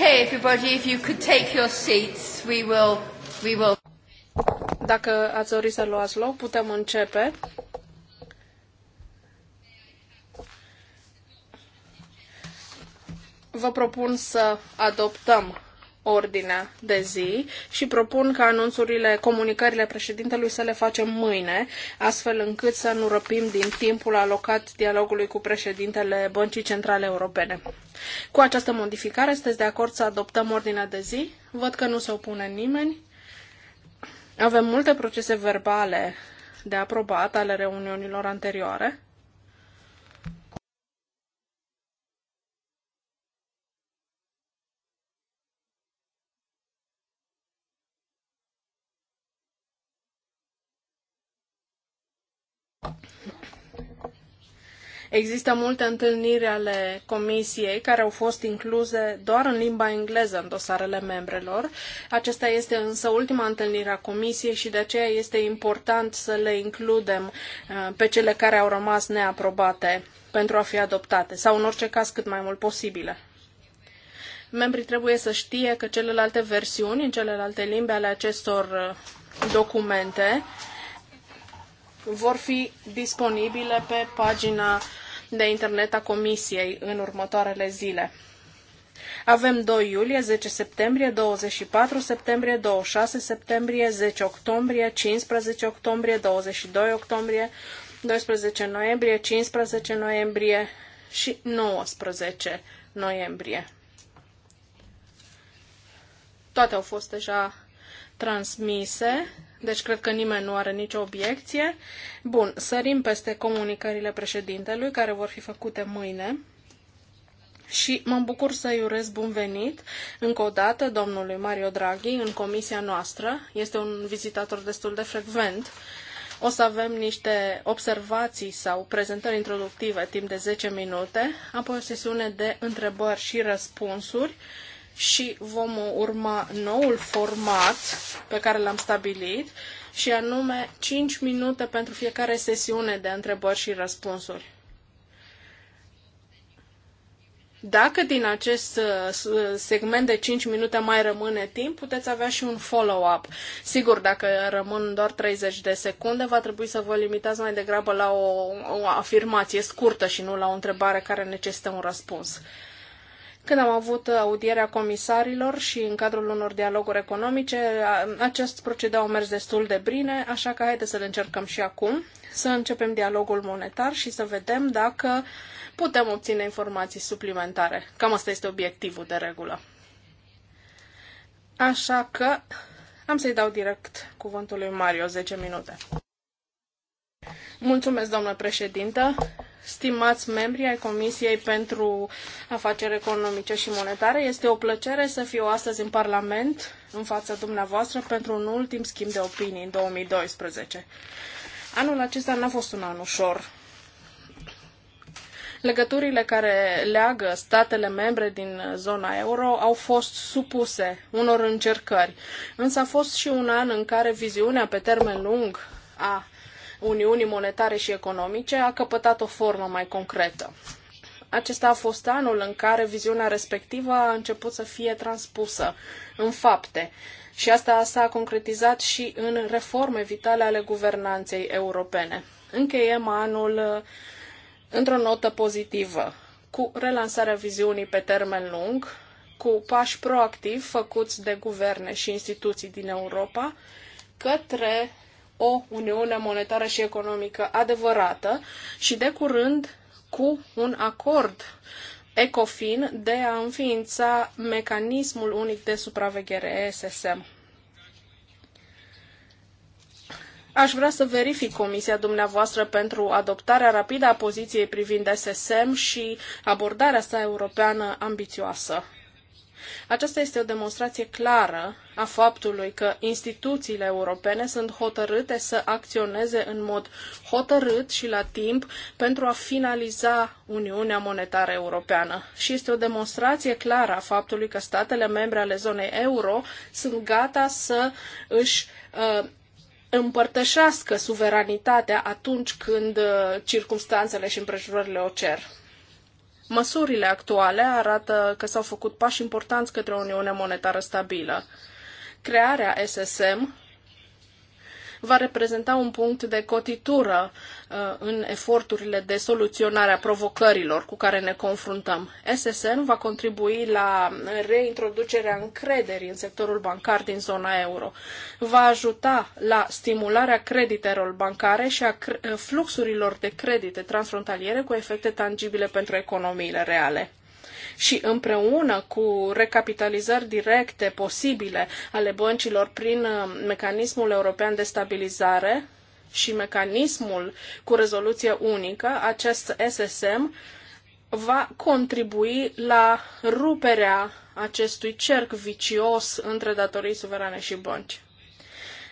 Okay, everybody, if you could take your seats, we will, we will. Dacă ați dori să luați loc, putem începe. Vă propun să adoptăm ordinea de zi și propun ca anunțurile, comunicările președintelui să le facem mâine, astfel încât să nu răpim din timpul alocat dialogului cu președintele Băncii Centrale Europene. Cu această modificare, sunteți de acord să adoptăm ordinea de zi? Văd că nu se opune nimeni. Avem multe procese verbale de aprobat ale reuniunilor anterioare. Există multe întâlniri ale comisiei care au fost incluse doar în limba engleză în dosarele membrelor. Acesta este însă ultima întâlnire a comisiei și de aceea este important să le includem uh, pe cele care au rămas neaprobate pentru a fi adoptate sau în orice caz cât mai mult posibile membrii trebuie să știe că celelalte versiuni în celelalte limbi ale acestor uh, documente vor fi disponibile pe pagina de internet a Comisiei în următoarele zile. Avem 2 iulie, 10 septembrie, 24 septembrie, 26 septembrie, 10 octombrie, 15 octombrie, 22 octombrie, 12 noiembrie, 15 noiembrie și 19 noiembrie. Toate au fost deja transmise deci cred că nimeni nu are nicio obiecție. Bun, sărim peste comunicările președintelui, care vor fi făcute mâine. Și mă bucur să-i urez bun venit încă o dată domnului Mario Draghi în comisia noastră. Este un vizitator destul de frecvent. O să avem niște observații sau prezentări introductive timp de 10 minute, apoi o sesiune de întrebări și răspunsuri și vom urma noul format pe care l-am stabilit și anume 5 minute pentru fiecare sesiune de întrebări și răspunsuri. Dacă din acest uh, uh, segment de 5 minute mai rămâne timp, puteți avea și un follow-up. Sigur, dacă rămân doar 30 de secunde, va trebui să vă limitați mai degrabă la o, o afirmație scurtă și nu la o întrebare care necesită un răspuns. Când am avut audierea comisarilor și în cadrul unor dialoguri economice, acest procedeu a mers destul de bine, așa că haideți să-l încercăm și acum, să începem dialogul monetar și să vedem dacă putem obține informații suplimentare. Cam asta este obiectivul de regulă. Așa că am să-i dau direct cuvântul lui Mario 10 minute. Mulțumesc, doamnă președintă stimați membri ai Comisiei pentru Afaceri Economice și Monetare, este o plăcere să fiu astăzi în Parlament, în fața dumneavoastră, pentru un ultim schimb de opinii în 2012. Anul acesta n-a fost un an ușor. Legăturile care leagă statele membre din zona euro au fost supuse unor încercări, însă a fost și un an în care viziunea pe termen lung a Uniunii Monetare și Economice a căpătat o formă mai concretă. Acesta a fost anul în care viziunea respectivă a început să fie transpusă în fapte și asta s-a concretizat și în reforme vitale ale guvernanței europene. Încheiem anul uh, într-o notă pozitivă, cu relansarea viziunii pe termen lung, cu pași proactivi făcuți de guverne și instituții din Europa către o uniune monetară și economică adevărată și de curând cu un acord ECOFIN de a înființa mecanismul unic de supraveghere SSM. Aș vrea să verific comisia dumneavoastră pentru adoptarea rapidă a poziției privind SSM și abordarea sa europeană ambițioasă. Aceasta este o demonstrație clară a faptului că instituțiile europene sunt hotărâte să acționeze în mod hotărât și la timp pentru a finaliza Uniunea Monetară Europeană. Și este o demonstrație clară a faptului că statele membre ale zonei euro sunt gata să își uh, împărtășească suveranitatea atunci când uh, circumstanțele și împrejurările o cer. Măsurile actuale arată că s-au făcut pași importanți către o Uniune Monetară stabilă. Crearea SSM va reprezenta un punct de cotitură uh, în eforturile de soluționare a provocărilor cu care ne confruntăm. SSN va contribui la reintroducerea încrederii în sectorul bancar din zona euro. Va ajuta la stimularea creditelor bancare și a fluxurilor de credite transfrontaliere cu efecte tangibile pentru economiile reale și împreună cu recapitalizări directe posibile ale băncilor prin uh, mecanismul european de stabilizare și mecanismul cu rezoluție unică, acest SSM va contribui la ruperea acestui cerc vicios între datorii suverane și bănci.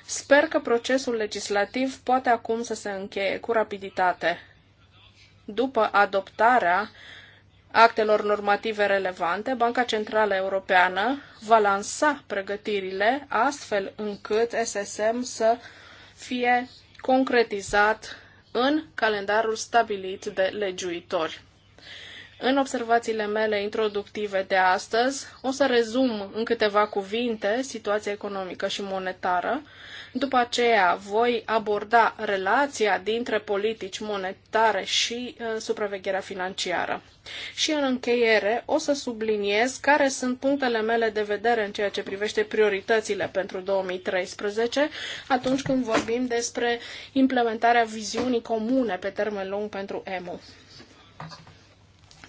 Sper că procesul legislativ poate acum să se încheie cu rapiditate. După adoptarea actelor normative relevante, Banca Centrală Europeană va lansa pregătirile astfel încât SSM să fie concretizat în calendarul stabilit de legiuitori. În observațiile mele introductive de astăzi, o să rezum în câteva cuvinte situația economică și monetară. După aceea, voi aborda relația dintre politici monetare și uh, supravegherea financiară. Și în încheiere, o să subliniez care sunt punctele mele de vedere în ceea ce privește prioritățile pentru 2013, atunci când vorbim despre implementarea viziunii comune pe termen lung pentru EMU.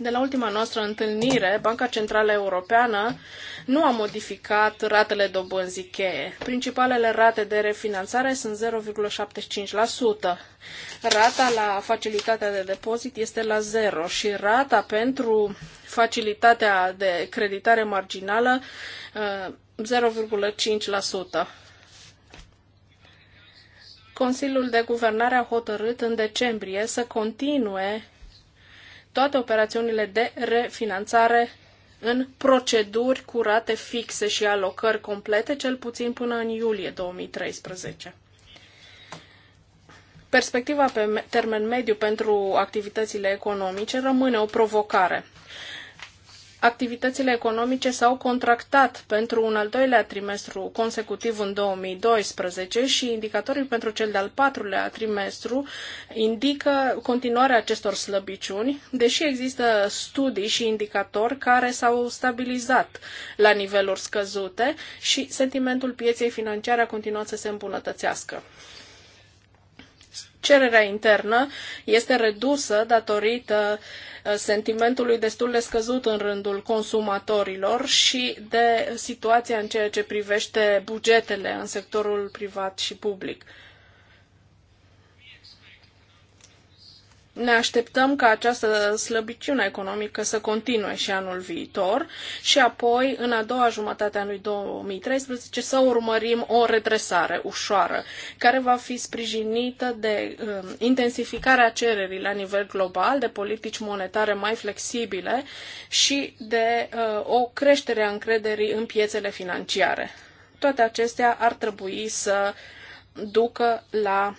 De la ultima noastră întâlnire, Banca Centrală Europeană nu a modificat ratele dobânzii cheie. Principalele rate de refinanțare sunt 0,75%. Rata la facilitatea de depozit este la 0 și rata pentru facilitatea de creditare marginală 0,5%. Uh, Consiliul de Guvernare a hotărât în decembrie să continue toate operațiunile de refinanțare în proceduri curate, fixe și alocări complete, cel puțin până în iulie 2013. Perspectiva pe termen mediu pentru activitățile economice rămâne o provocare activitățile economice s-au contractat pentru un al doilea trimestru consecutiv în 2012 și indicatorii pentru cel de-al patrulea trimestru indică continuarea acestor slăbiciuni, deși există studii și indicatori care s-au stabilizat la niveluri scăzute și sentimentul pieței financiare a continuat să se îmbunătățească. Cererea internă este redusă datorită uh, sentimentului destul de scăzut în rândul consumatorilor și de situația în ceea ce privește bugetele în sectorul privat și public. ne așteptăm ca această slăbiciune economică să continue și anul viitor și apoi, în a doua jumătate a anului 2013, să urmărim o redresare ușoară, care va fi sprijinită de um, intensificarea cererii la nivel global, de politici monetare mai flexibile și de uh, o creștere a încrederii în piețele financiare. Toate acestea ar trebui să ducă la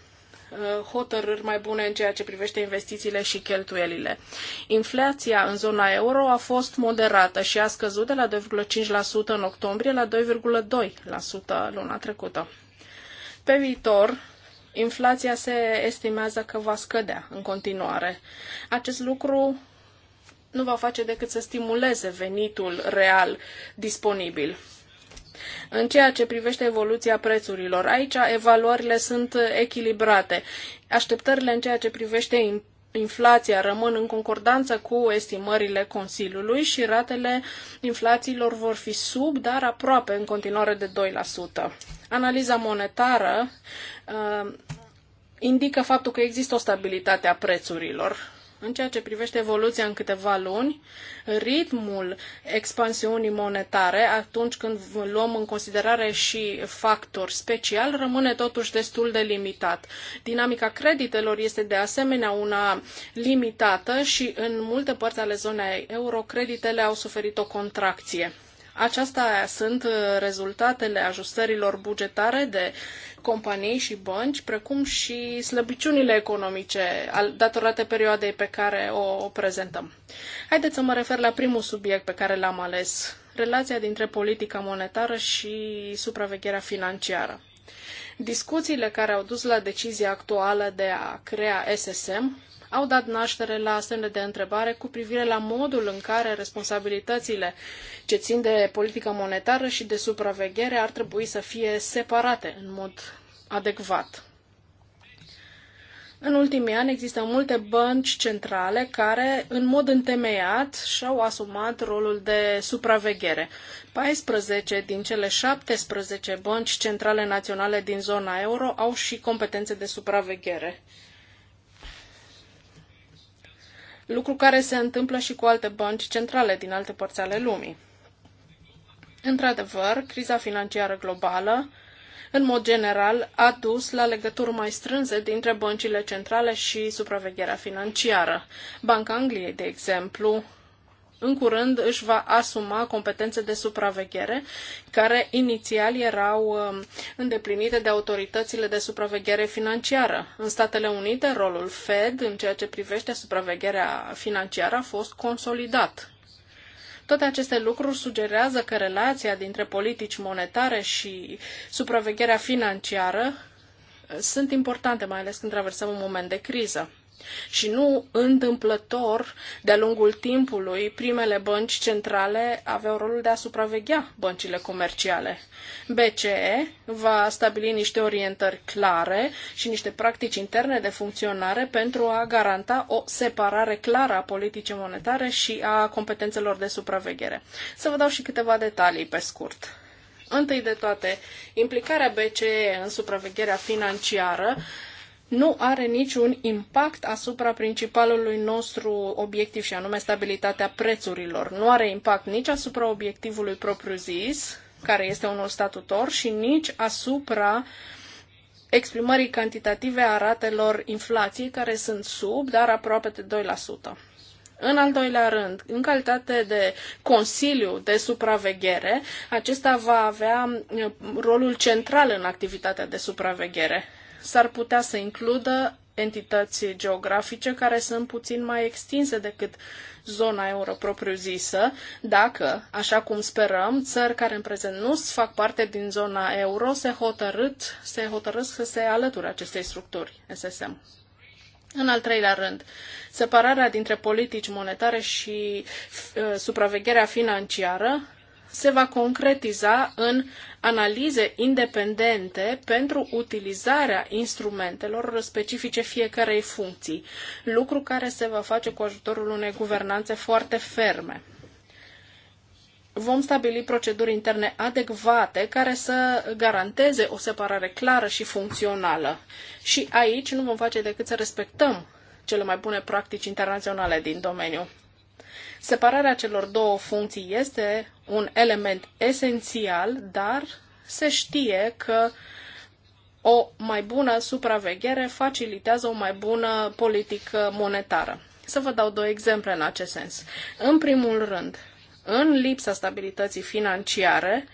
Uh, hotărâri mai bune în ceea ce privește investițiile și cheltuielile. Inflația în zona euro a fost moderată și a scăzut de la 2,5% în octombrie la 2,2% luna trecută. Pe viitor, inflația se estimează că va scădea în continuare. Acest lucru nu va face decât să stimuleze venitul real disponibil. În ceea ce privește evoluția prețurilor, aici evaluările sunt echilibrate. Așteptările în ceea ce privește inflația rămân în concordanță cu estimările Consiliului și ratele inflațiilor vor fi sub, dar aproape în continuare de 2%. Analiza monetară uh, indică faptul că există o stabilitate a prețurilor în ceea ce privește evoluția în câteva luni, ritmul expansiunii monetare, atunci când luăm în considerare și factor special, rămâne totuși destul de limitat. Dinamica creditelor este de asemenea una limitată și în multe părți ale zonei euro creditele au suferit o contracție. Aceasta sunt uh, rezultatele ajustărilor bugetare de companii și bănci, precum și slăbiciunile economice datorate perioadei pe care o, o prezentăm. Haideți să mă refer la primul subiect pe care l-am ales, relația dintre politica monetară și supravegherea financiară. Discuțiile care au dus la decizia actuală de a crea SSM au dat naștere la semne de întrebare cu privire la modul în care responsabilitățile ce țin de politică monetară și de supraveghere ar trebui să fie separate în mod adecvat. În ultimii ani există multe bănci centrale care, în mod întemeiat, și-au asumat rolul de supraveghere. 14 din cele 17 bănci centrale naționale din zona euro au și competențe de supraveghere lucru care se întâmplă și cu alte bănci centrale din alte părți ale lumii. Într-adevăr, criza financiară globală, în mod general, a dus la legături mai strânse dintre băncile centrale și supravegherea financiară. Banca Angliei, de exemplu, în curând își va asuma competențe de supraveghere, care inițial erau um, îndeplinite de autoritățile de supraveghere financiară. În Statele Unite, rolul Fed în ceea ce privește supravegherea financiară a fost consolidat. Toate aceste lucruri sugerează că relația dintre politici monetare și supravegherea financiară uh, sunt importante, mai ales când traversăm un moment de criză. Și nu întâmplător, de-a lungul timpului, primele bănci centrale aveau rolul de a supraveghea băncile comerciale. BCE va stabili niște orientări clare și niște practici interne de funcționare pentru a garanta o separare clară a politicii monetare și a competențelor de supraveghere. Să vă dau și câteva detalii pe scurt. Întâi de toate, implicarea BCE în supravegherea financiară nu are niciun impact asupra principalului nostru obiectiv și anume stabilitatea prețurilor. Nu are impact nici asupra obiectivului propriu-zis, care este unul statutor, și nici asupra exprimării cantitative a ratelor inflației, care sunt sub, dar aproape de 2%. În al doilea rând, în calitate de Consiliu de Supraveghere, acesta va avea eh, rolul central în activitatea de supraveghere s-ar putea să includă entități geografice care sunt puțin mai extinse decât zona euro propriu-zisă, dacă, așa cum sperăm, țări care în prezent nu fac parte din zona euro se, hotărât, se hotărâsc să se alăture acestei structuri SSM. În al treilea rând, separarea dintre politici monetare și uh, supravegherea financiară se va concretiza în analize independente pentru utilizarea instrumentelor specifice fiecarei funcții, lucru care se va face cu ajutorul unei guvernanțe foarte ferme vom stabili proceduri interne adecvate care să garanteze o separare clară și funcțională. Și aici nu vom face decât să respectăm cele mai bune practici internaționale din domeniu. Separarea celor două funcții este un element esențial, dar se știe că o mai bună supraveghere facilitează o mai bună politică monetară. Să vă dau două exemple în acest sens. În primul rând, în lipsa stabilității financiare,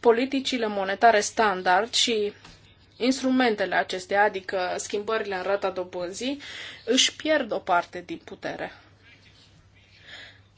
politicile monetare standard și instrumentele acestea, adică schimbările în rata dobânzii, își pierd o parte din putere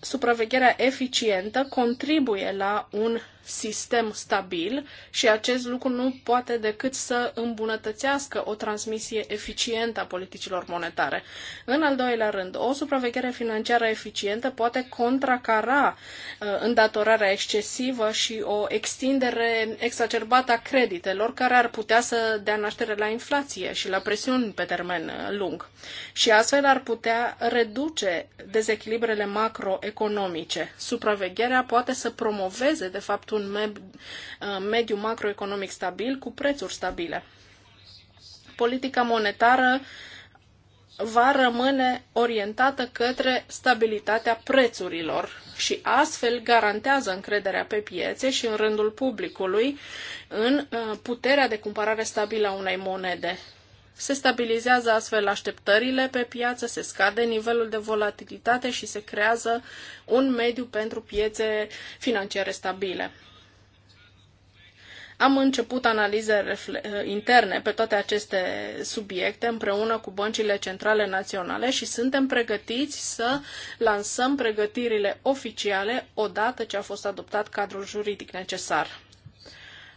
supravegherea eficientă contribuie la un sistem stabil și acest lucru nu poate decât să îmbunătățească o transmisie eficientă a politicilor monetare. În al doilea rând, o supraveghere financiară eficientă poate contracara uh, îndatorarea excesivă și o extindere exacerbată a creditelor care ar putea să dea naștere la inflație și la presiuni pe termen uh, lung. Și astfel ar putea reduce dezechilibrele macroeconomice. Supravegherea poate să promoveze, de fapt, un uh, mediu macroeconomic stabil cu prețuri stabile. Politica monetară va rămâne orientată către stabilitatea prețurilor și astfel garantează încrederea pe piețe și în rândul publicului în uh, puterea de cumpărare stabilă a unei monede. Se stabilizează astfel așteptările pe piață, se scade nivelul de volatilitate și se creează un mediu pentru piețe financiare stabile. Am început analize interne pe toate aceste subiecte împreună cu băncile centrale naționale și suntem pregătiți să lansăm pregătirile oficiale odată ce a fost adoptat cadrul juridic necesar.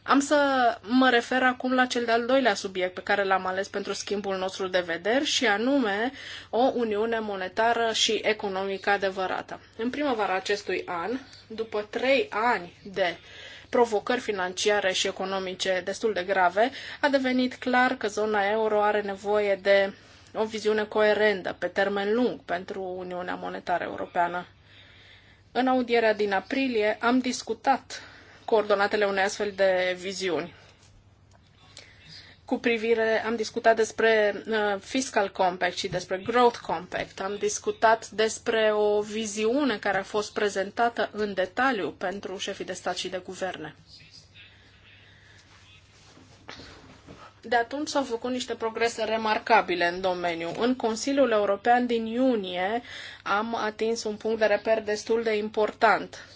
Am să mă refer acum la cel de-al doilea subiect pe care l-am ales pentru schimbul nostru de vederi și anume o uniune monetară și economică adevărată. În primăvara acestui an, după trei ani de provocări financiare și economice destul de grave, a devenit clar că zona euro are nevoie de o viziune coerentă pe termen lung pentru Uniunea Monetară Europeană. În audierea din aprilie am discutat coordonatele unei astfel de viziuni. Cu privire, am discutat despre uh, Fiscal Compact și despre Growth Compact. Am discutat despre o viziune care a fost prezentată în detaliu pentru șefii de stat și de guverne. De atunci s-au făcut niște progrese remarcabile în domeniu. În Consiliul European din iunie am atins un punct de reper destul de important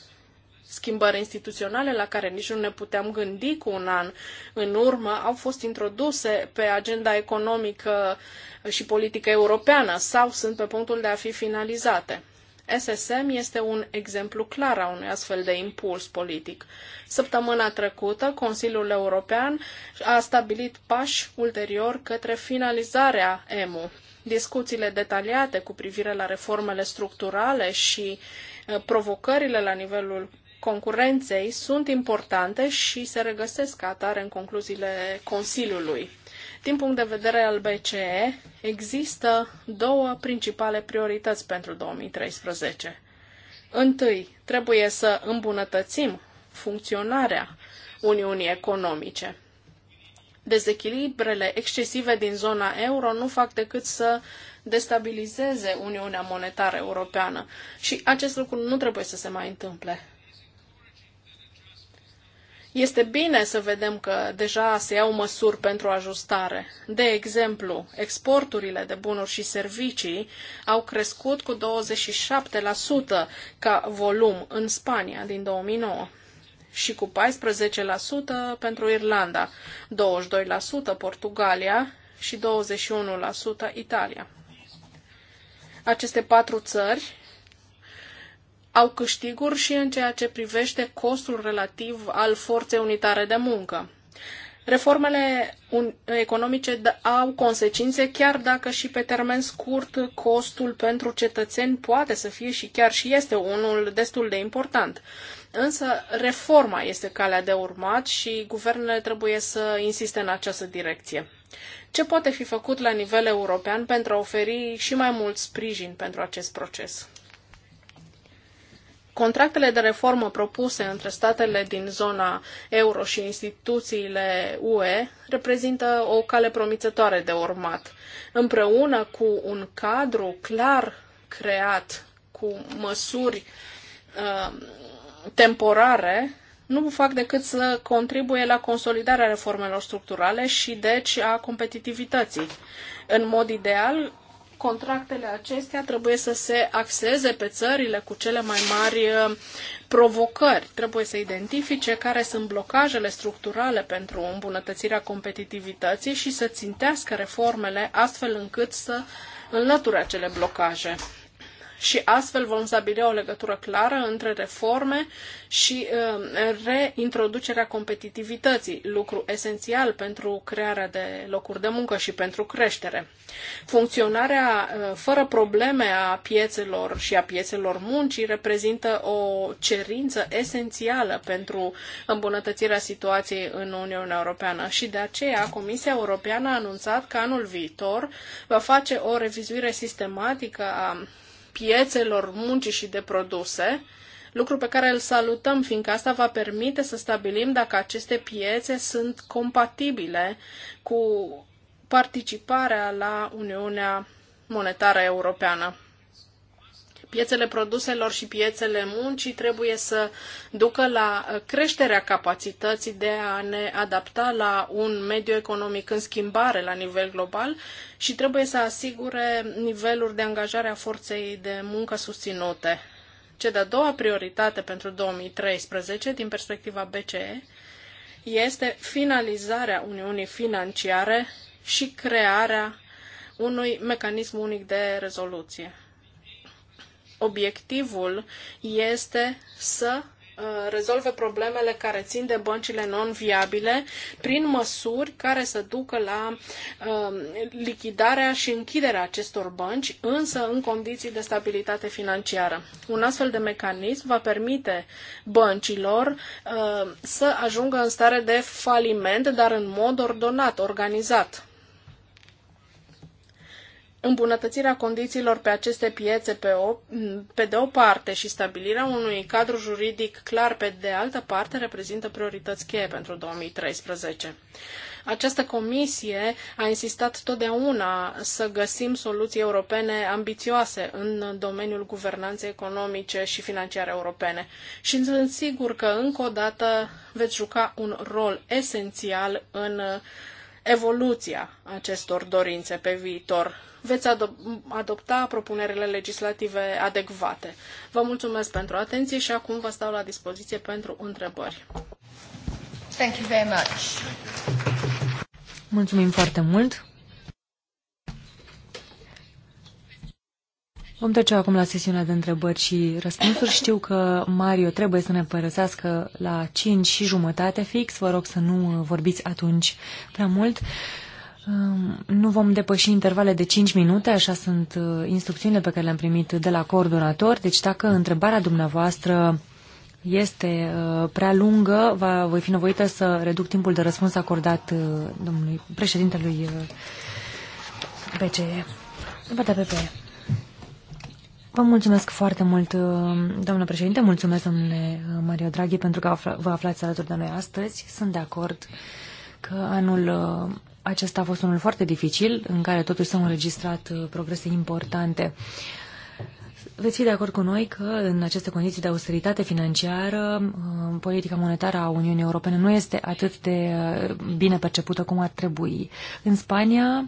schimbări instituționale la care nici nu ne puteam gândi cu un an în urmă, au fost introduse pe agenda economică și politică europeană sau sunt pe punctul de a fi finalizate. SSM este un exemplu clar a unui astfel de impuls politic. Săptămâna trecută, Consiliul European a stabilit pași ulterior către finalizarea EMU. Discuțiile detaliate cu privire la reformele structurale și uh, provocările la nivelul concurenței sunt importante și se regăsesc ca atare în concluziile Consiliului. Din punct de vedere al BCE, există două principale priorități pentru 2013. Întâi, trebuie să îmbunătățim funcționarea Uniunii Economice. Dezechilibrele excesive din zona euro nu fac decât să destabilizeze Uniunea Monetară Europeană și acest lucru nu trebuie să se mai întâmple. Este bine să vedem că deja se iau măsuri pentru ajustare. De exemplu, exporturile de bunuri și servicii au crescut cu 27% ca volum în Spania din 2009 și cu 14% pentru Irlanda, 22% Portugalia și 21% Italia. Aceste patru țări au câștiguri și în ceea ce privește costul relativ al forței unitare de muncă. Reformele economice da, au consecințe chiar dacă și pe termen scurt costul pentru cetățeni poate să fie și chiar și este unul destul de important. Însă reforma este calea de urmat și guvernele trebuie să insiste în această direcție. Ce poate fi făcut la nivel european pentru a oferi și mai mult sprijin pentru acest proces? Contractele de reformă propuse între statele din zona euro și instituțiile UE reprezintă o cale promițătoare de urmat. Împreună cu un cadru clar creat cu măsuri uh, temporare, nu fac decât să contribuie la consolidarea reformelor structurale și deci a competitivității. În mod ideal, contractele acestea trebuie să se axeze pe țările cu cele mai mari uh, provocări. Trebuie să identifice care sunt blocajele structurale pentru îmbunătățirea competitivității și să țintească reformele astfel încât să înlăture acele blocaje și astfel vom stabili o legătură clară între reforme și um, reintroducerea competitivității, lucru esențial pentru crearea de locuri de muncă și pentru creștere. Funcționarea uh, fără probleme a piețelor și a piețelor muncii reprezintă o cerință esențială pentru îmbunătățirea situației în Uniunea Europeană și de aceea Comisia Europeană a anunțat că anul viitor va face o revizuire sistematică a piețelor muncii și de produse, lucru pe care îl salutăm, fiindcă asta va permite să stabilim dacă aceste piețe sunt compatibile cu participarea la Uniunea Monetară Europeană. Piețele produselor și piețele muncii trebuie să ducă la creșterea capacității de a ne adapta la un mediu economic în schimbare la nivel global și trebuie să asigure niveluri de angajare a forței de muncă susținute. Cea de-a doua prioritate pentru 2013, din perspectiva BCE, este finalizarea Uniunii Financiare și crearea unui mecanism unic de rezoluție obiectivul este să uh, rezolve problemele care țin de băncile non-viabile prin măsuri care să ducă la uh, lichidarea și închiderea acestor bănci, însă în condiții de stabilitate financiară. Un astfel de mecanism va permite băncilor uh, să ajungă în stare de faliment, dar în mod ordonat, organizat îmbunătățirea condițiilor pe aceste piețe pe, o, pe de o parte și stabilirea unui cadru juridic clar pe de altă parte reprezintă priorități cheie pentru 2013. Această comisie a insistat totdeauna să găsim soluții europene ambițioase în domeniul guvernanței economice și financiare europene și sunt sigur că încă o dată veți juca un rol esențial în uh, evoluția acestor dorințe pe viitor. Veți ado- adopta propunerile legislative adecvate. Vă mulțumesc pentru atenție și acum vă stau la dispoziție pentru întrebări. Thank you very much. Mulțumim foarte mult. Vom trece acum la sesiunea de întrebări și răspunsuri. Știu că Mario trebuie să ne părăsească la 5 și jumătate fix. Vă rog să nu uh, vorbiți atunci prea mult. Um, nu vom depăși intervale de 5 minute, așa sunt uh, instrucțiunile pe care le-am primit de la coordonator. Deci dacă întrebarea dumneavoastră este uh, prea lungă, va, voi fi nevoită să reduc timpul de răspuns acordat domnului președintelui BCE. pe pe. Vă mulțumesc foarte mult, uh, domnule președinte, mulțumesc, domnule uh, Mario Draghi, pentru că vă aflați alături de noi astăzi. Sunt de acord că anul uh, acesta a fost unul foarte dificil, în care totuși s-au înregistrat progrese importante. Veți fi de acord cu noi că în aceste condiții de austeritate financiară, politica monetară a Uniunii Europene nu este atât de bine percepută cum ar trebui. În Spania,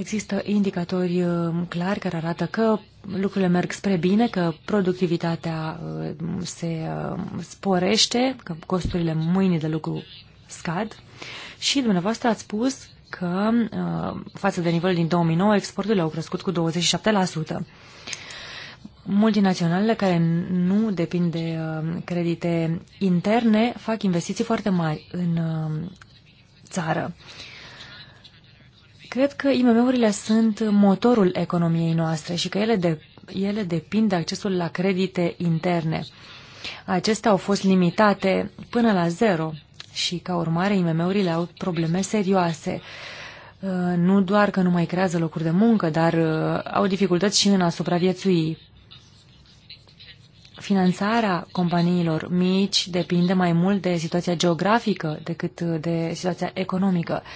Există indicatori uh, clari care arată că lucrurile merg spre bine, că productivitatea uh, se uh, sporește, că costurile mâinii de lucru scad și dumneavoastră ați spus că față de nivelul din 2009 exporturile au crescut cu 27%. Multinaționalele care nu depind de credite interne fac investiții foarte mari în țară. Uh, Cred că IMM-urile sunt motorul economiei noastre și că ele, de, ele depind de accesul la credite interne. Acestea au fost limitate până la zero și, ca urmare, IMM-urile au probleme serioase. Uh, nu doar că nu mai creează locuri de muncă, dar uh, au dificultăți și în a supraviețui. Finanțarea companiilor mici depinde mai mult de situația geografică decât uh, de situația economică. Uh,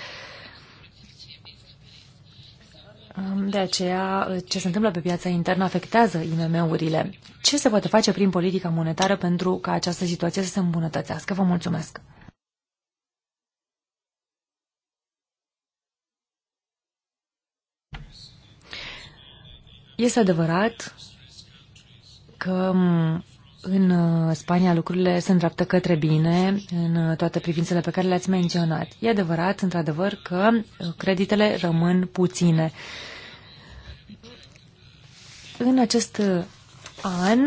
de aceea, ce se întâmplă pe piața internă afectează IMM-urile. Ce se poate face prin politica monetară pentru ca această situație să se îmbunătățească? Vă mulțumesc! Este adevărat că în uh, Spania lucrurile se îndreaptă către bine în uh, toate privințele pe care le-ați menționat. E adevărat, într-adevăr, că uh, creditele rămân puține. În acest an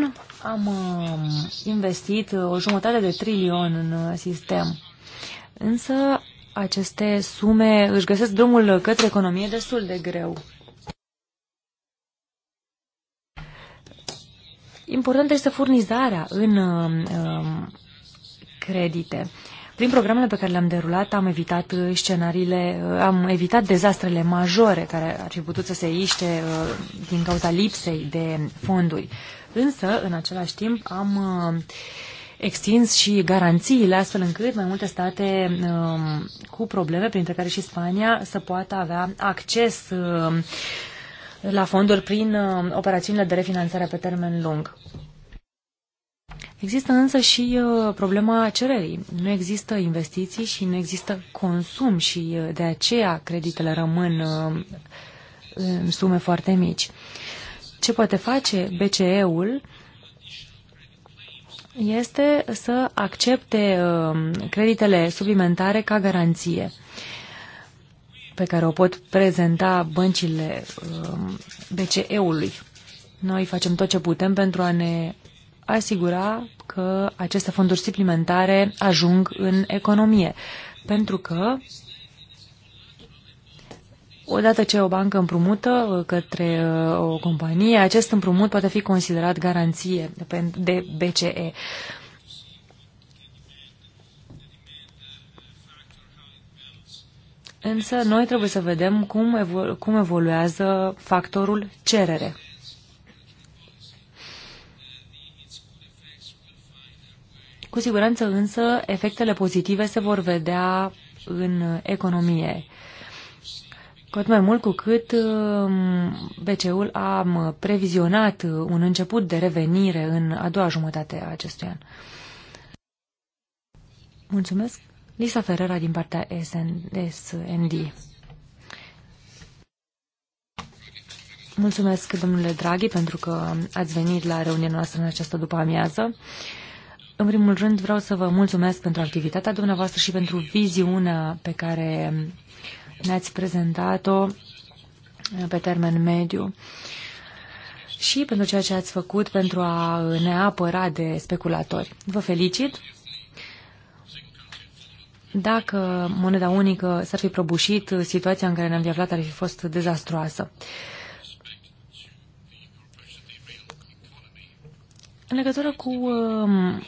am um, investit o jumătate de trilion în sistem. Însă aceste sume își găsesc drumul către economie destul de greu. Importantă este furnizarea în uh, um, credite. Prin programele pe care le-am derulat am evitat scenariile, uh, am evitat dezastrele majore care ar fi putut să se iște uh, din cauza lipsei de fonduri. Însă, în același timp, am extins și garanțiile astfel încât mai multe state um, cu probleme, printre care și Spania, să poată avea acces la fonduri prin uh, operațiunile de refinanțare pe termen lung. Există însă și uh, problema cererii. Nu există investiții și nu există consum și uh, de aceea creditele rămân în sume foarte mici. Ce poate face BCE-ul este să accepte creditele suplimentare ca garanție pe care o pot prezenta băncile um, BCE-ului. Noi facem tot ce putem pentru a ne asigura că aceste fonduri suplimentare ajung în economie, pentru că Odată ce o bancă împrumută către uh, o companie, acest împrumut poate fi considerat garanție de BCE. Însă noi trebuie să vedem cum, evolu cum evoluează factorul cerere. Cu siguranță însă efectele pozitive se vor vedea în economie. Cu atât mai mult cu cât um, BCE-ul a previzionat un început de revenire în a doua jumătate a acestui an. Mulțumesc. Lisa Ferrera din partea SND. Mulțumesc, domnule Draghi, pentru că ați venit la reuniunea noastră în această după-amiază. În primul rând, vreau să vă mulțumesc pentru activitatea dumneavoastră și pentru viziunea pe care ne-ați prezentat-o pe termen mediu și pentru ceea ce ați făcut pentru a ne apăra de speculatori. Vă felicit dacă moneda unică s-ar fi prăbușit, situația în care ne-am aflat ar fi fost dezastroasă. În legătură cu um,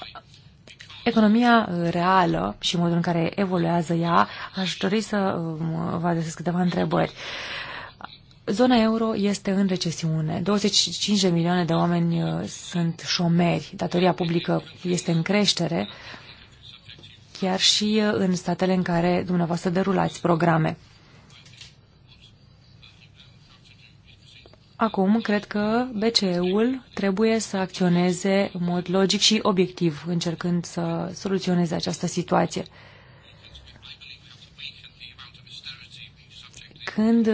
economia uh, reală și modul în care evoluează ea, aș dori să um, vă adresez câteva întrebări. Zona euro este în recesiune. 25 de milioane de oameni uh, sunt șomeri. Datoria publică este în creștere chiar și uh, în statele în care dumneavoastră derulați programe. Acum, cred că BCE-ul trebuie să acționeze în mod logic și obiectiv, încercând să soluționeze această situație. Când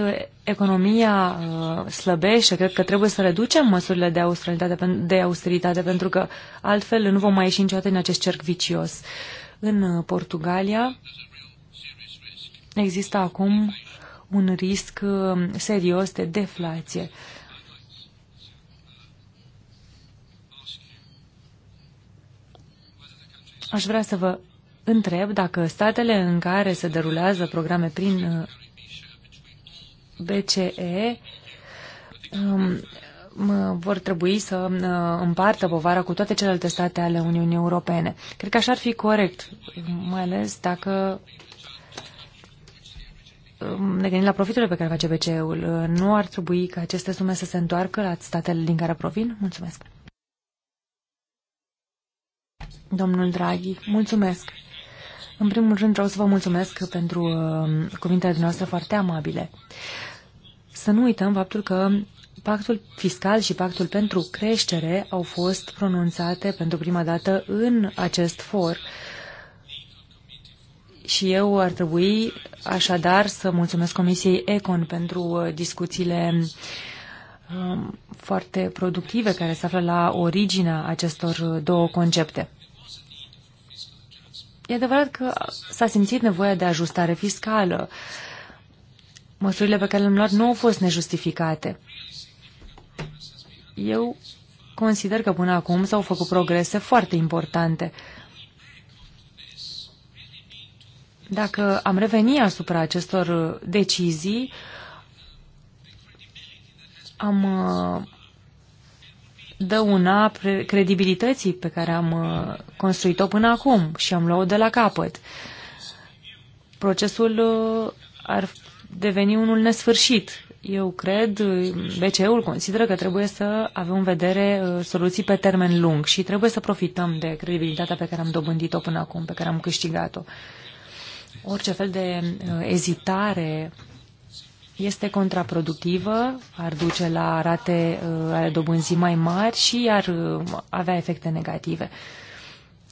economia uh, slăbește, cred că trebuie să reducem măsurile de austeritate, de austeritate pentru că altfel nu vom mai ieși niciodată în acest cerc vicios. În uh, Portugalia există acum un risc uh, serios de deflație. Aș vrea să vă întreb dacă statele în care se derulează programe prin uh, BCE um, vor trebui să împartă povara cu toate celelalte state ale Uniunii Europene. Cred că așa ar fi corect, mai ales dacă ne gândim la profiturile pe care face BCE-ul. Nu ar trebui ca aceste sume să se întoarcă la statele din care provin? Mulțumesc. Domnul Draghi, mulțumesc. În primul rând vreau să vă mulțumesc pentru uh, cuvintele dumneavoastră foarte amabile. Să nu uităm faptul că Pactul fiscal și pactul pentru creștere au fost pronunțate pentru prima dată în acest for și eu ar trebui așadar să mulțumesc Comisiei Econ pentru uh, discuțiile um, foarte productive care se află la originea acestor uh, două concepte. E adevărat că s-a simțit nevoia de ajustare fiscală. Măsurile pe care le-am luat nu au fost nejustificate eu consider că până acum s-au făcut progrese foarte importante. Dacă am reveni asupra acestor uh, decizii, am uh, dăuna credibilității pe care am uh, construit-o până acum și am luat-o de la capăt. Procesul ar deveni unul nesfârșit eu cred, BCE-ul consideră că trebuie să avem în vedere uh, soluții pe termen lung și trebuie să profităm de credibilitatea pe care am dobândit-o până acum, pe care am câștigat-o. Orice fel de uh, ezitare este contraproductivă, ar duce la rate uh, ale dobânzii mai mari și ar avea efecte negative.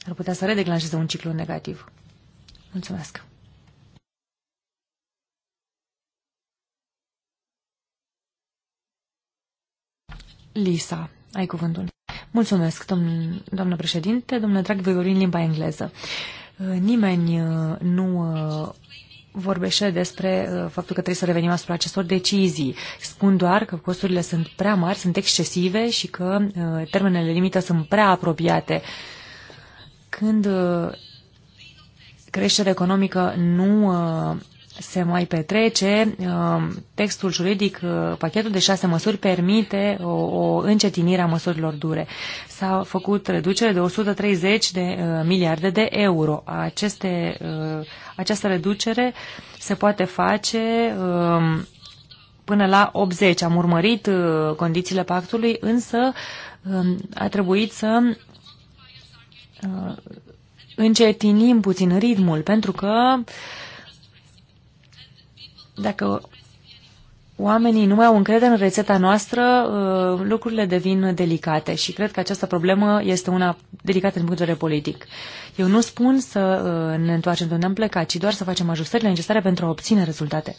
Ar putea să redeclanșeze un ciclu negativ. Mulțumesc! Lisa, ai cuvântul. Mulțumesc, domn, doamnă președinte. Domnule drag, voi vorbi în limba engleză. Uh, nimeni uh, nu uh, vorbește despre faptul că trebuie să revenim asupra acestor decizii. Spun doar că costurile sunt prea mari, sunt excesive și că termenele limită sunt prea apropiate. Când creșterea economică nu se mai petrece, um, textul juridic, uh, pachetul de șase măsuri permite o, uh, o încetinire a măsurilor dure. S-a făcut reducere de 130 de uh, miliarde de euro. Aceste, această reducere se poate face um, până la 80. Am urmărit condițiile pactului, însă um, a trebuit să încetinim puțin ritmul, pentru că uh, dacă oamenii nu mai au încredere în rețeta noastră, uh, lucrurile devin delicate și cred că această problemă este una delicată din punct de vedere politic. Eu nu spun să uh, ne întoarcem de unde am plecat, ci doar să facem ajustările necesare pentru a obține rezultate.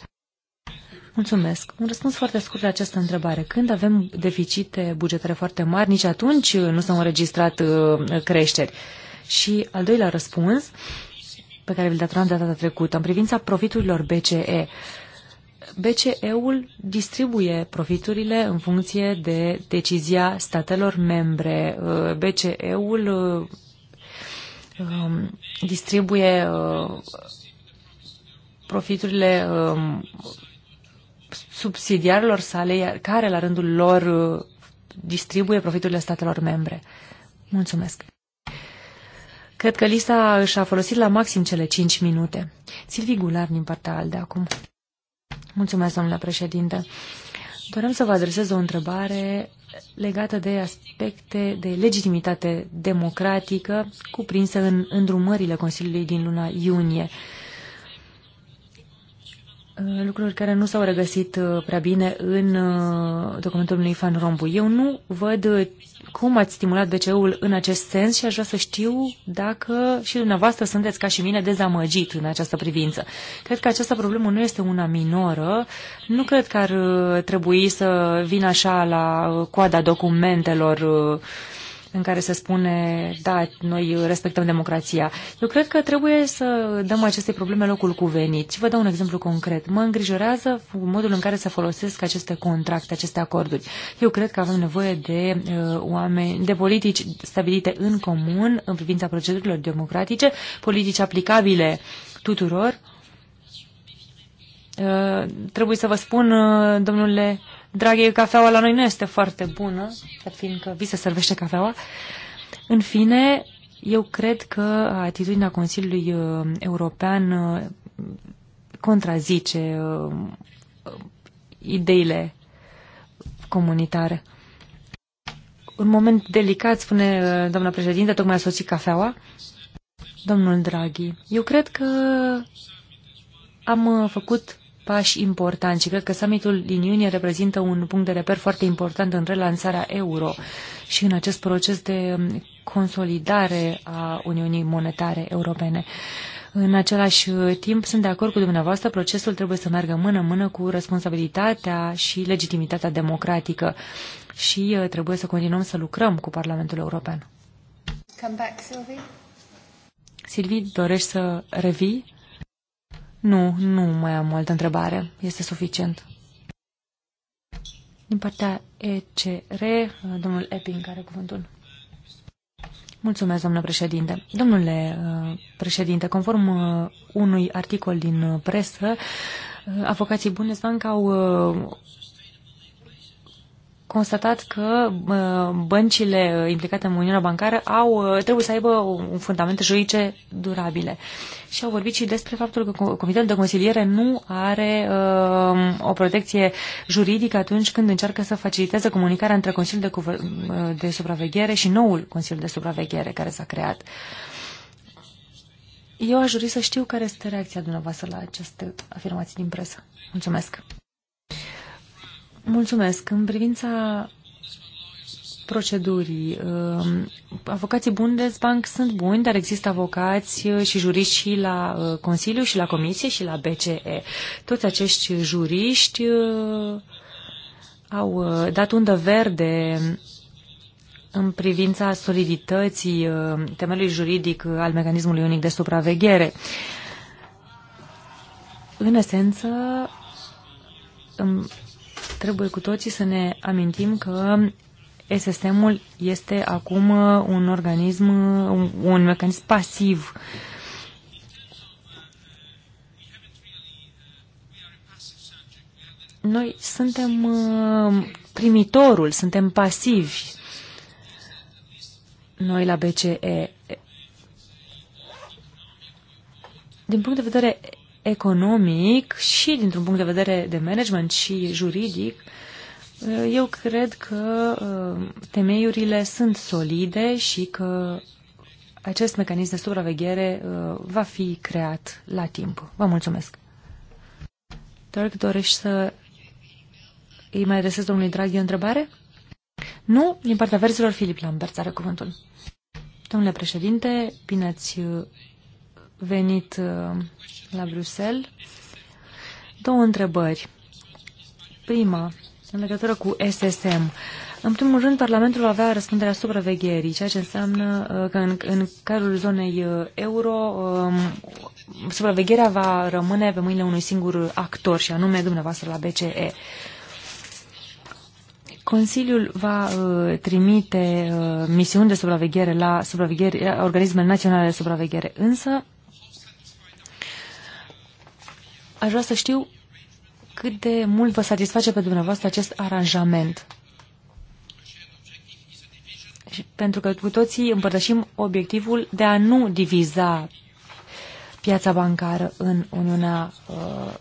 Mulțumesc. Un răspuns foarte scurt la această întrebare. Când avem deficite bugetare foarte mari, nici atunci uh, nu s-au înregistrat creșteri. Și al doilea răspuns, pe care vi-l datoram de data trecută, în privința profiturilor BCE, uh, BCE-ul distribuie profiturile în funcție de decizia statelor membre. Uh, BCE-ul uh, um, distribuie uh, profiturile um, subsidiarilor sale, care la rândul lor distribuie profiturile statelor membre. Mulțumesc! Cred că lista și-a folosit la maxim cele 5 minute. Silvi Gular din partea de acum. Mulțumesc, domnule președinte. Doream să vă adresez o întrebare legată de aspecte de legitimitate democratică cuprinse în îndrumările Consiliului din luna iunie. Uh, Uh, lucruri care nu s-au regăsit uh, prea bine în uh, documentul lui Fan Rombu. Eu nu văd cum ați stimulat BCE-ul în acest sens și aș vrea să știu dacă și dumneavoastră sunteți ca și mine dezamăgit în această privință. Cred că această problemă nu este una minoră, nu cred că ar trebui să vin așa la coada documentelor uh, în care se spune, da, noi respectăm democrația. Eu cred că trebuie să dăm aceste probleme locul cuvenit. Și vă dau un exemplu concret. Mă îngrijorează modul în care se folosesc aceste contracte, aceste acorduri. Eu cred că avem nevoie de uh, oameni, de politici stabilite în comun în privința procedurilor democratice, politici aplicabile tuturor. Uh, trebuie să vă spun, uh, domnule draghi, cafeaua la noi nu este foarte bună, fiindcă vi se servește cafeaua. În fine, eu cred că atitudinea Consiliului uh, European uh, contrazice uh, ideile comunitare. Un moment delicat, spune doamna președinte, tocmai a sosit cafeaua. Domnul Draghi, eu cred că am făcut pași importanți și cred că summitul din iunie reprezintă un punct de reper foarte important în relansarea euro și în acest proces de consolidare a Uniunii Monetare Europene. În același timp, sunt de acord cu dumneavoastră, procesul trebuie să meargă mână-mână cu responsabilitatea și legitimitatea democratică și uh, trebuie să continuăm să lucrăm cu Parlamentul European. Come back, Silvi, dorești să revii? Nu, nu mai am o altă întrebare. Este suficient. Din partea ECR, domnul Epping are cuvântul. Mulțumesc, domnule președinte. Domnule uh, președinte, conform uh, unui articol din uh, presă, avocații Bundesbank au constatat că uh, băncile uh, implicate în Uniunea Bancară au, uh, trebuie să aibă un fundament juridice durabile. Și au vorbit și despre faptul că Comitetul de Consiliere nu are o protecție juridică atunci când încearcă să faciliteze comunicarea între Consiliul de, de Supraveghere și noul Consiliu de Supraveghere care s-a creat. Eu aș dori să știu care este reacția dumneavoastră la aceste afirmații din presă. Mulțumesc. Mulțumesc. În privința procedurii, um, avocații Bundesbank sunt buni, dar există avocați uh, și juriști și la uh, Consiliu, și la Comisie, și la BCE. Toți acești juriști uh, au dat undă verde în privința solidității temelului juridic al mecanismului unic de supraveghere. În esență, Trebuie cu toții să ne amintim că SSM-ul este acum uh, un organism, un, uh, un mecanism pasiv. Noi suntem uh, primitorul, suntem pasivi. Noi la BCE din punct de vedere economic și dintr-un punct de vedere de management și juridic, uh, eu cred că uh, temeiurile sunt solide și că acest mecanism de supraveghere uh, va fi creat la timp. Vă mulțumesc. Dirk, dorești să îi mai adresez domnului Draghi o întrebare? Nu, din partea verzilor, Filip Lambert are cuvântul. Domnule președinte, bine ați venit uh, la Bruxelles. Două întrebări. Prima, în legătură cu SSM. În primul rând, Parlamentul va avea răspunderea supravegherii, ceea ce înseamnă uh, că în, în cadrul zonei uh, euro um, supravegherea va rămâne pe mâinile unui singur actor, și anume dumneavoastră la BCE. Consiliul va uh, trimite uh, misiuni de supraveghere la, supraveghere, la organismele naționale de supraveghere, însă Aș vrea să știu cât de mult vă satisface pe dumneavoastră acest aranjament. Pentru că cu toții împărtășim obiectivul de a nu diviza piața bancară în Uniunea uh,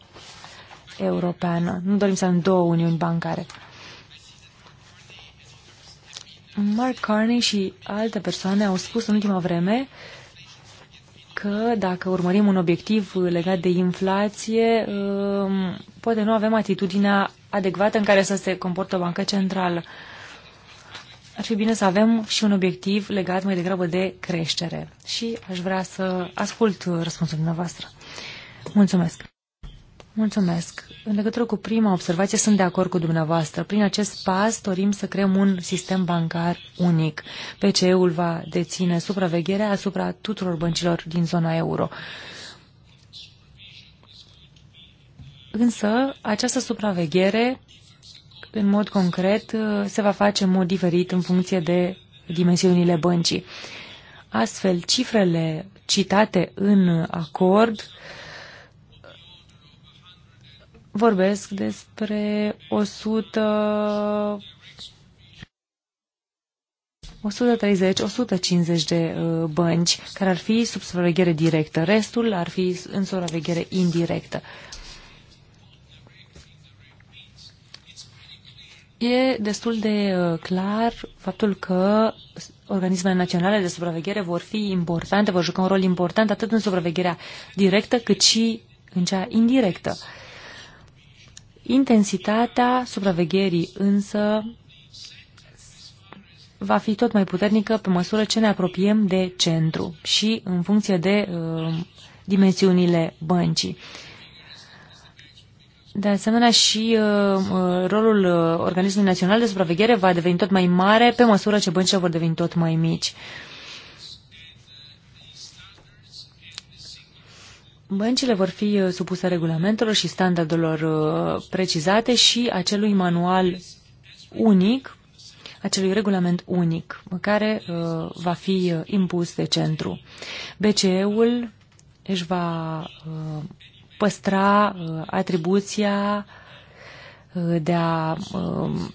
Europeană. Nu dorim să avem două uniuni bancare. Mark Carney și alte persoane au spus în ultima vreme uh, că dacă urmărim un obiectiv legat de inflație, um, poate nu avem atitudinea adecvată în care să se comportă Banca Centrală. Ar fi bine să avem și un obiectiv legat mai degrabă de creștere. Și aș vrea să ascult răspunsul dumneavoastră. Mulțumesc! Mulțumesc! În legătură cu prima observație, sunt de acord cu dumneavoastră. Prin acest pas dorim să creăm un sistem bancar unic. PCE-ul va deține supravegherea asupra tuturor băncilor din zona euro. Însă, această supraveghere, în mod concret, se va face în mod diferit în funcție de dimensiunile băncii. Astfel, cifrele citate în acord uh, vorbesc despre 100 130-150 de uh, bănci care ar fi sub supraveghere directă. Restul ar fi în supraveghere indirectă. E destul de uh, clar faptul că organismele naționale de supraveghere vor fi importante, vor juca un rol important atât în supravegherea directă cât și în cea indirectă. Uh, Intensitatea supravegherii însă va fi tot mai puternică pe măsură ce ne apropiem de centru și în funcție de uh, dimensiunile băncii. De asemenea, și uh, uh rolul uh, Organismului Național de Supraveghere va deveni tot mai mare pe măsură ce băncile vor deveni tot mai mici. Uh, Băncile vor fi uh, supuse regulamentelor și standardelor uh, precizate și acelui manual unic, acelui regulament unic, care uh, va fi impus de centru. BCE-ul își va păstra atribuția de a um,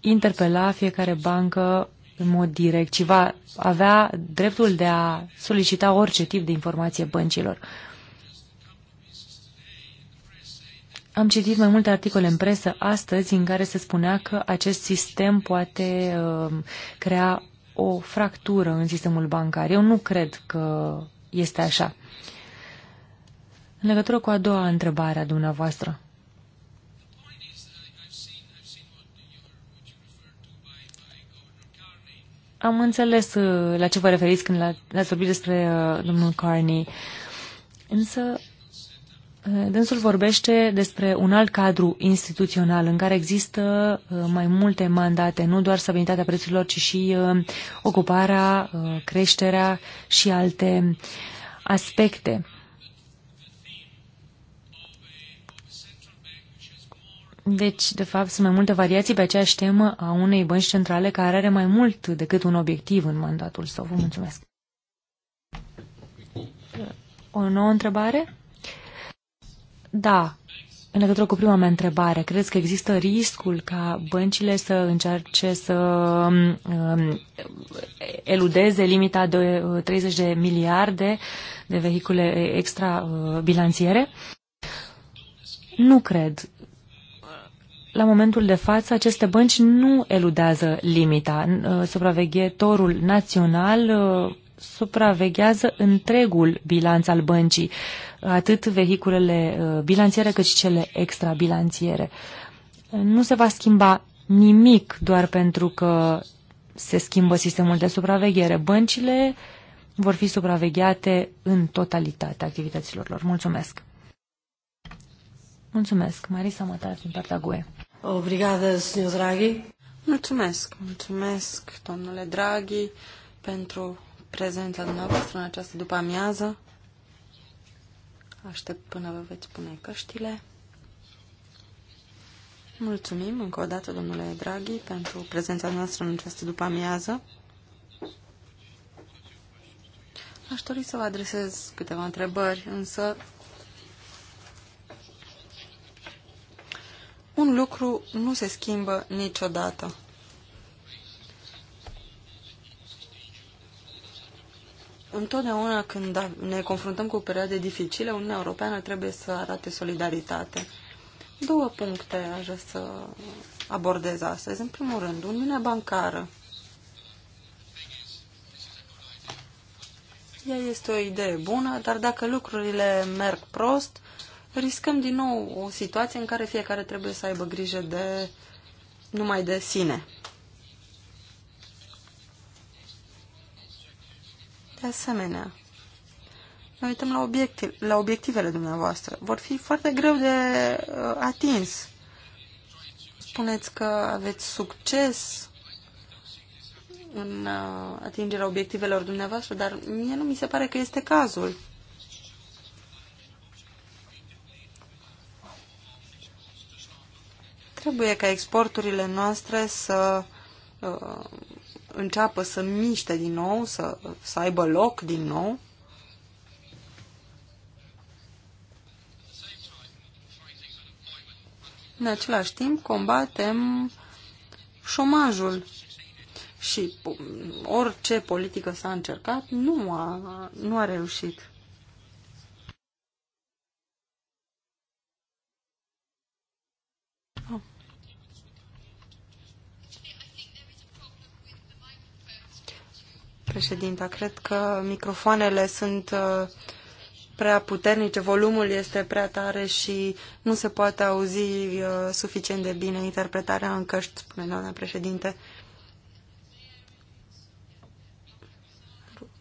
interpela fiecare bancă în mod direct, ci va avea dreptul de a solicita orice tip de informație băncilor. Am citit mai multe articole în presă astăzi în care se spunea că acest sistem poate uh, crea o fractură în sistemul bancar. Eu nu cred că este așa. În legătură cu a doua întrebare a dumneavoastră, Am înțeles uh, la ce vă referiți când ați vorbit despre uh, domnul Carney, însă uh, dânsul vorbește despre un alt cadru instituțional în care există mai multe mandate, nu doar stabilitatea prețurilor, ci și ocuparea, creșterea și alte aspecte. Deci, de fapt, sunt mai multe variații pe aceeași temă a unei bănci centrale care are mai mult decât un obiectiv în mandatul său. Vă mulțumesc. O nouă întrebare? Da. În legătură cu prima mea întrebare, credeți că există riscul ca băncile să încerce să um, um, eludeze limita de 30 uh, de miliarde de vehicule extra-bilanțiere? Nu cred la momentul de față, aceste bănci nu eludează limita. Uh, supraveghetorul național uh, supraveghează întregul bilanț al băncii, atât vehiculele uh, bilanțiere cât și cele extrabilanțiere. Nu se va schimba nimic doar pentru că se schimbă sistemul de supraveghere. Băncile vor fi supravegheate în totalitate activităților lor. Mulțumesc! Mulțumesc, Marisa Mătar din partea GUE. Obrigada, senhor Draghi. Mulțumesc, mulțumesc, domnule Draghi, pentru prezența dumneavoastră în această după-amiază. Aștept până vă veți pune căștile. Mulțumim încă o dată, domnule Draghi, pentru prezența noastră în această după-amiază. Aș dori să vă adresez câteva întrebări, însă un lucru nu se schimbă niciodată. Întotdeauna când ne confruntăm cu perioade dificile, Uniunea Europeană trebuie să arate solidaritate. Două puncte aș vrea să abordez astăzi. În primul rând, Uniunea Bancară. Ea este o idee bună, dar dacă lucrurile merg prost, riscăm din nou o situație în care fiecare trebuie să aibă grijă de numai de sine. De asemenea, ne uităm la, obiecti la obiectivele dumneavoastră. Vor fi foarte greu de uh, atins. Spuneți că aveți succes în uh, atingerea obiectivelor dumneavoastră, dar mie nu mi se pare că este cazul. Trebuie ca exporturile noastre să uh, înceapă să miște din nou, să, să aibă loc din nou. În același timp, combatem șomajul și orice politică s-a încercat nu a, nu a reușit. Președinta, cred că microfoanele sunt uh, prea puternice, volumul este prea tare și nu se poate auzi uh, suficient de bine interpretarea în căști, spune doamna președinte.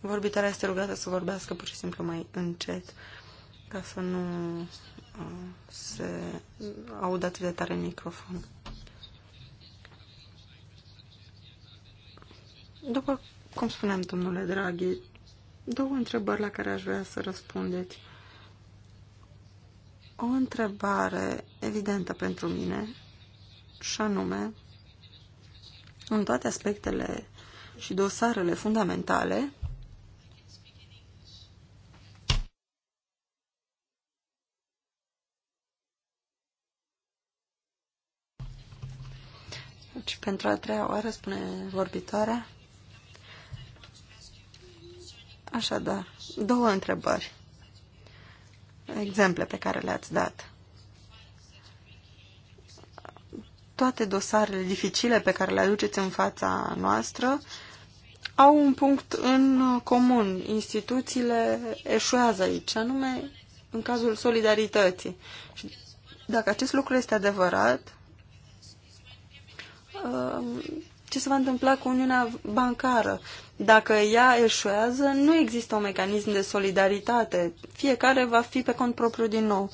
vorbitarea este rugată să vorbească pur și simplu mai încet, ca să nu uh, se audă atât de tare în microfon. După cum spuneam, domnule Draghi, două întrebări la care aș vrea să răspundeți. O întrebare evidentă pentru mine, și anume, în toate aspectele și dosarele fundamentale, Și deci pentru a treia oară, spune vorbitoarea, Așadar, două întrebări. Exemple pe care le-ați dat. Toate dosarele dificile pe care le aduceți în fața noastră au un punct în comun. Instituțiile eșuează aici, anume în cazul solidarității. Și dacă acest lucru este adevărat, ce se va întâmpla cu Uniunea Bancară. Dacă ea eșuează, nu există un mecanism de solidaritate. Fiecare va fi pe cont propriu din nou.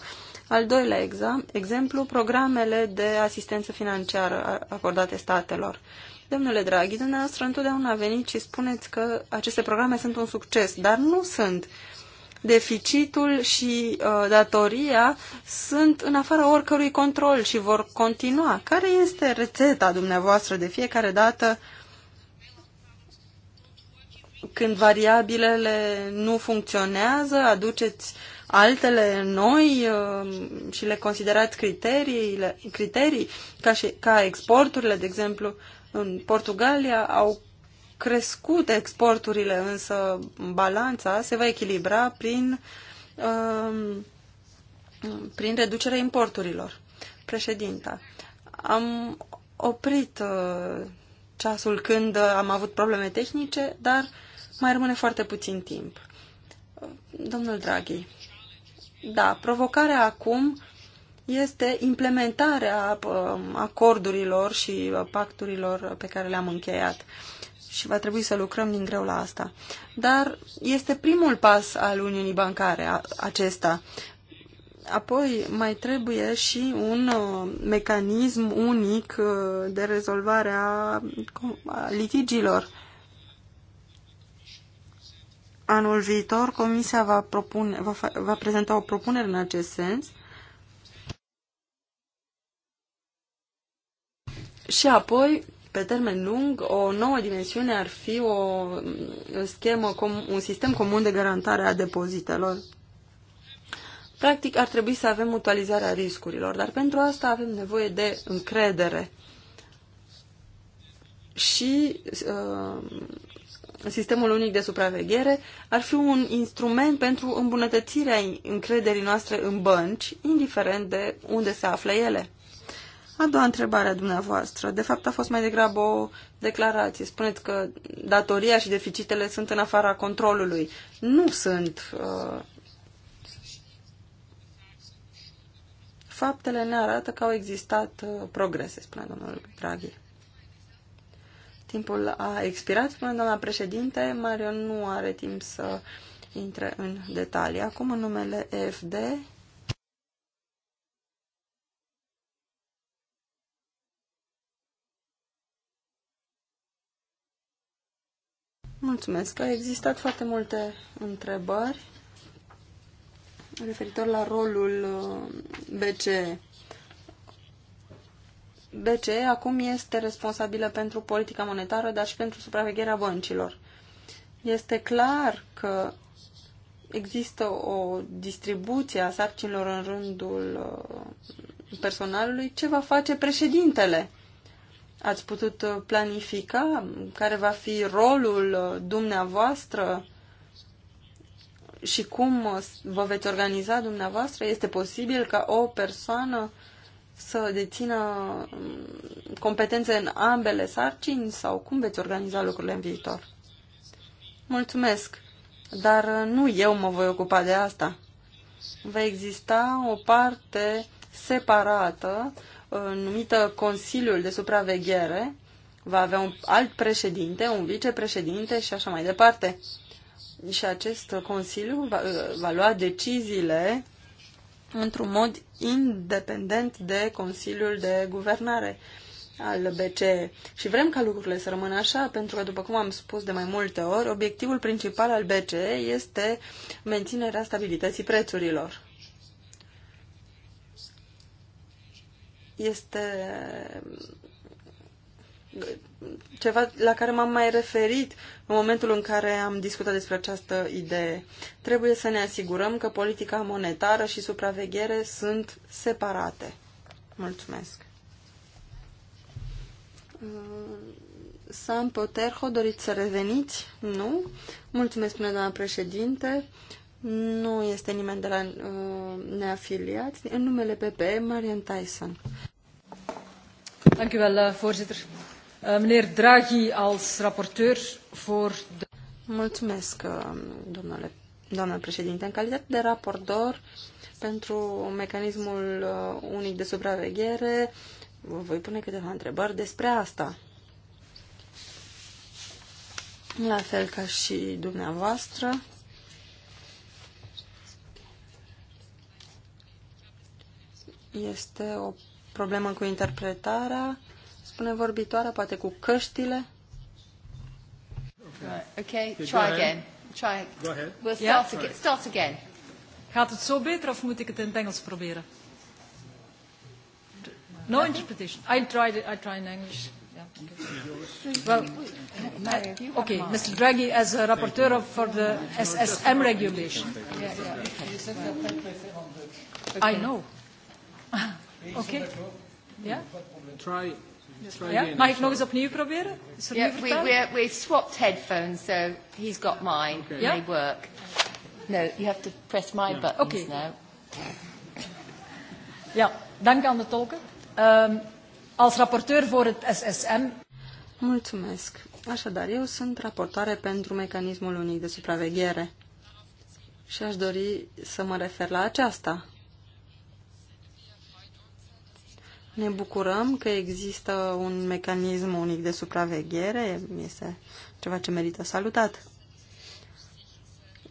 Al doilea exam, exemplu, programele de asistență financiară acordate statelor. Domnule Draghi, dumneavoastră întotdeauna veniți și spuneți că aceste programe sunt un succes, dar nu sunt deficitul și uh, datoria sunt în afara oricărui control și vor continua. Care este rețeta dumneavoastră de fiecare dată când variabilele nu funcționează, aduceți altele noi uh, și le considerați criteriile, criterii, ca, și, ca exporturile, de exemplu, în Portugalia au crescut exporturile, însă balanța se va echilibra prin, um, prin reducerea importurilor. Președinta, am oprit uh, ceasul când am avut probleme tehnice, dar mai rămâne foarte puțin timp. Domnul Draghi, da, provocarea acum este implementarea uh, acordurilor și uh, pacturilor pe care le-am încheiat și va trebui să lucrăm din greu la asta. Dar este primul pas al Uniunii Bancare acesta. Apoi mai trebuie și un uh, mecanism unic uh, de rezolvare a litigiilor. Anul viitor Comisia va, propune, va, va prezenta o propunere în acest sens și apoi pe termen lung, o nouă dimensiune ar fi o schemă, un sistem comun de garantare a depozitelor. Practic, ar trebui să avem mutualizarea riscurilor, dar pentru asta avem nevoie de încredere. Și uh, sistemul unic de supraveghere ar fi un instrument pentru îmbunătățirea încrederii noastre în bănci, indiferent de unde se află ele. A doua întrebare a dumneavoastră, de fapt a fost mai degrabă o declarație. Spuneți că datoria și deficitele sunt în afara controlului. Nu sunt. Uh... Faptele ne arată că au existat uh, progrese, spune domnul Draghi. Timpul a expirat, spune doamna președinte. Mario nu are timp să intre în detalii. Acum, în numele EFD, Mulțumesc. Au existat foarte multe întrebări referitor la rolul uh, BCE. BCE acum este responsabilă pentru politica monetară, dar și pentru supravegherea băncilor. Este clar că există o distribuție a sarcinilor în rândul uh, personalului. Ce va face președintele? Ați putut uh, planifica care va fi rolul uh, dumneavoastră și cum uh, vă veți organiza dumneavoastră? Este posibil ca o persoană să dețină um, competențe în ambele sarcini sau cum veți organiza lucrurile în viitor? Mulțumesc, dar nu eu mă voi ocupa de asta. Va exista o parte separată Uh, numită Consiliul de Supraveghere, va avea un alt președinte, un vicepreședinte și așa mai departe. Și acest Consiliu va, uh, va lua deciziile într-un mod independent de Consiliul de Guvernare al BCE. Și vrem ca lucrurile să rămână așa, pentru că, după cum am spus de mai multe ori, obiectivul principal al BCE este menținerea stabilității prețurilor. este ceva la care m-am mai referit în momentul în care am discutat despre această idee. Trebuie să ne asigurăm că politica monetară și supraveghere sunt separate. Mulțumesc. Sam Poterho, doriți să reveniți? Nu? Mulțumesc, până doamna președinte. Nu este nimeni de la uh, neafiliat. În numele PP, Marian Tyson. Eh, voorzitter. Eh, meneer Draghi, als rapporteur voor de... Mulțumesc, eh, domnule, doamnă președinte. În calitate de raportor pentru mecanismul unic de supraveghere, vă voi pune câteva întrebări despre asta. La fel ca și dumneavoastră, Este o problemă cu interpretarea, spune vorbitoarea, poate cu căștile. Okay, try again. Try. Go ahead. We'll start, again. start again. Gaat het zo beter of moet ik het in het Engels proberen? No interpretation. I tried it. I tried in English. Yeah. Well, okay, Mr. Draghi, as a rapporteur for the SSM regulation. I know. Ah, Oké. Ja? Try. Ja, mag ik nog eens opnieuw proberen? Is er yeah, we, we're, swapped headphones, so he's got mine. Okay. Yeah? They work. No, you have to press my yeah. buttons okay. now. Ja, dank aan de tolken. Um, als rapporteur voor het SSM... Mulțumesc. Așadar, eu sunt raportoare pentru Mecanismul Unic de Supraveghere și aș dori să mă refer la aceasta. Ne bucurăm că există un mecanism unic de supraveghere, este ceva ce merită salutat.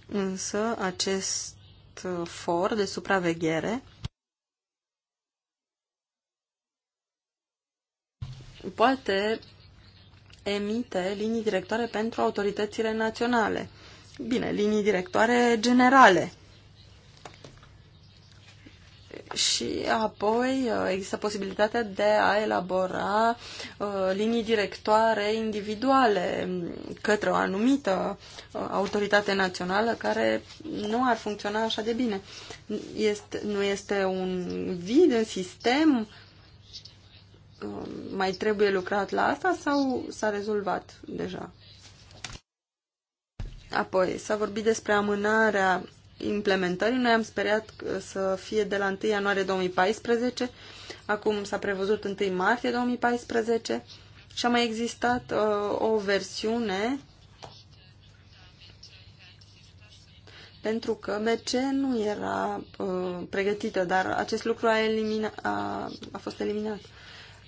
Însă acest for de supraveghere poate emite linii directoare pentru autoritățile naționale. Bine, linii directoare generale și apoi uh, există posibilitatea de a elabora uh, linii directoare individuale către o anumită uh, autoritate națională care nu ar funcționa așa de bine. Este, nu este un vid în sistem? Mai trebuie lucrat la asta sau s-a rezolvat deja? Apoi s-a vorbit despre amânarea implementării. Noi am speriat să fie de la 1 ianuarie 2014, acum s-a prevăzut 1 martie 2014 și a mai existat uh, o versiune pentru că MC nu era uh, pregătită, dar acest lucru a, elimina, a, a fost eliminat.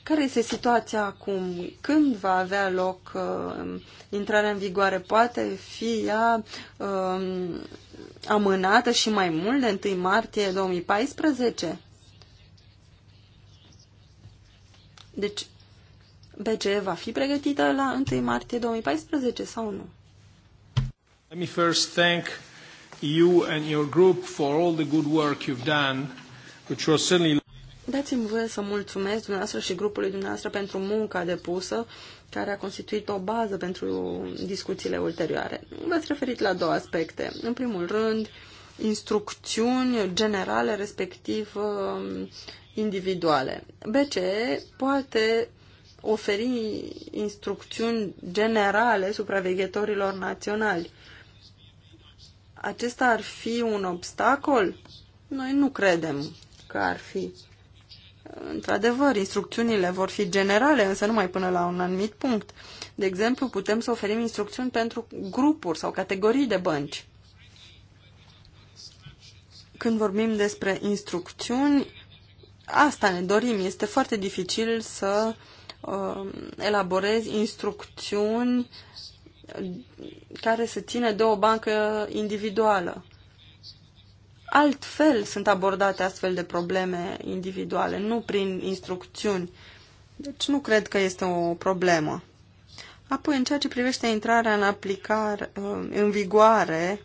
Care este situația acum? Când va avea loc uh, intrarea în vigoare? Poate fi ea uh, amânată și mai mult de 1 martie 2014? Deci, BCE va fi pregătită la 1 martie 2014 sau nu? Let me first thank you and your group for all the good work you've done, which was certainly Dați-mi voie să mulțumesc dumneavoastră și grupului dumneavoastră pentru munca depusă care a constituit o bază pentru discuțiile ulterioare. V-ați referit la două aspecte. În primul rând, instrucțiuni generale, respectiv um, individuale. BCE poate oferi instrucțiuni generale supraveghetorilor naționali. Acesta ar fi un obstacol? Noi nu credem că ar fi. Într-adevăr, instrucțiunile vor fi generale, însă numai până la un anumit punct. De exemplu, putem să oferim instrucțiuni pentru grupuri sau categorii de bănci. Când vorbim despre instrucțiuni, asta ne dorim. Este foarte dificil să uh, elaborezi instrucțiuni care să țină de o bancă individuală altfel sunt abordate astfel de probleme individuale, nu prin instrucțiuni. Deci nu cred că este o problemă. Apoi, în ceea ce privește intrarea în aplicare, uh, în vigoare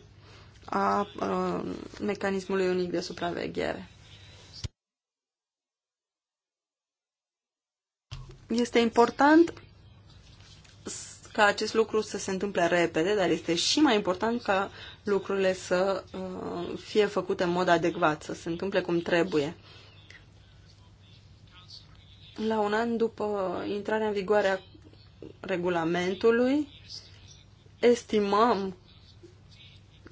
a uh, mecanismului unic de supraveghere. Este important ca acest lucru să se întâmple repede, dar este și mai important ca lucrurile să uh, fie făcute în mod adecvat, să se întâmple cum trebuie. La un an după intrarea în vigoare a regulamentului, estimăm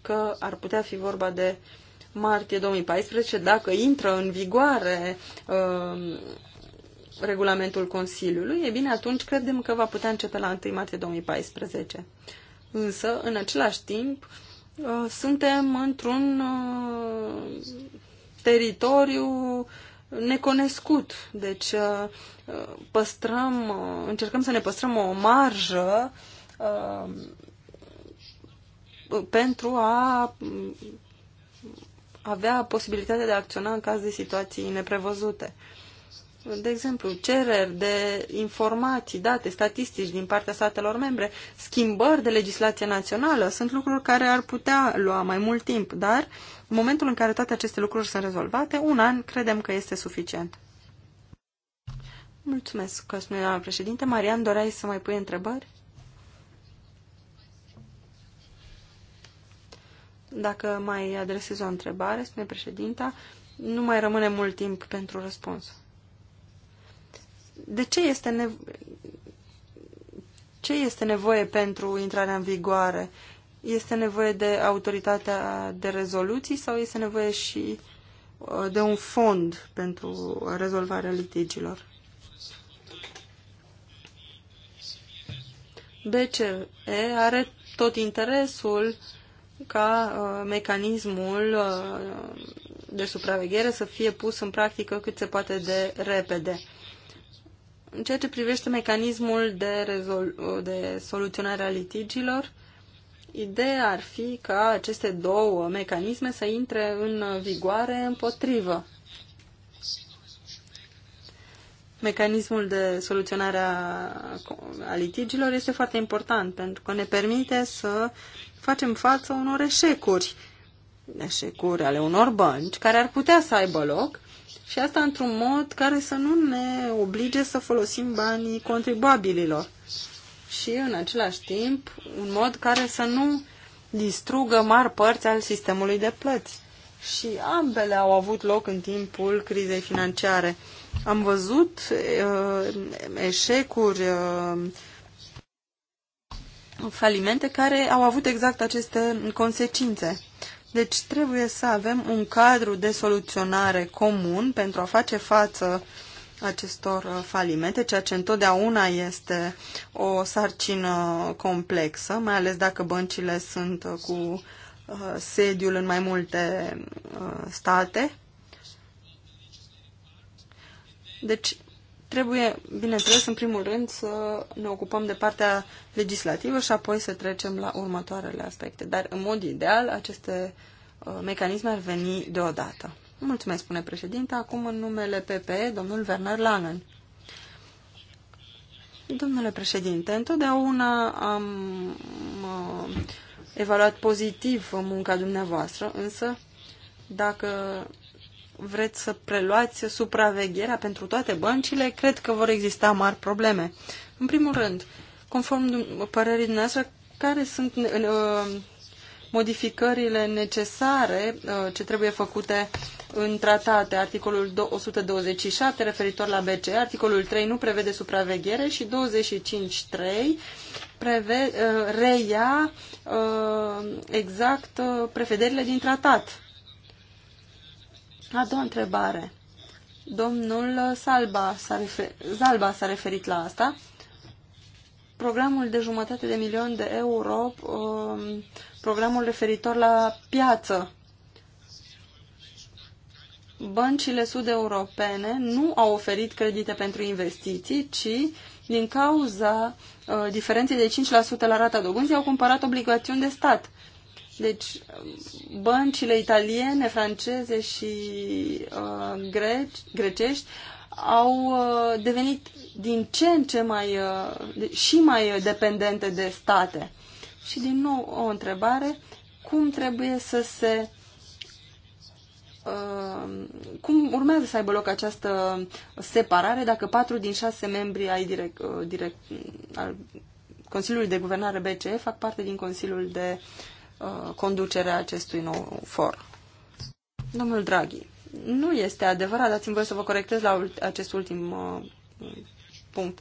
că ar putea fi vorba de martie 2014, dacă intră în vigoare uh, regulamentul Consiliului, e bine, atunci credem că va putea începe la 1 martie 2014. Însă, în același timp, uh, Uh, suntem într-un uh, teritoriu necunoscut, Deci uh, păstrăm, încercăm să ne păstrăm o marjă pentru a mm, avea posibilitatea de a acționa în caz de situații neprevăzute de exemplu, cereri de informații, date, statistici din partea statelor membre, schimbări de legislație națională, sunt lucruri care ar putea lua mai mult timp, dar în momentul în care toate aceste lucruri sunt rezolvate, un an credem că este suficient. Mulțumesc, Cosmin, doamna președinte. Marian, doreai să mai pui întrebări? Dacă mai adresez o întrebare, spune președinta, nu mai rămâne mult timp pentru răspuns de ce este, nevo- ce este nevoie pentru intrarea în vigoare? Este nevoie de autoritatea de rezoluții sau este nevoie și uh, de un fond pentru rezolvarea litigilor? BCE are tot interesul ca uh, mecanismul uh, de supraveghere să fie pus în practică cât se poate de repede. În ceea ce privește mecanismul de, rezol- de soluționare a litigiilor, ideea ar fi ca aceste două mecanisme să intre în vigoare împotrivă. Mecanismul de soluționare a, a litigilor este foarte important pentru că ne permite să facem față unor eșecuri, eșecuri ale unor bănci care ar putea să aibă loc și asta într-un mod care să nu ne oblige să folosim banii contribuabililor. Și în același timp, un mod care să nu distrugă mari părți al sistemului de plăți. Și ambele au avut loc în timpul crizei financiare. Am văzut uh, eșecuri, uh, falimente care au avut exact aceste consecințe. Deci trebuie să avem un cadru de soluționare comun pentru a face față acestor uh, falimente, ceea ce întotdeauna este o sarcină complexă, mai ales dacă băncile sunt uh, cu uh, sediul în mai multe state. Deci Trebuie, bineînțeles, în primul rând să ne ocupăm de partea legislativă și apoi să trecem la următoarele aspecte. Dar, în mod ideal, aceste uh, mecanisme ar veni deodată. Mulțumesc, spune președinte. Acum, în numele PPE, domnul Werner Langen. Domnule președinte, întotdeauna am uh, evaluat pozitiv munca dumneavoastră, însă dacă vreți să preluați supravegherea pentru toate băncile, cred că vor exista mari probleme. În primul rând, conform părerii noastre, care sunt uh, modificările necesare uh, ce trebuie făcute în tratate? Articolul 127 referitor la BC, articolul 3 nu prevede supraveghere și 25.3 preve, uh, reia uh, exact uh, prevederile din tratat a doua întrebare. Domnul Salba s-a refer... Zalba s-a referit la asta. Programul de jumătate de milion de euro, um, programul referitor la piață. Băncile sud-europene nu au oferit credite pentru investiții, ci din cauza uh, diferenței de 5% la rata dobânzii au cumpărat obligațiuni de stat. Deci, băncile italiene, franceze și uh, greci, grecești au uh, devenit din ce în ce mai uh, și mai uh, dependente de state. Și din nou o întrebare, cum trebuie să se uh, cum urmează să aibă loc această separare dacă patru din șase membri ai direct, uh, direct, al Consiliului de Guvernare BCE fac parte din Consiliul de uh, Uh, conducerea acestui nou for. Domnul Draghi, nu este adevărat, dați-mi voie să vă corectez la acest ultim uh, punct.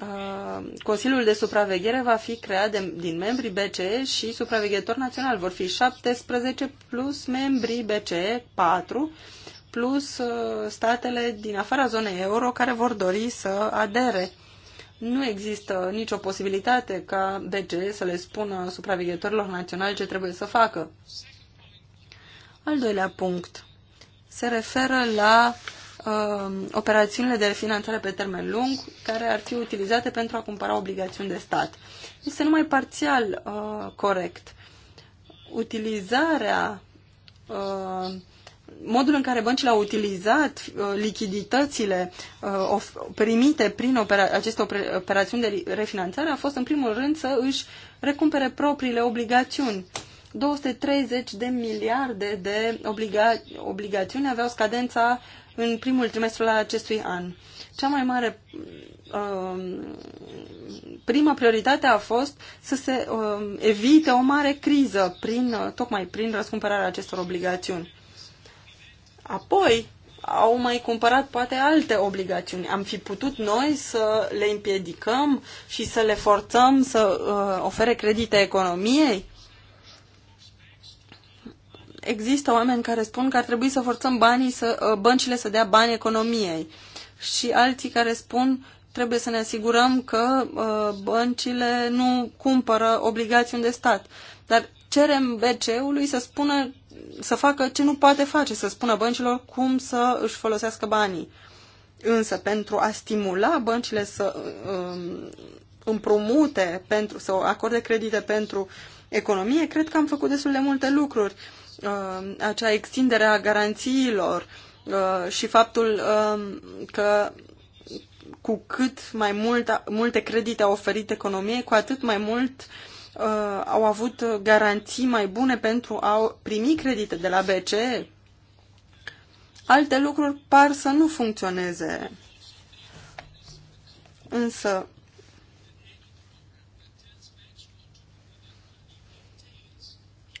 Uh, Consiliul de supraveghere va fi creat de, din membrii BCE și supraveghetor național. Vor fi 17 plus membrii BCE, 4, plus statele din afara zonei euro care vor dori să adere nu există nicio posibilitate ca BCE să le spună supraveghetorilor naționali ce trebuie să facă. Al doilea punct se referă la uh, operațiunile de finanțare pe termen lung care ar fi utilizate pentru a cumpăra obligațiuni de stat. Este numai parțial uh, corect. Utilizarea uh, modul în care băncile au utilizat uh, lichiditățile uh, primite prin opera aceste operațiuni de refinanțare a fost în primul rând să își recumpere propriile obligațiuni. 230 de miliarde de obliga obligațiuni aveau scadența în primul trimestru la acestui an. Cea mai mare uh, prima prioritate a fost să se uh, evite o mare criză prin, uh, tocmai prin răscumpărarea acestor obligațiuni. Apoi au mai cumpărat poate alte obligațiuni. Am fi putut noi să le împiedicăm și să le forțăm să uh, ofere credite economiei? Există oameni care spun că ar trebui să forțăm banii să, uh, băncile să dea bani economiei și alții care spun trebuie să ne asigurăm că uh, băncile nu cumpără obligațiuni de stat. Dar cerem BCE-ului să spună să facă ce nu poate face, să spună băncilor cum să își folosească banii. Însă pentru a stimula băncile să um, împrumute, pentru, să acorde credite pentru economie, cred că am făcut destul de multe lucruri. Um, acea extindere a garanțiilor uh, și faptul um, că cu cât mai mult, multe credite au oferit economiei, cu atât mai mult uh, uh, au avut garanții mai bune pentru a primi credite de la BCE. Alte lucruri par să nu funcționeze. Însă,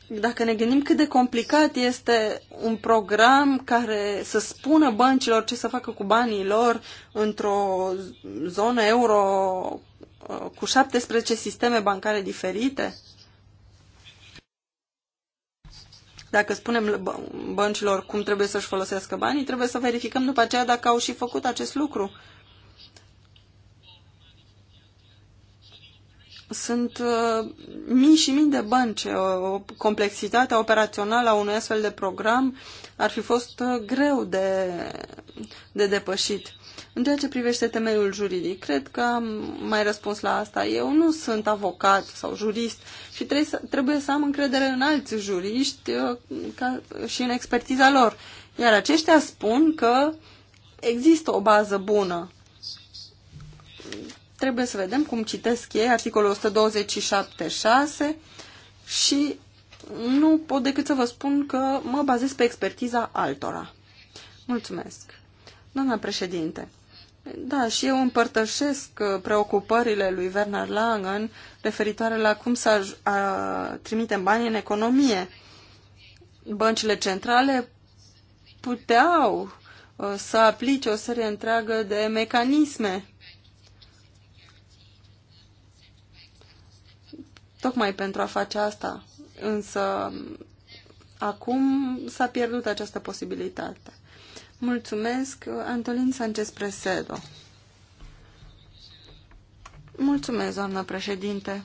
dacă ne gândim cât de complicat este un program care să spună băncilor ce să facă cu banii lor într-o zonă euro Uh, cu 17 sisteme bancare diferite? Dacă spunem băncilor cum trebuie să-și folosească banii, trebuie să verificăm după aceea dacă au și făcut acest lucru. Sunt uh, mii și mii de bănci. O complexitatea operațională a unui astfel de program ar fi fost uh, greu de, de depășit. În ceea ce privește temeiul juridic, cred că am mai răspuns la asta. Eu nu sunt avocat sau jurist și trebuie să, trebuie să am încredere în alți juriști uh, ca, și în expertiza lor. Iar aceștia spun că există o bază bună. Trebuie să vedem cum citesc ei articolul 127.6 și nu pot decât să vă spun că mă bazez pe expertiza altora. Mulțumesc. Doamna președinte, da, și eu împărtășesc uh, preocupările lui Werner Langen referitoare la cum să trimitem bani în economie. Băncile centrale puteau uh, să aplice o serie întreagă de mecanisme tocmai pentru a face asta. Însă acum s-a pierdut această posibilitate. Mulțumesc, Antolin Sanchez Presedo. Mulțumesc, doamnă președinte.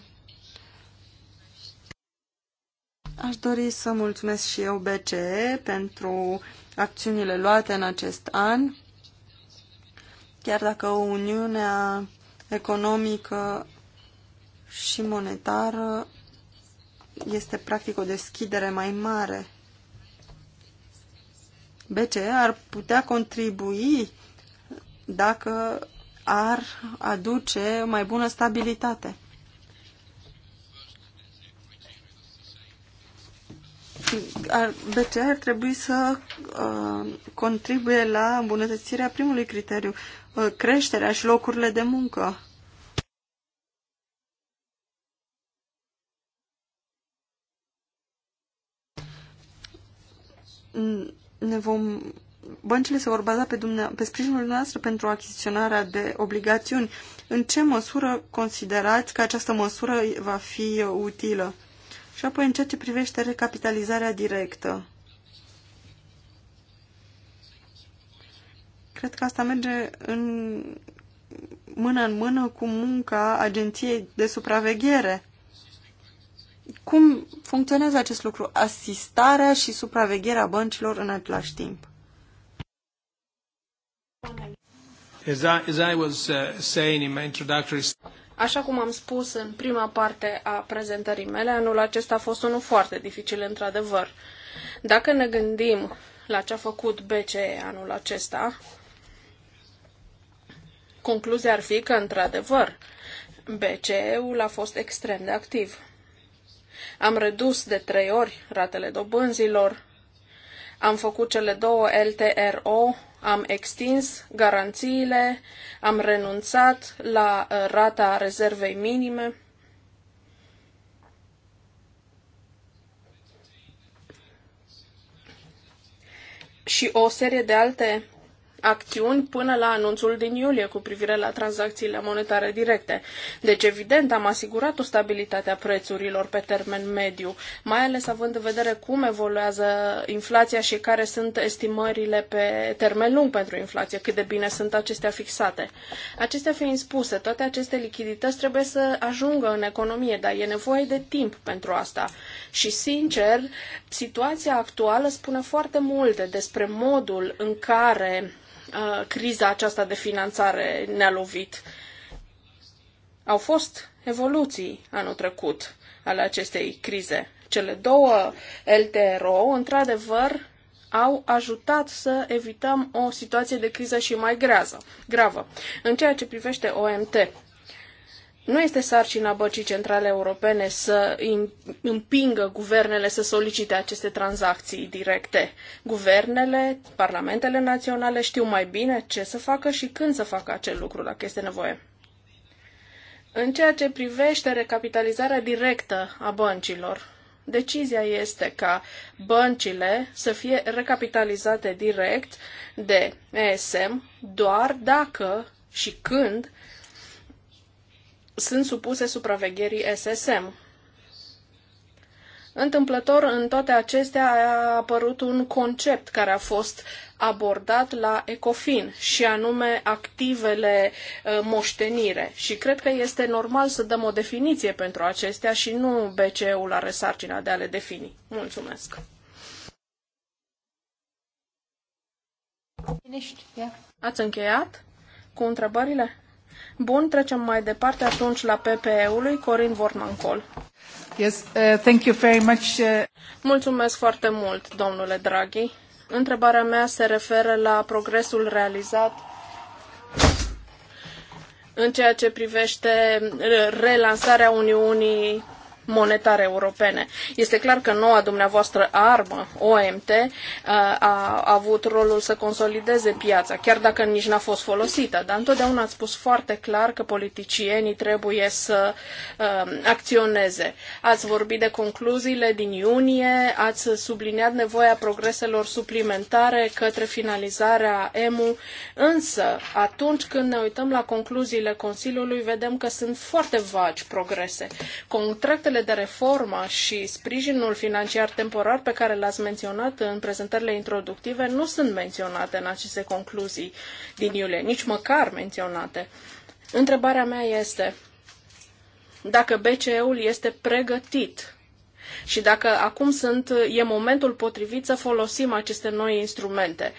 Aș dori să mulțumesc și eu BCE pentru acțiunile luate în acest an. Chiar dacă Uniunea economică și monetară este practic o deschidere mai mare BCE ar putea contribui dacă ar aduce mai bună stabilitate. BCE ar trebui să uh, contribuie la îmbunătățirea primului criteriu, uh, creșterea și locurile de muncă. Mm ne vom, băncile se vor baza pe, dumne, pe sprijinul noastră pentru achiziționarea de obligațiuni. În ce măsură considerați că această măsură va fi utilă? Și apoi în ceea ce privește recapitalizarea directă. Cred că asta merge în mână în mână cu munca agenției de supraveghere. Cum funcționează acest lucru? Asistarea și supravegherea băncilor în același timp. Uh, Așa cum am spus în prima parte a prezentării mele, anul acesta a fost unul foarte dificil, într-adevăr. Dacă ne gândim la ce a făcut BCE anul acesta, concluzia ar fi că, într-adevăr, BCE-ul a fost extrem de activ. Am redus de trei ori ratele dobânzilor, am făcut cele două LTRO, am extins garanțiile, am renunțat la uh, rata rezervei minime. Și o serie de alte acțiuni până la anunțul din iulie cu privire la tranzacțiile monetare directe. Deci, evident, am asigurat o stabilitate a prețurilor pe termen mediu, mai ales având în vedere cum evoluează inflația și care sunt estimările pe termen lung pentru inflație, cât de bine sunt acestea fixate. Acestea fiind spuse, toate aceste lichidități trebuie să ajungă în economie, dar e nevoie de timp pentru asta. Și, sincer, situația actuală spune foarte multe despre modul în care Uh, criza aceasta de finanțare ne-a lovit. Au fost evoluții anul trecut ale acestei crize. Cele două LTRO, într-adevăr, au ajutat să evităm o situație de criză și mai grează, gravă. În ceea ce privește OMT, nu este sarcina Băncii Centrale Europene să împingă guvernele să solicite aceste tranzacții directe. Guvernele, parlamentele naționale știu mai bine ce să facă și când să facă acel lucru, dacă este nevoie. În ceea ce privește recapitalizarea directă a băncilor, decizia este ca băncile să fie recapitalizate direct de ESM doar dacă și când sunt supuse supravegherii SSM. Întâmplător, în toate acestea a apărut un concept care a fost abordat la ECOFIN și anume activele ă, moștenire. Și cred că este normal să dăm o definiție pentru acestea și nu BCE-ul are sarcina de a le defini. Mulțumesc! Ați încheiat cu întrebările? Bun, trecem mai departe atunci la PPE-ului, Corin Vormancol. Yes, uh, thank you very much. Uh... Mulțumesc foarte mult, domnule Draghi. Întrebarea mea se referă la progresul realizat în ceea ce privește relansarea Uniunii monetare europene. Este clar că noua dumneavoastră armă, OMT, uh, a avut rolul să consolideze piața, chiar dacă nici n-a fost folosită, dar întotdeauna ați spus foarte clar că politicienii trebuie să um, acționeze. Ați vorbit de concluziile din iunie, ați subliniat nevoia progreselor suplimentare către finalizarea EMU, însă atunci când ne uităm la concluziile Consiliului, vedem că sunt foarte vagi progrese. Contractele Proiectele de reformă și sprijinul financiar temporar pe care l-ați menționat în prezentările introductive nu sunt menționate în aceste concluzii din iulie, nici măcar menționate. Întrebarea mea este dacă BCE-ul este pregătit și dacă acum sunt, e momentul potrivit să folosim aceste noi instrumente,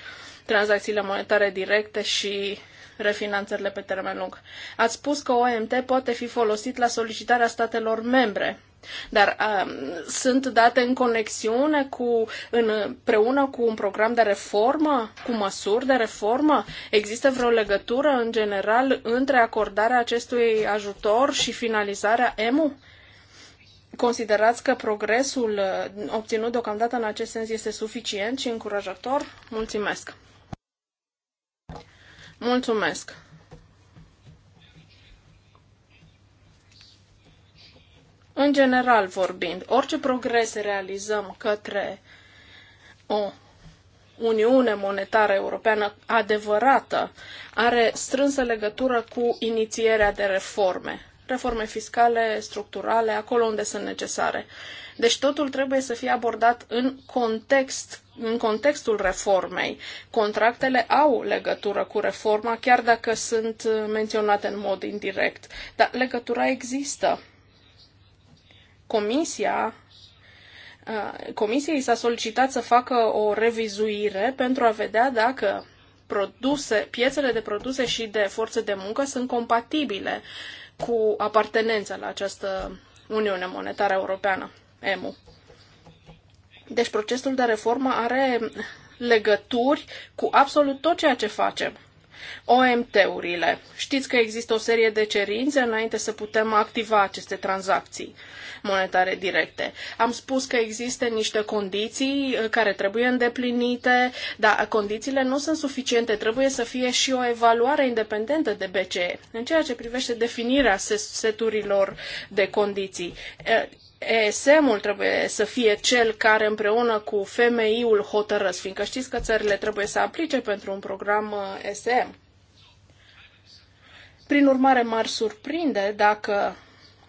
tranzacțiile monetare directe și refinanțările pe termen lung. Ați spus că OMT poate fi folosit la solicitarea statelor membre. Dar um, sunt date în conexiune cu, în, împreună cu un program de reformă, cu măsuri de reformă? Există vreo legătură în general între acordarea acestui ajutor și finalizarea EMU? Considerați că progresul uh, obținut deocamdată în acest sens este suficient și încurajator? Mulțumesc! Mulțumesc! În general vorbind, orice progrese realizăm către o Uniune Monetară Europeană adevărată are strânsă legătură cu inițierea de reforme. Reforme fiscale, structurale, acolo unde sunt necesare. Deci totul trebuie să fie abordat în context în contextul reformei. Contractele au legătură cu reforma, chiar dacă sunt menționate în mod indirect. Dar legătura există. Comisia uh, Comisiei s-a solicitat să facă o revizuire pentru a vedea dacă produse, piețele de produse și de forțe de muncă sunt compatibile cu apartenența la această Uniune Monetară Europeană, EMU. Deci procesul de reformă are legături cu absolut tot ceea ce facem. OMT-urile. Știți că există o serie de cerințe înainte să putem activa aceste tranzacții monetare directe. Am spus că există niște condiții uh, care trebuie îndeplinite, dar condițiile nu sunt suficiente. Trebuie să fie și o evaluare independentă de BCE în ceea ce privește definirea seturilor de condiții. Uh, ESM-ul trebuie să fie cel care împreună cu FMI-ul hotărăsc, fiindcă știți că țările trebuie să aplice pentru un program ESM. Uh, Prin urmare, m-ar surprinde dacă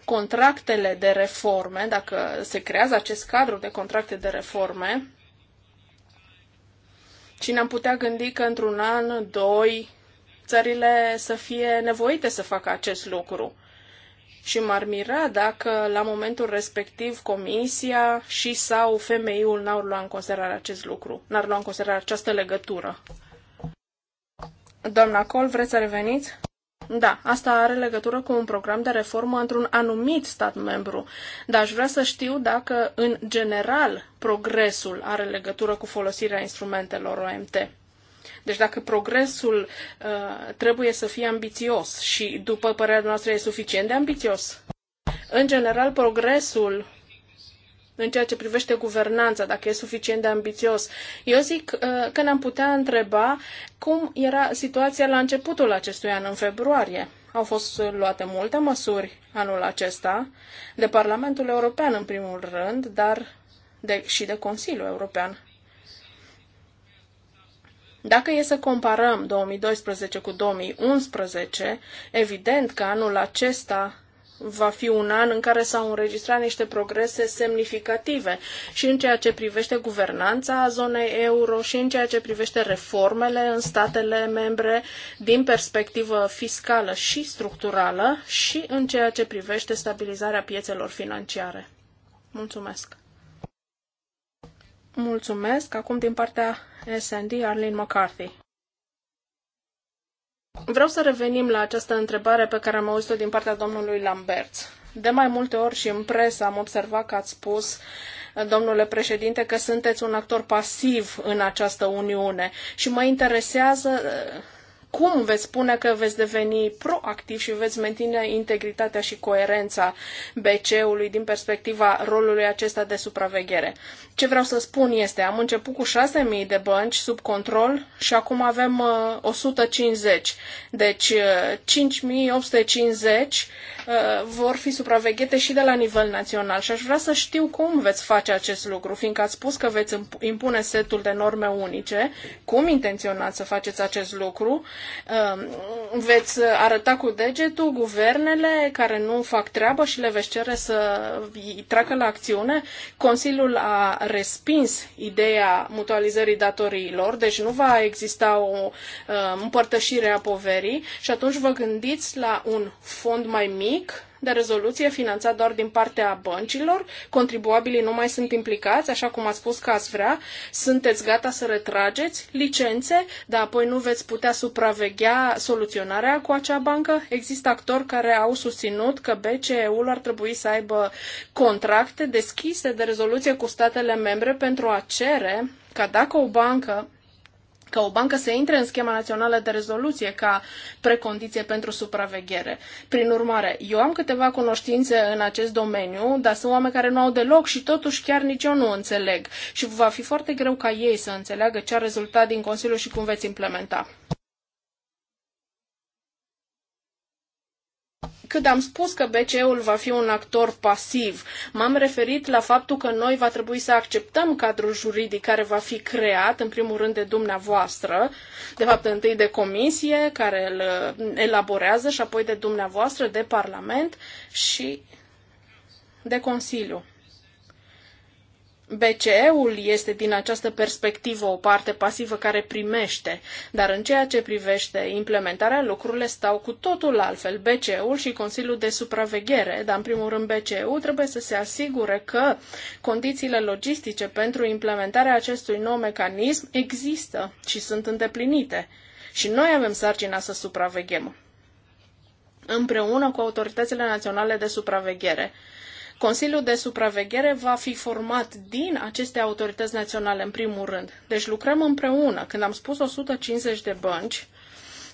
contractele de reforme, dacă se creează acest cadru de contracte de reforme, și ne-am putea gândi că într-un an, doi, țările să fie nevoite să facă acest lucru și m-ar mira dacă la momentul respectiv comisia și sau femeiul n-ar lua în considerare acest lucru, n-ar lua în considerare această legătură. Doamna Col, vreți să reveniți? Da, asta are legătură cu un program de reformă într-un anumit stat membru, dar aș vrea să știu dacă, în general, progresul are legătură cu folosirea instrumentelor OMT. Deci dacă progresul uh, trebuie să fie ambițios și, după părerea noastră, e suficient de ambițios, în general, progresul în ceea ce privește guvernanța, dacă e suficient de ambițios. Eu zic uh, că ne-am putea întreba cum era situația la începutul acestui an, în februarie. Au fost luate multe măsuri anul acesta de Parlamentul European, în primul rând, dar de, și de Consiliul European. Dacă e să comparăm 2012 cu 2011, evident că anul acesta va fi un an în care s-au înregistrat niște progrese semnificative și în ceea ce privește guvernanța a zonei euro și în ceea ce privește reformele în statele membre din perspectivă fiscală și structurală și în ceea ce privește stabilizarea piețelor financiare. Mulțumesc! Mulțumesc! Acum din partea SND Arlene McCarthy. Vreau să revenim la această întrebare pe care am auzit-o din partea domnului Lambert. De mai multe ori și în presă am observat că ați spus domnule președinte, că sunteți un actor pasiv în această uniune și mă interesează cum veți spune că veți deveni proactiv și veți menține integritatea și coerența BCE-ului din perspectiva rolului acesta de supraveghere. Ce vreau să spun este, am început cu 6.000 de bănci sub control și acum avem 150. Uh, deci 5.850 uh, uh, vor fi supraveghete și de la nivel național și aș vrea să știu cum veți face acest lucru, fiindcă ați spus că veți impune setul de norme unice, cum intenționați să faceți acest lucru, Um, veți arăta cu degetul guvernele care nu fac treaba și le veți cere să treacă la acțiune. Consiliul a respins ideea mutualizării datoriilor, deci nu va exista o um, împărtășire a poverii și atunci vă gândiți la un fond mai mic de rezoluție finanțat doar din partea băncilor, contribuabilii nu mai sunt implicați, așa cum ați spus că ați vrea, sunteți gata să retrageți licențe, dar apoi nu veți putea supraveghea soluționarea cu acea bancă? Există actori care au susținut că BCE-ul ar trebui să aibă contracte deschise de rezoluție cu statele membre pentru a cere ca dacă o bancă ca o bancă să intre în schema națională de rezoluție ca precondiție pentru supraveghere. Prin urmare, eu am câteva cunoștințe în acest domeniu, dar sunt oameni care nu au deloc și totuși chiar nici eu nu înțeleg. Și va fi foarte greu ca ei să înțeleagă ce a rezultat din Consiliu și cum veți implementa. Când am spus că BCE-ul va fi un actor pasiv, m-am referit la faptul că noi va trebui să acceptăm cadrul juridic care va fi creat, în primul rând de dumneavoastră, de fapt întâi de comisie care îl uh, elaborează și apoi de dumneavoastră, de Parlament și de Consiliu. BCE-ul este din această perspectivă o parte pasivă care primește, dar în ceea ce privește implementarea, lucrurile stau cu totul altfel. BCE-ul și Consiliul de Supraveghere, dar în primul rând BCE-ul, trebuie să se asigure că condițiile logistice pentru implementarea acestui nou mecanism există și sunt îndeplinite. Și noi avem sarcina să supraveghem împreună cu autoritățile naționale de supraveghere. Consiliul de supraveghere va fi format din aceste autorități naționale, în primul rând. Deci lucrăm împreună. Când am spus 150 de bănci,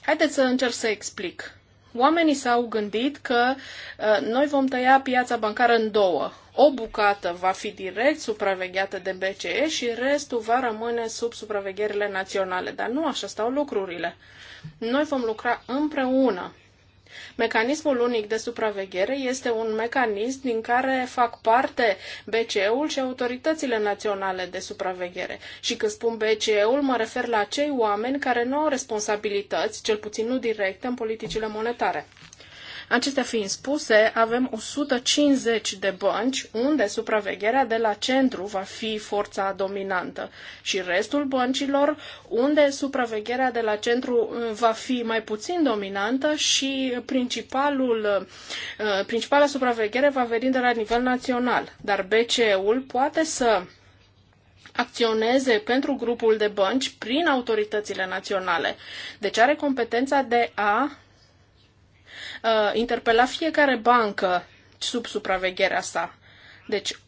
haideți să încerc să explic. Oamenii s-au gândit că uh, noi vom tăia piața bancară în două. O bucată va fi direct supravegheată de BCE și restul va rămâne sub supravegherile naționale. Dar nu așa stau lucrurile. Noi vom lucra împreună Mecanismul unic de supraveghere este un mecanism din care fac parte BCE-ul și autoritățile naționale de supraveghere. Și când spun BCE-ul, mă refer la cei oameni care nu au responsabilități, cel puțin nu directe, în politicile monetare. Acestea fiind spuse, avem 150 de bănci unde supravegherea de la centru va fi forța dominantă și restul băncilor unde supravegherea de la centru uh, va fi mai puțin dominantă și principalul, uh, principala supraveghere va veni de la nivel național. Dar BCE-ul poate să acționeze pentru grupul de bănci prin autoritățile naționale. Deci are competența de a uh, interpela fiecare bancă sub supravegherea sa. Deci,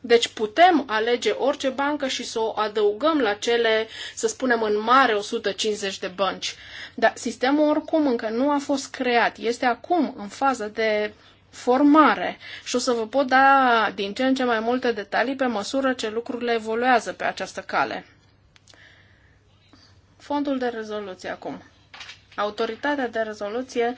deci putem alege orice bancă și să o adăugăm la cele, să spunem, în mare 150 de bănci. Dar sistemul oricum încă nu a fost creat. Este acum în fază de formare și o să vă pot da din ce în ce mai multe detalii pe măsură ce lucrurile evoluează pe această cale. Fondul de rezoluție acum. Autoritatea de rezoluție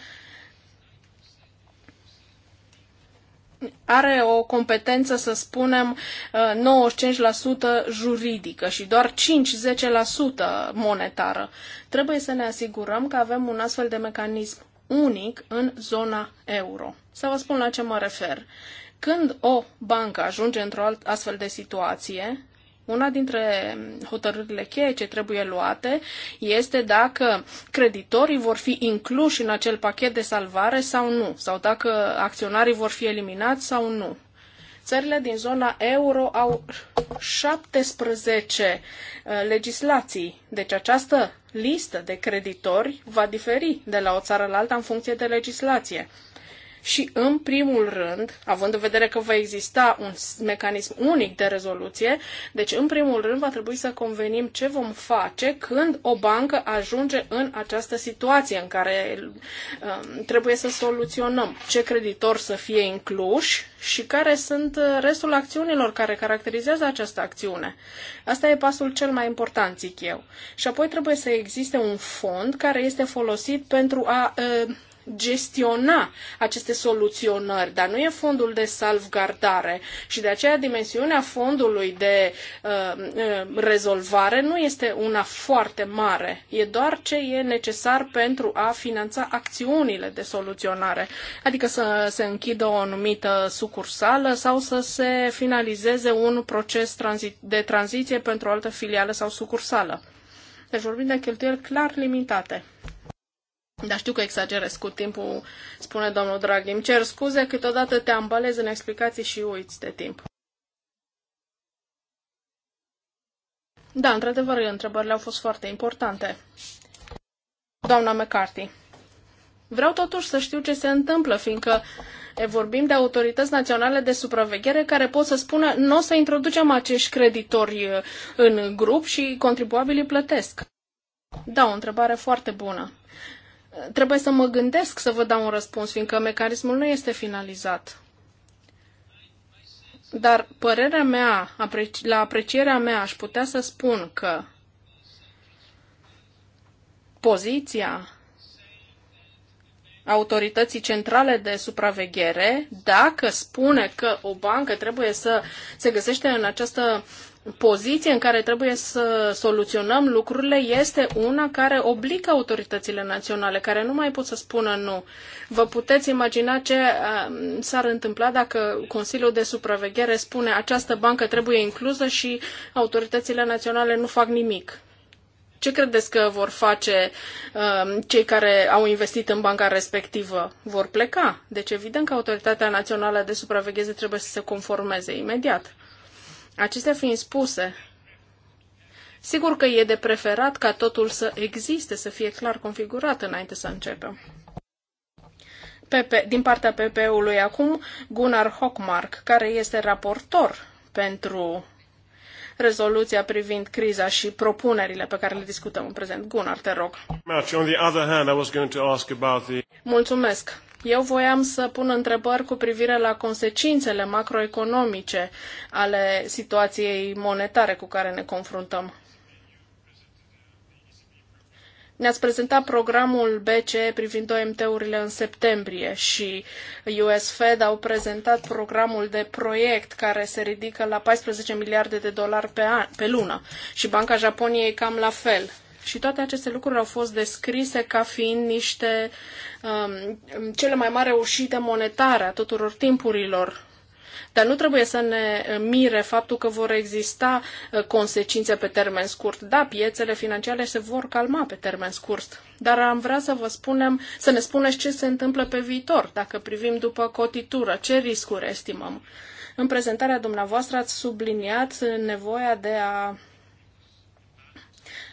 are o competență, să spunem, 95% juridică și doar 5-10% monetară. Trebuie să ne asigurăm că avem un astfel de mecanism unic în zona euro. Să vă spun la ce mă refer. Când o bancă ajunge într-o astfel de situație, una dintre hotărârile cheie ce trebuie luate este dacă creditorii vor fi incluși în acel pachet de salvare sau nu, sau dacă acționarii vor fi eliminați sau nu. Țările din zona euro au 17 uh, legislații, deci această listă de creditori va diferi de la o țară la alta în funcție de legislație și, în primul rând, având în vedere că va exista un mecanism unic de rezoluție, deci, în primul rând, va trebui să convenim ce vom face când o bancă ajunge în această situație în care um, trebuie să soluționăm ce creditor să fie incluși și care sunt uh, restul acțiunilor care caracterizează această acțiune. Asta e pasul cel mai important, zic eu. Și apoi trebuie să existe un fond care este folosit pentru a uh, gestiona aceste soluționări, dar nu e fondul de salvgardare și de aceea dimensiunea fondului de uh, uh, rezolvare nu este una foarte mare, e doar ce e necesar pentru a finanța acțiunile de soluționare, adică să se închidă o anumită sucursală sau să se finalizeze un proces de tranziție pentru o altă filială sau sucursală. Deci vorbim de cheltuieli clar limitate. Dar știu că exagerez cu timpul, spune domnul Draghi. Îmi cer scuze, câteodată te ambalez în explicații și uiți de timp. Da, într-adevăr, întrebările au fost foarte importante. Doamna McCarthy, vreau totuși să știu ce se întâmplă, fiindcă vorbim de autorități naționale de supraveghere care pot să spună nu o să introducem acești creditori în grup și contribuabilii plătesc. Da, o întrebare foarte bună trebuie să mă gândesc să vă dau un răspuns, fiindcă mecanismul nu este finalizat. Dar părerea mea, la aprecierea mea, aș putea să spun că poziția autorității centrale de supraveghere, dacă spune că o bancă trebuie să se găsește în această poziție în care trebuie să soluționăm lucrurile este una care obligă autoritățile naționale, care nu mai pot să spună nu. Vă puteți imagina ce um, s-ar întâmpla dacă Consiliul de Supraveghere spune această bancă trebuie inclusă și autoritățile naționale nu fac nimic. Ce credeți că vor face um, cei care au investit în banca respectivă? Vor pleca? Deci evident că autoritatea națională de supraveghere trebuie să se conformeze imediat. Acestea fiind spuse, sigur că e de preferat ca totul să existe, să fie clar configurat înainte să începem. Pepe, din partea PP-ului acum, Gunnar Hockmark, care este raportor pentru rezoluția privind criza și propunerile pe care le discutăm în prezent. Gunnar, te rog. Mulțumesc. Eu voiam să pun întrebări cu privire la consecințele macroeconomice ale situației monetare cu care ne confruntăm. Ne-ați prezentat programul BCE privind OMT-urile în septembrie și US Fed au prezentat programul de proiect care se ridică la 14 miliarde de dolari pe, an, pe lună și Banca Japoniei cam la fel. Și toate aceste lucruri au fost descrise ca fiind niște um, cele mai mari reușite monetare a tuturor timpurilor. Dar nu trebuie să ne mire faptul că vor exista uh, consecințe pe termen scurt. Da, piețele financiare se vor calma pe termen scurt, dar am vrea să vă spunem, să ne spuneți ce se întâmplă pe viitor, dacă privim după cotitură, ce riscuri estimăm. În prezentarea dumneavoastră ați subliniat nevoia de a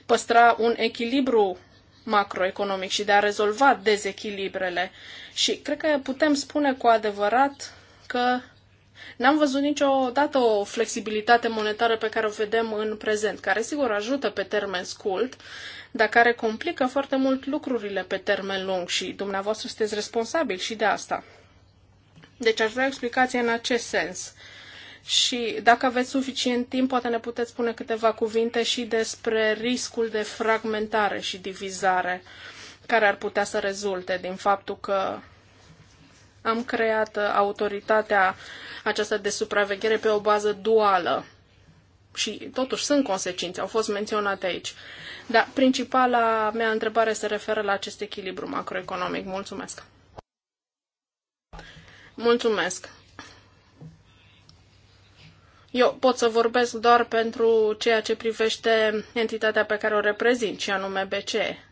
păstra un echilibru macroeconomic și de a rezolva dezechilibrele. Și cred că putem spune cu adevărat că N-am văzut niciodată o flexibilitate monetară pe care o vedem în prezent, care sigur ajută pe termen scurt, dar care complică foarte mult lucrurile pe termen lung și dumneavoastră sunteți responsabili și de asta. Deci aș vrea explicație în acest sens și dacă aveți suficient timp, poate ne puteți spune câteva cuvinte și despre riscul de fragmentare și divizare care ar putea să rezulte din faptul că am creat autoritatea aceasta de supraveghere pe o bază duală. Și totuși sunt consecințe, au fost menționate aici. Dar principala mea întrebare se referă la acest echilibru macroeconomic. Mulțumesc! Mulțumesc! Eu pot să vorbesc doar pentru ceea ce privește entitatea pe care o reprezint, și anume BCE.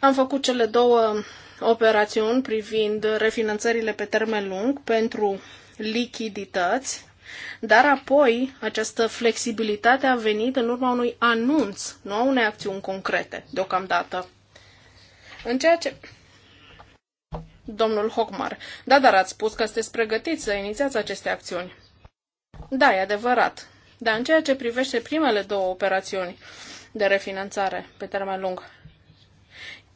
Am făcut cele două operațiuni privind refinanțările pe termen lung pentru lichidități, dar apoi această flexibilitate a venit în urma unui anunț, nu a unei acțiuni concrete, deocamdată. În ceea ce Domnul Hogmar, da, dar ați spus că sunteți pregătiți să inițiați aceste acțiuni. Da, e adevărat. Dar în ceea ce privește primele două operațiuni de refinanțare pe termen lung,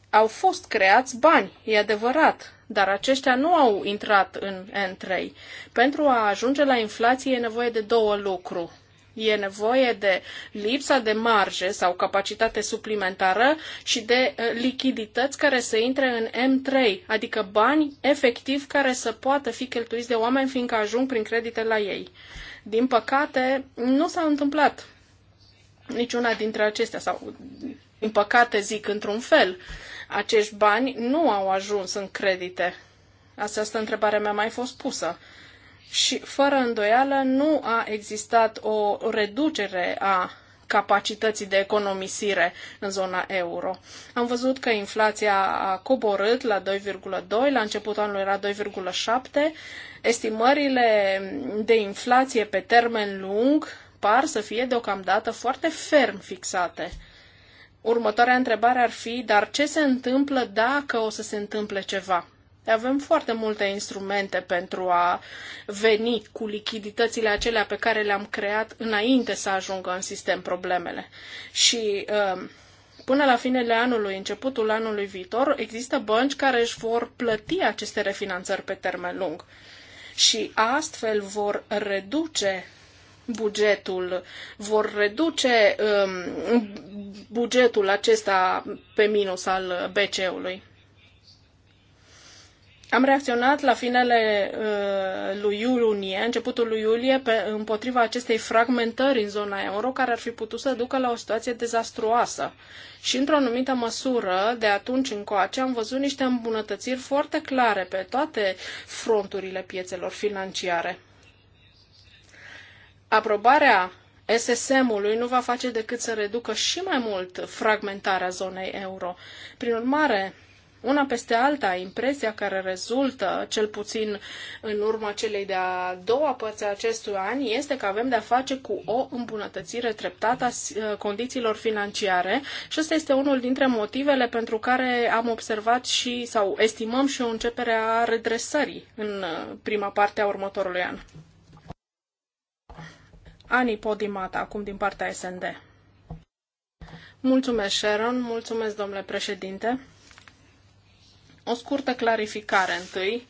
au fost creați bani, e adevărat, dar aceștia nu au intrat în N3. Pentru a ajunge la inflație e nevoie de două lucruri E nevoie de lipsa de marge sau capacitate suplimentară și de uh, lichidități care să intre în M3, adică bani efectiv care să poată fi cheltuiți de oameni fiindcă ajung prin credite la ei. Din păcate, nu s-a întâmplat niciuna dintre acestea sau din păcate zic într-un fel, acești bani nu au ajuns în credite. Această întrebare mi-a mai fost pusă și, fără îndoială, nu a existat o reducere a capacității de economisire în zona euro. Am văzut că inflația a coborât la 2,2, la începutul anului era 2,7. Estimările de inflație pe termen lung par să fie deocamdată foarte ferm fixate. Următoarea întrebare ar fi, dar ce se întâmplă dacă o să se întâmple ceva? Avem foarte multe instrumente pentru a veni cu lichiditățile acelea pe care le-am creat înainte să ajungă în sistem problemele. Și um, până la finele anului, începutul anului viitor, există bănci care își vor plăti aceste refinanțări pe termen lung. Și astfel vor reduce bugetul, vor reduce um, bugetul acesta pe minus al BCE-ului. Am reacționat la finele uh, lui iulie, începutul lui iulie, pe, împotriva acestei fragmentări în zona euro, care ar fi putut să ducă la o situație dezastruoasă. Și, într-o anumită măsură, de atunci încoace, am văzut niște îmbunătățiri foarte clare pe toate fronturile piețelor financiare. Aprobarea SSM-ului nu va face decât să reducă și mai mult fragmentarea zonei euro. Prin urmare, una peste alta, impresia care rezultă, cel puțin în urma celei de-a doua părți a acestui an, este că avem de-a face cu o îmbunătățire treptată a condițiilor financiare și ăsta este unul dintre motivele pentru care am observat și, sau estimăm și o începere a redresării în uh, prima parte a următorului an. Ani Podimata, acum din partea SND. Mulțumesc, Sharon, mulțumesc, domnule președinte. O scurtă clarificare întâi.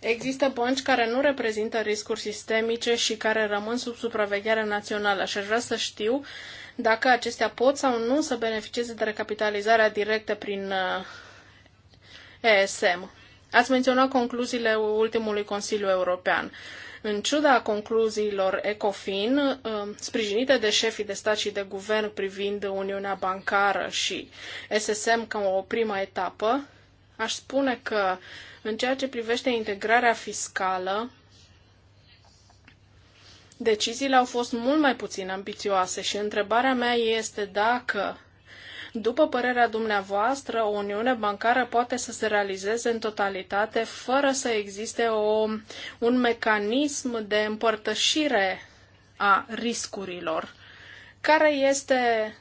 Există bănci care nu reprezintă riscuri sistemice și care rămân sub supraveghere națională și aș vrea să știu dacă acestea pot sau nu să beneficieze de recapitalizarea directă prin uh, ESM. Ați menționat concluziile ultimului Consiliu European. În ciuda concluziilor ECOFIN, um, sprijinite de șefii de stat și de guvern privind Uniunea Bancară și SSM ca o prima etapă, aș spune că în ceea ce privește integrarea fiscală, deciziile au fost mult mai puțin ambițioase și întrebarea mea este dacă după părerea dumneavoastră, o uniune bancară poate să se realizeze în totalitate fără să existe o, un mecanism de împărtășire a riscurilor. Care este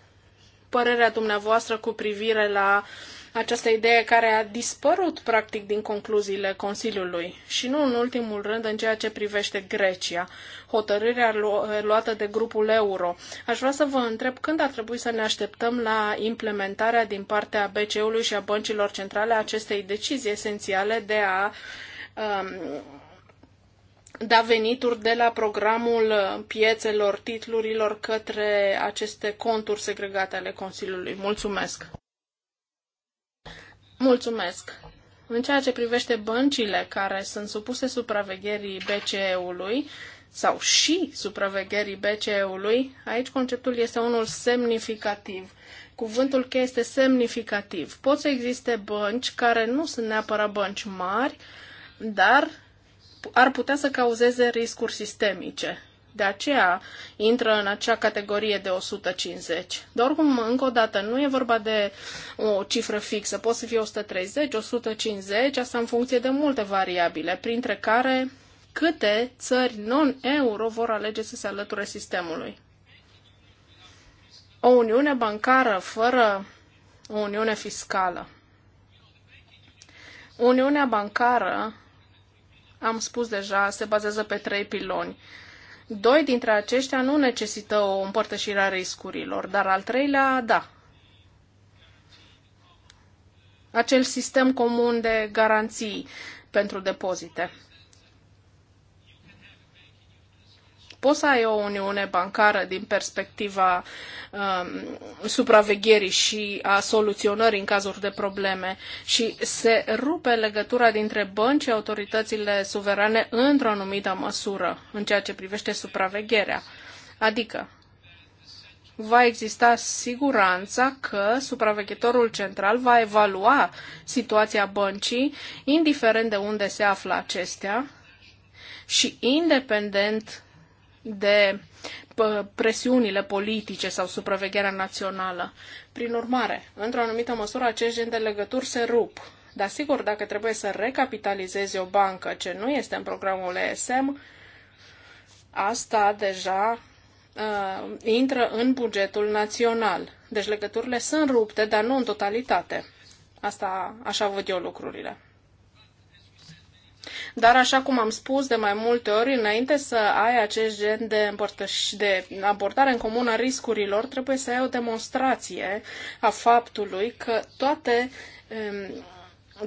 părerea dumneavoastră cu privire la uh, această idee care a dispărut practic din concluziile Consiliului și nu în ultimul rând în ceea ce privește Grecia, hotărârea lu luată de grupul euro. Aș vrea să vă întreb când ar trebui să ne așteptăm la implementarea din partea BCE-ului și a băncilor centrale a acestei decizii esențiale de a um, da venituri de la programul piețelor, titlurilor către aceste conturi segregate ale Consiliului. Mulțumesc! Mulțumesc. În ceea ce privește băncile care sunt supuse supravegherii BCE-ului sau și supravegherii BCE-ului, aici conceptul este unul semnificativ. Cuvântul cheie este semnificativ. Pot să existe bănci care nu sunt neapărat bănci mari, dar ar putea să cauzeze riscuri sistemice. De aceea intră în acea categorie de 150. Dar oricum, încă o dată, nu e vorba de o cifră fixă. Poate să fie 130, 150, asta în funcție de multe variabile, printre care câte țări non-euro vor alege să se alăture sistemului. O uniune bancară fără o uniune fiscală. Uniunea bancară, am spus deja, se bazează pe trei piloni. Doi dintre aceștia nu necesită o împărtășire a riscurilor, dar al treilea, da. Acel sistem comun de garanții pentru depozite. Poți să ai o uniune bancară din perspectiva um, supravegherii și a soluționării în cazuri de probleme și se rupe legătura dintre bănci și autoritățile suverane într-o anumită măsură în ceea ce privește supravegherea. Adică, va exista siguranța că supraveghetorul central va evalua situația băncii, indiferent de unde se află acestea, și independent de presiunile politice sau supravegherea națională. Prin urmare, într-o anumită măsură, acești gen de legături se rup. Dar sigur, dacă trebuie să recapitalizezi o bancă ce nu este în programul ESM, asta deja uh, intră în bugetul național. Deci legăturile sunt rupte, dar nu în totalitate. Asta, așa văd eu lucrurile. Dar, așa cum am spus de mai multe ori, înainte să ai acest gen de, împărtăș- de abordare în comun a riscurilor, trebuie să ai o demonstrație a faptului că toate um,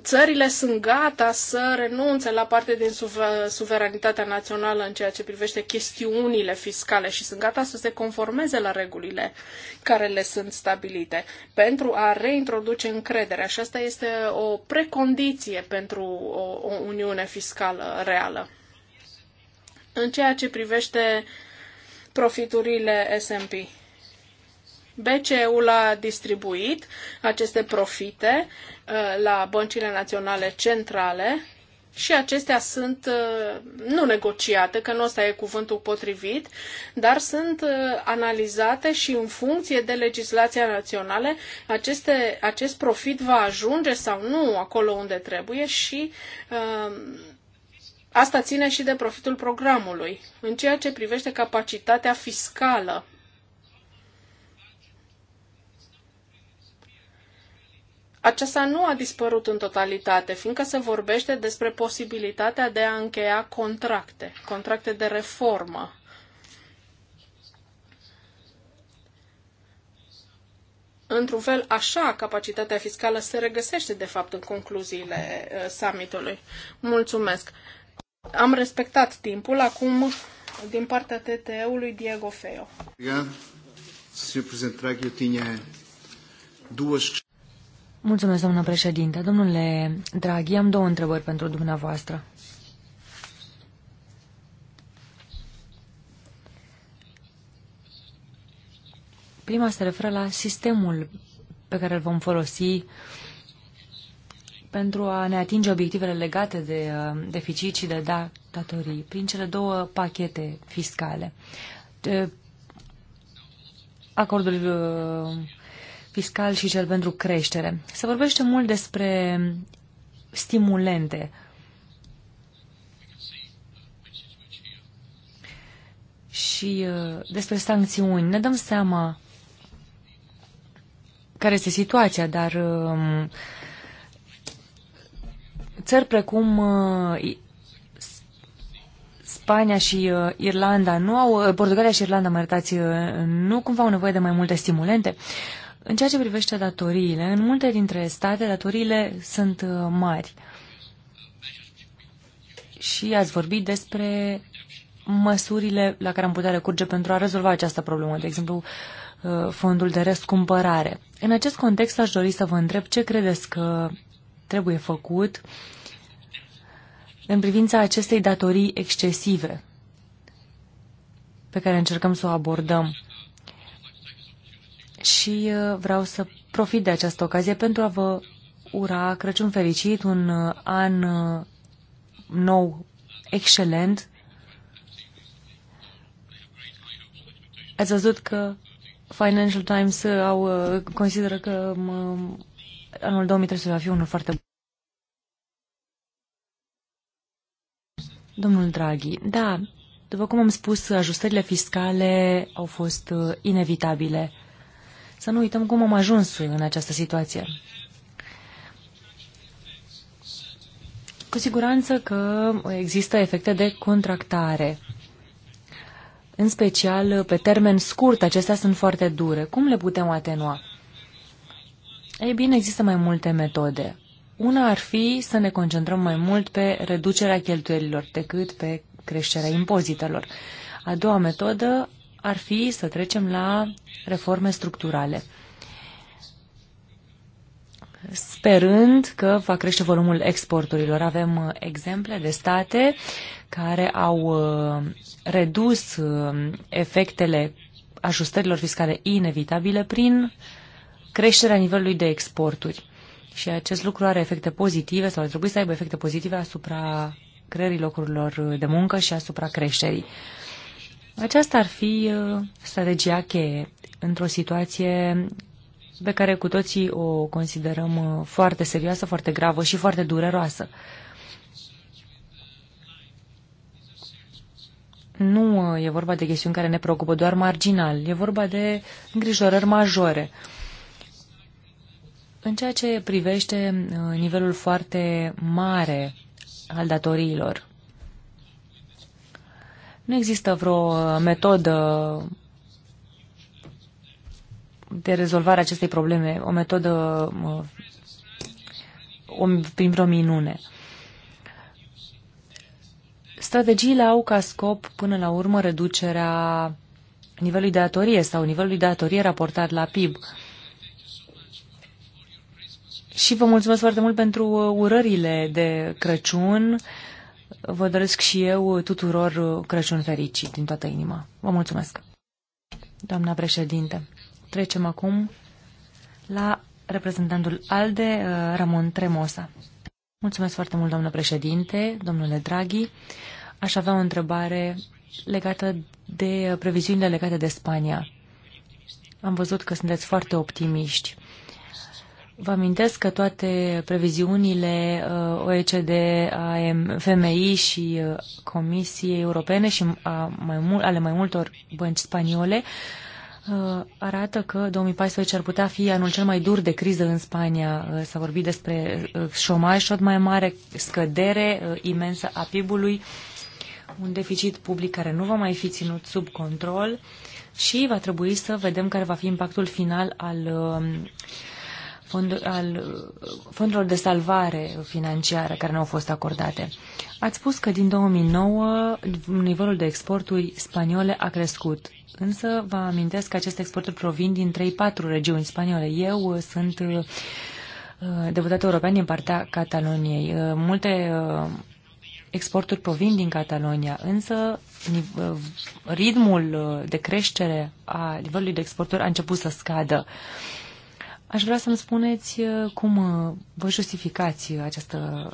țările sunt gata să renunțe la parte din suveranitatea națională în ceea ce privește chestiunile fiscale și sunt gata să se conformeze la regulile care le sunt stabilite pentru a reintroduce încrederea. Și asta este o precondiție pentru o, o uniune fiscală reală. În ceea ce privește profiturile S&P BCE-ul a distribuit aceste profite uh, la băncile naționale centrale și acestea sunt uh, nu negociate, că nu ăsta e cuvântul potrivit, dar sunt uh, analizate și în funcție de legislația națională aceste, acest profit va ajunge sau nu acolo unde trebuie și Asta ține și de profitul programului. În ceea ce privește capacitatea fiscală aceasta nu a dispărut în totalitate, fiindcă se vorbește despre posibilitatea de a încheia contracte, contracte de reformă. Într-un fel, așa, capacitatea fiscală se regăsește, de fapt, în concluziile uh, summitului. Mulțumesc! Am respectat timpul. Acum, din partea TTE-ului, Diego Feo. Yeah. Sr. Presidente Eu tinha duas Mulțumesc, doamnă președinte. Domnule Draghi, am două întrebări pentru dumneavoastră. Prima se referă la sistemul pe care îl vom folosi pentru a ne atinge obiectivele legate de uh, deficit și de da, datorii prin cele două pachete fiscale. Acordul uh, fiscal și cel pentru creștere. Se vorbește mult despre stimulente. Și uh, despre sancțiuni. Ne dăm seama care este situația, dar um, țări precum uh, Spania și uh, Irlanda nu au, Portugalia și Irlanda, mă iertați, nu cumva au nevoie de mai multe stimulente. În ceea ce privește datoriile, în multe dintre state datoriile sunt uh, mari. Și ați vorbit despre măsurile la care am putea recurge pentru a rezolva această problemă, de exemplu, uh, fondul de răscumpărare. În acest context aș dori să vă întreb ce credeți că trebuie făcut în privința acestei datorii excesive pe care încercăm să o abordăm și uh, vreau să profit de această ocazie pentru a vă ura Crăciun fericit, un uh, an uh, nou excelent. Ați văzut că Financial Times au, consideră că um, anul 2013 va fi unul foarte bun. Domnul Draghi, da, după cum am spus, ajustările fiscale au fost inevitabile. Să nu uităm cum am ajuns în această situație. Cu siguranță că există efecte de contractare. În special, pe termen scurt, acestea sunt foarte dure. Cum le putem atenua? Ei bine, există mai multe metode. Una ar fi să ne concentrăm mai mult pe reducerea cheltuielilor decât pe creșterea impozitelor. A doua metodă ar fi să trecem la reforme structurale, sperând că va crește volumul exporturilor. Avem uh, exemple de state care au uh, redus uh, efectele ajustărilor fiscale inevitabile prin creșterea nivelului de exporturi. Și acest lucru are efecte pozitive sau ar trebui să aibă efecte pozitive asupra creării locurilor de muncă și asupra creșterii. Uh, aceasta ar fi uh, strategia cheie într-o situație pe care cu toții o considerăm uh, foarte serioasă, foarte gravă și foarte dureroasă. Nu uh, e vorba de chestiuni care ne preocupă doar marginal, e vorba de îngrijorări majore. În ceea ce privește nivelul foarte mare al datoriilor, nu există vreo uh, metodă de rezolvare a acestei probleme, o metodă uh, o, prin vreo minune. Strategiile au ca scop, până la urmă, reducerea nivelului de datorie sau nivelului de datorie raportat la PIB. Și vă mulțumesc foarte mult pentru uh, urările de Crăciun. Vă doresc și eu tuturor uh, Crăciun fericit din toată inima. Vă mulțumesc. Doamna președinte, trecem acum la reprezentantul ALDE, uh, Ramon Tremosa. Mulțumesc foarte mult, doamnă președinte, domnule Draghi. Aș avea o întrebare legată de uh, previziunile legate de Spania. Am văzut că sunteți foarte optimiști. Vă amintesc că toate previziunile uh, OECD, FMI și uh, Comisiei Europene și uh, ale mai multor bănci spaniole arată că 2014 ar putea fi anul cel mai dur de criză în Spania. S-a vorbit despre șomaj tot mai mare, scădere imensă a PIB-ului, un deficit public care nu va mai fi ținut sub control și va trebui să vedem care va fi impactul final al uh, fond, al fondurilor de salvare financiară care ne-au fost acordate. Ați spus că din 2009 nivelul de exporturi spaniole a crescut, însă vă amintesc că aceste exporturi provin din 3-4 regiuni spaniole. Eu uh, sunt uh, uh, deputat european din partea Cataloniei. Multe exporturi provin din Catalonia, însă ritmul de creștere a nivelului de exporturi a început să scadă. Aș vrea să-mi spuneți uh, cum uh, vă justificați această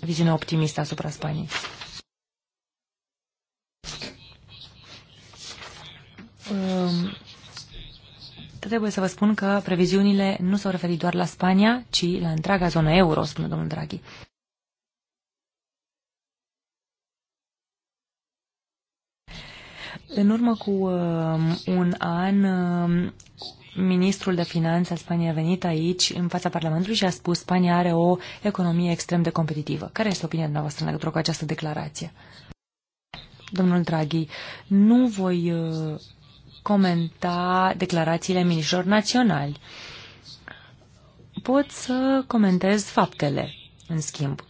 viziune optimistă asupra Spaniei. Um, trebuie să vă spun că previziunile nu s-au referit doar la Spania, ci la întreaga zonă euro, spune domnul Draghi. În urmă cu uh, un an, uh, ministrul de finanțe al Spaniei a venit aici, în fața Parlamentului, și a spus Spania are o economie extrem de competitivă. Care este opinia dumneavoastră în legătură cu această declarație? Domnul Draghi, nu voi uh, comenta declarațiile ministrilor naționali. Pot să comentez faptele, în schimb.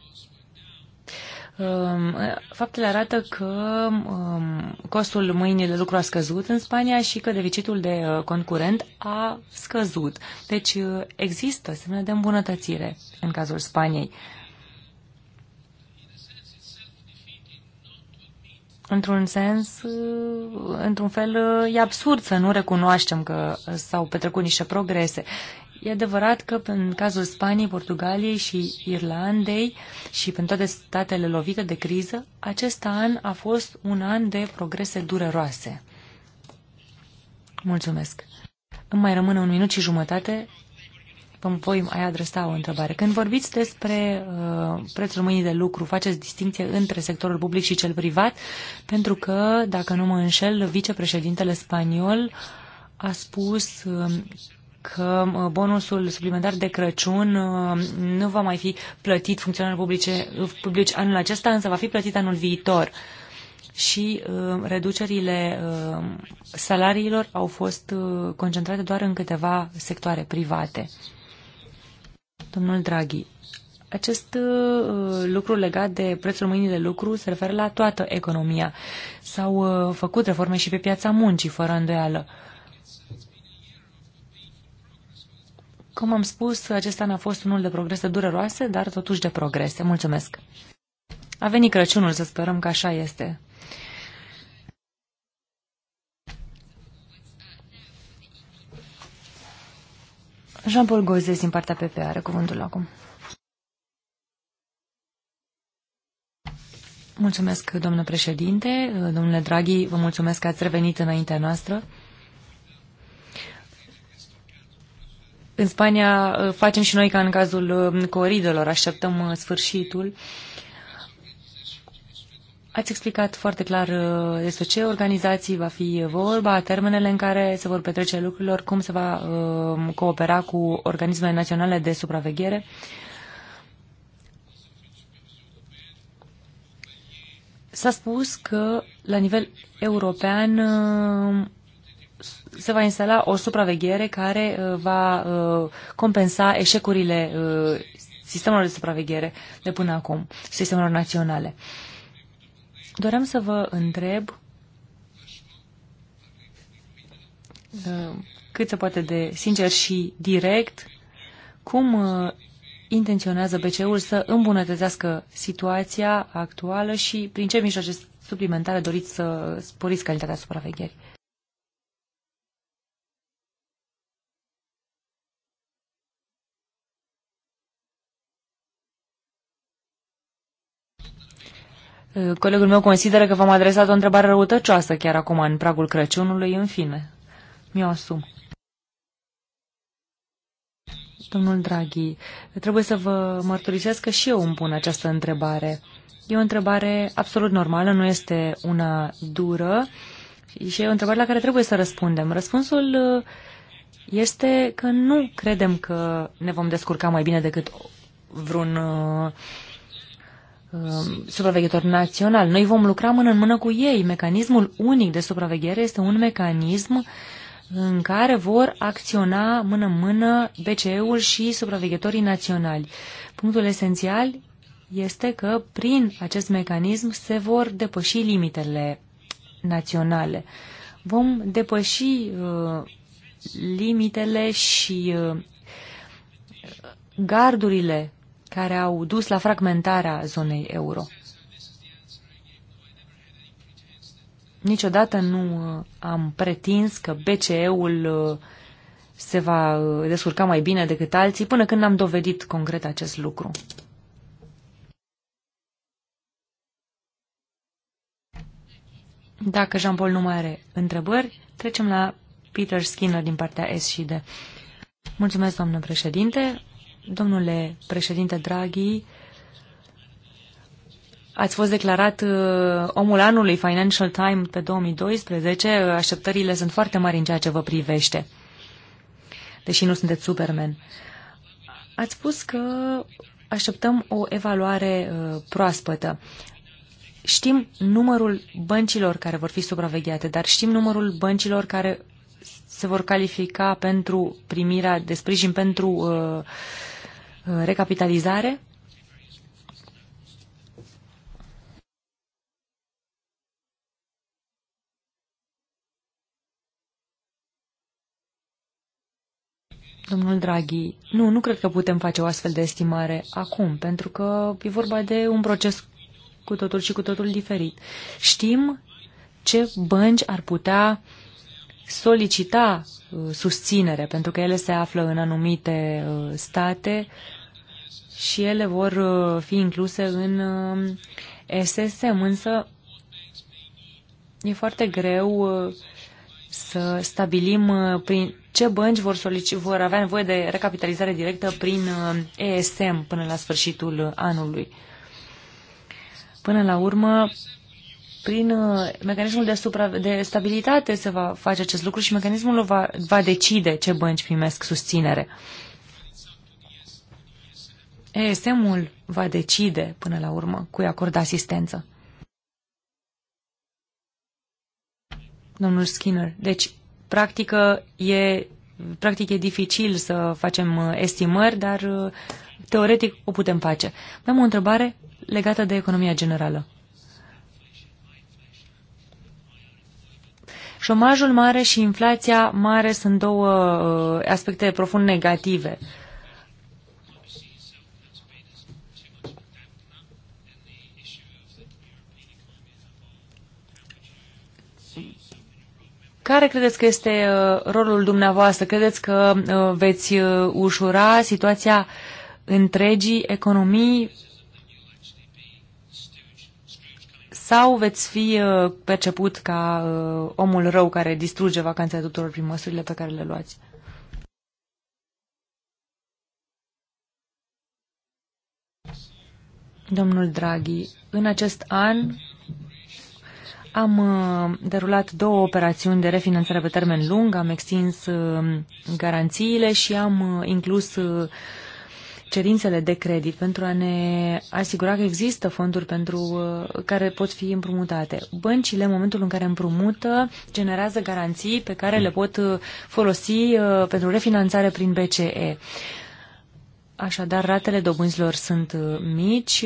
Um, faptele arată că um, costul mâinii de lucru a scăzut în Spania și că deficitul de uh, concurent a scăzut. Deci uh, există semne de îmbunătățire în cazul Spaniei. Într-un sens, uh, într-un fel, e absurd să nu recunoaștem că s-au petrecut niște progrese. E adevărat că în cazul Spaniei, Portugaliei și Irlandei și pentru toate statele lovite de criză, acest an a fost un an de progrese dureroase. Mulțumesc. Îmi mai rămâne un minut și jumătate. Vă voi mai adresa o întrebare. Când vorbiți despre uh, prețul mâinii de lucru, faceți distinție între sectorul public și cel privat, pentru că, dacă nu mă înșel, vicepreședintele spaniol a spus uh, că uh, bonusul suplimentar de Crăciun uh, nu va mai fi plătit funcționarilor publice, uh, publici anul acesta, însă va fi plătit anul viitor. Și reducerile salariilor au fost concentrate doar în câteva sectoare private. Domnul Draghi, acest uh, lucru legat de prețul mâinii de lucru se referă la toată economia. S-au uh, făcut reforme și pe piața muncii, fără îndoială. Uh, Cum am spus, acesta an a fost unul de progrese dureroase, dar totuși de progrese. Mulțumesc! A venit Crăciunul, să sperăm că așa este. Jean-Paul Gozes din partea PP are cuvântul acum. Mulțumesc, domnule președinte. Domnule Draghi, vă mulțumesc că ați revenit înaintea noastră. În Spania uh, facem și noi ca în cazul um, coridelor, așteptăm uh, sfârșitul. Ați explicat foarte clar uh, despre ce organizații va fi vorba, termenele în care se vor petrece lucrurilor, cum se va um, coopera cu organismele naționale de supraveghere. S-a spus că la nivel european um, se va instala o supraveghere care uh, va uh, compensa eșecurile uh, sistemelor de supraveghere de până acum, sistemelor naționale. Doream să vă întreb cât se poate de sincer și direct cum intenționează BCE-ul să îmbunătățească situația actuală și prin ce mijloace suplimentare doriți să sporiți calitatea supravegherii. Eh, colegul meu consideră că v-am adresat o întrebare răutăcioasă chiar acum, în pragul Crăciunului, în fine. Mi-o asum. Domnul Draghi, trebuie să vă mărturisesc că și eu îmi pun această întrebare. E o întrebare absolut normală, nu este una dură și e o întrebare la care trebuie să răspundem. Răspunsul eh, este că nu credem că ne vom descurca mai bine decât vreun uh, Um, supraveghetor național. Noi vom lucra mână în mână cu ei. Mecanismul unic de supraveghere este un mecanism în care vor acționa mână în mână BCE-ul și supraveghetorii naționali. Punctul esențial este că prin acest mecanism se vor depăși limitele naționale. Vom depăși uh, limitele și uh, gardurile care au dus la fragmentarea zonei euro. Niciodată nu uh, am pretins că BCE-ul uh, se va uh, descurca mai bine decât alții până când am dovedit concret acest lucru. Dacă Jean-Paul nu mai are întrebări, trecem la Peter Skinner din partea S și D. Mulțumesc, doamnă președinte. Domnule președinte Draghi, ați fost declarat uh, omul anului Financial Times pe 2012. Așteptările sunt foarte mari în ceea ce vă privește, deși nu sunteți Superman. Ați spus că așteptăm o evaluare uh, proaspătă. Știm numărul băncilor care vor fi supravegheate, dar știm numărul băncilor care se vor califica pentru primirea de sprijin pentru uh, Uh, recapitalizare. Domnul Draghi, nu, nu cred că putem face o astfel de estimare acum, pentru că e vorba de un proces cu totul și cu totul diferit. Știm ce bănci ar putea uh, solicita uh, susținere, pentru că ele se află în anumite uh, state și ele vor uh, fi incluse în SSM, însă e foarte greu să stabilim prin ce bănci vor, solici, vor avea nevoie de recapitalizare directă prin ESM până la sfârșitul anului. Până la urmă, prin uh, mecanismul de, supra, de stabilitate se va face acest lucru și mecanismul va, va decide ce bănci primesc susținere. ESM-ul va decide până la urmă cui acordă asistență. Domnul Skinner, deci practică e, practic e dificil să facem uh, estimări, dar uh, teoretic o putem face. am o întrebare legată de economia generală. Șomajul mare și inflația mare sunt două uh, aspecte profund negative. Care credeți că este uh, rolul dumneavoastră? Credeți că uh, veți ușura situația întregii economii sau veți fi uh, perceput ca uh, omul rău care distruge vacanța tuturor prin măsurile pe care le luați? Domnul Draghi, în acest an am uh, derulat două operațiuni de refinanțare pe termen lung, am extins garanțiile și am inclus cerințele de credit pentru a ne asigura că există fonduri pentru uh, care pot fi împrumutate. Băncile, în momentul în care împrumută, generează garanții pe care le pot uh, folosi uh, pentru refinanțare prin BCE. Așadar, ratele dobânzilor sunt mici,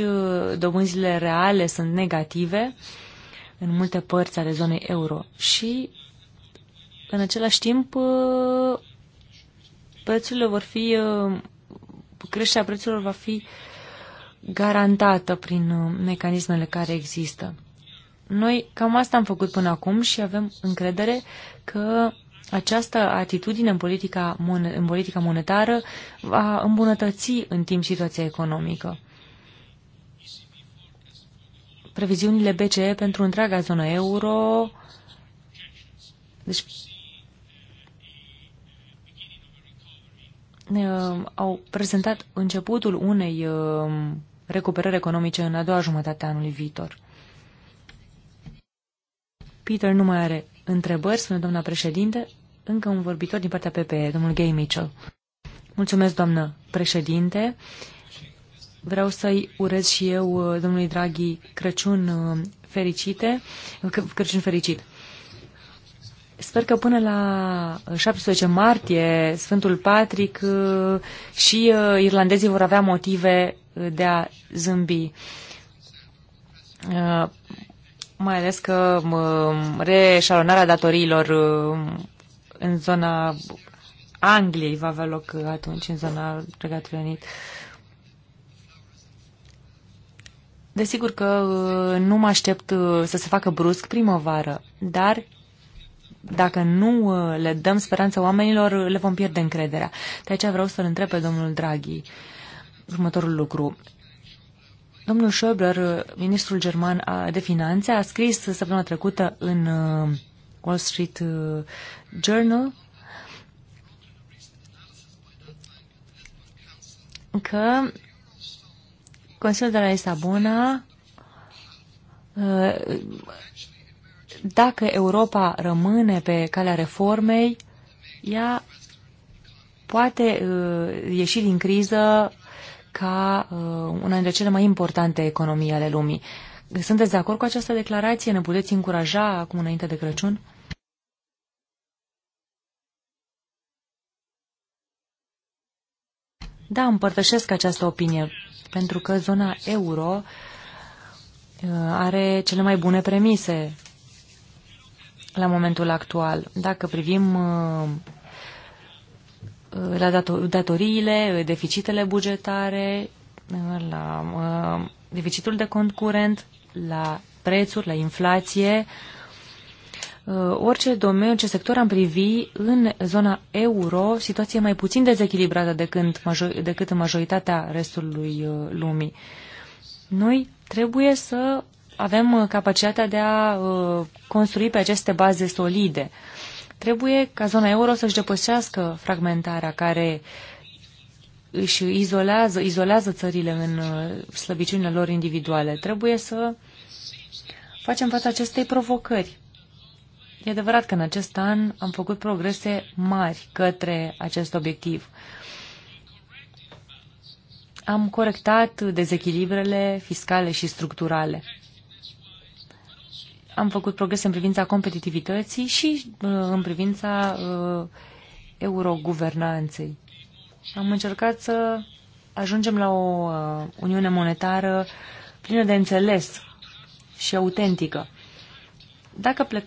dobânzile reale sunt negative în multe părți ale zonei euro și, în același timp, prețurile vor fi creșterea prețurilor va fi garantată prin uh, mecanismele care există. Noi cam asta am făcut până acum și avem încredere că această atitudine în politica, în politica monetară va îmbunătăți în timp situația economică. Previziunile BCE pentru întreaga zonă euro deci Ehm, au prezentat începutul unei ehm, recuperări economice în a doua jumătate a anului viitor. Peter nu mai are întrebări, spune doamna președinte. Încă un vorbitor din partea PPE, domnul Gay Mitchell. Mulțumesc, doamnă președinte. Vreau să-i urez și eu, eh, domnului Draghi, Crăciun eh, fericite, eh, Crăciun fericit. Sper că până la 17 uh, martie Sfântul Patrick uh, și uh, irlandezii vor avea motive de a zâmbi. Mai ales că um, reșalonarea datoriilor um, în zona Angliei va avea loc atunci, în zona Regatului Unit. Desigur că nu mă aștept să se facă brusc primăvară, dar dacă nu uh, le dăm speranță oamenilor, le vom pierde încrederea. De aceea vreau să-l întreb pe domnul Draghi următorul lucru. Domnul Schäuble, uh, ministrul german de finanțe, a scris săptămâna trecută în uh, Wall Street Journal că Consiliul de la Lisabona dacă Europa rămâne pe calea reformei, ea poate uh, ieși din criză ca uh, una dintre cele mai importante economii ale lumii. Sunteți de acord cu această declarație? Ne puteți încuraja acum înainte de Crăciun? Da, împărtășesc această opinie, pentru că zona euro uh, are cele mai bune premise la momentul actual. Dacă privim uh, la datoriile, deficitele bugetare, uh, la uh, deficitul de cont curent, la prețuri, la inflație, orice domeniu, orice sector am privi în zona euro, situație mai puțin dezechilibrată decât, major, decât în majoritatea restului lumii. Noi trebuie să avem uh, capacitatea de a uh, construi pe aceste baze solide. Trebuie ca zona euro să-și depășească fragmentarea care își izolează, izolează țările în uh, slăbiciunile lor individuale. Trebuie să facem față acestei provocări. E adevărat că în acest an am făcut progrese mari către acest obiectiv. Am corectat dezechilibrele fiscale și structurale. Am făcut progrese în privința competitivității și uh, în privința uh, euroguvernanței. Am încercat să ajungem la o uh, uniune monetară plină de înțeles și autentică. Dacă, plec,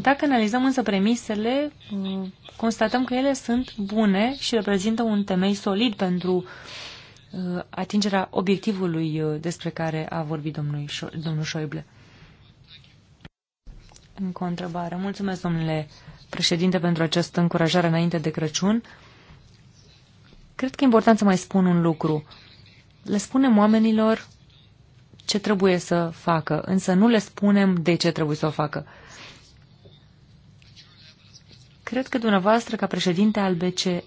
dacă analizăm însă premisele, constatăm că ele sunt bune și reprezintă un temei solid pentru atingerea obiectivului despre care a vorbit domnul, Șo domnul Șoible. Încă o întrebare. Mulțumesc, domnule președinte, pentru această încurajare înainte de Crăciun. Cred că e important să mai spun un lucru. Le spunem oamenilor ce trebuie să facă, însă nu le spunem de ce trebuie să o facă. Cred că dumneavoastră, ca președinte al BCE,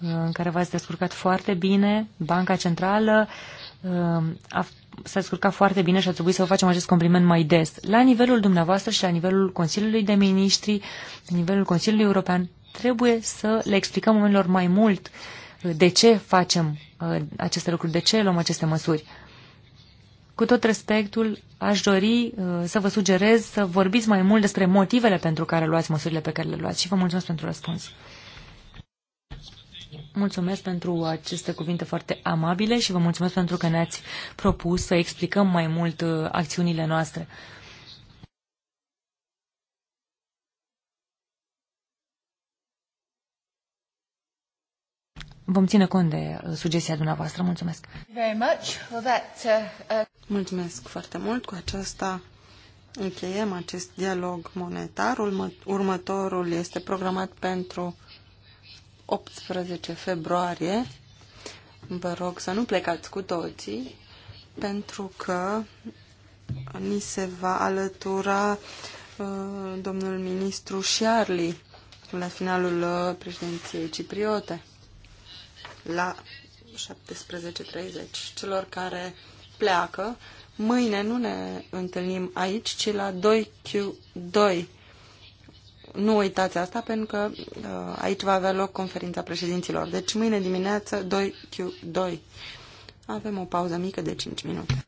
în care v-ați descurcat foarte bine, Banca Centrală um, s-a descurcat foarte bine și a trebuit să vă facem acest compliment mai des. La nivelul dumneavoastră și la nivelul Consiliului de Ministri, la nivelul Consiliului European, trebuie să le explicăm oamenilor mai mult uh, de ce facem uh, aceste lucruri, de ce luăm aceste măsuri. Cu tot respectul, aș dori uh, să vă sugerez să vorbiți mai mult despre motivele pentru care luați măsurile pe care le luați și vă mulțumesc pentru răspuns mulțumesc pentru aceste cuvinte foarte amabile și vă mulțumesc pentru că ne-ați propus să explicăm mai mult uh, acțiunile noastre. Vom ține cont de uh, sugestia dumneavoastră. Mulțumesc. Very much. that, uh, Mulțumesc foarte mult. Cu aceasta încheiem acest dialog monetar. Următorul este programat pentru 18 februarie. Vă rog să nu plecați cu toții, pentru că ni se va alătura uh, domnul ministru Șarli la finalul uh, președinției cipriote la 17.30. Celor care pleacă, mâine nu ne întâlnim aici, ci la 2Q2 nu uitați asta, pentru că uh, aici va avea loc conferința președinților. Deci mâine dimineață 2Q2. Avem o pauză mică de 5 minute.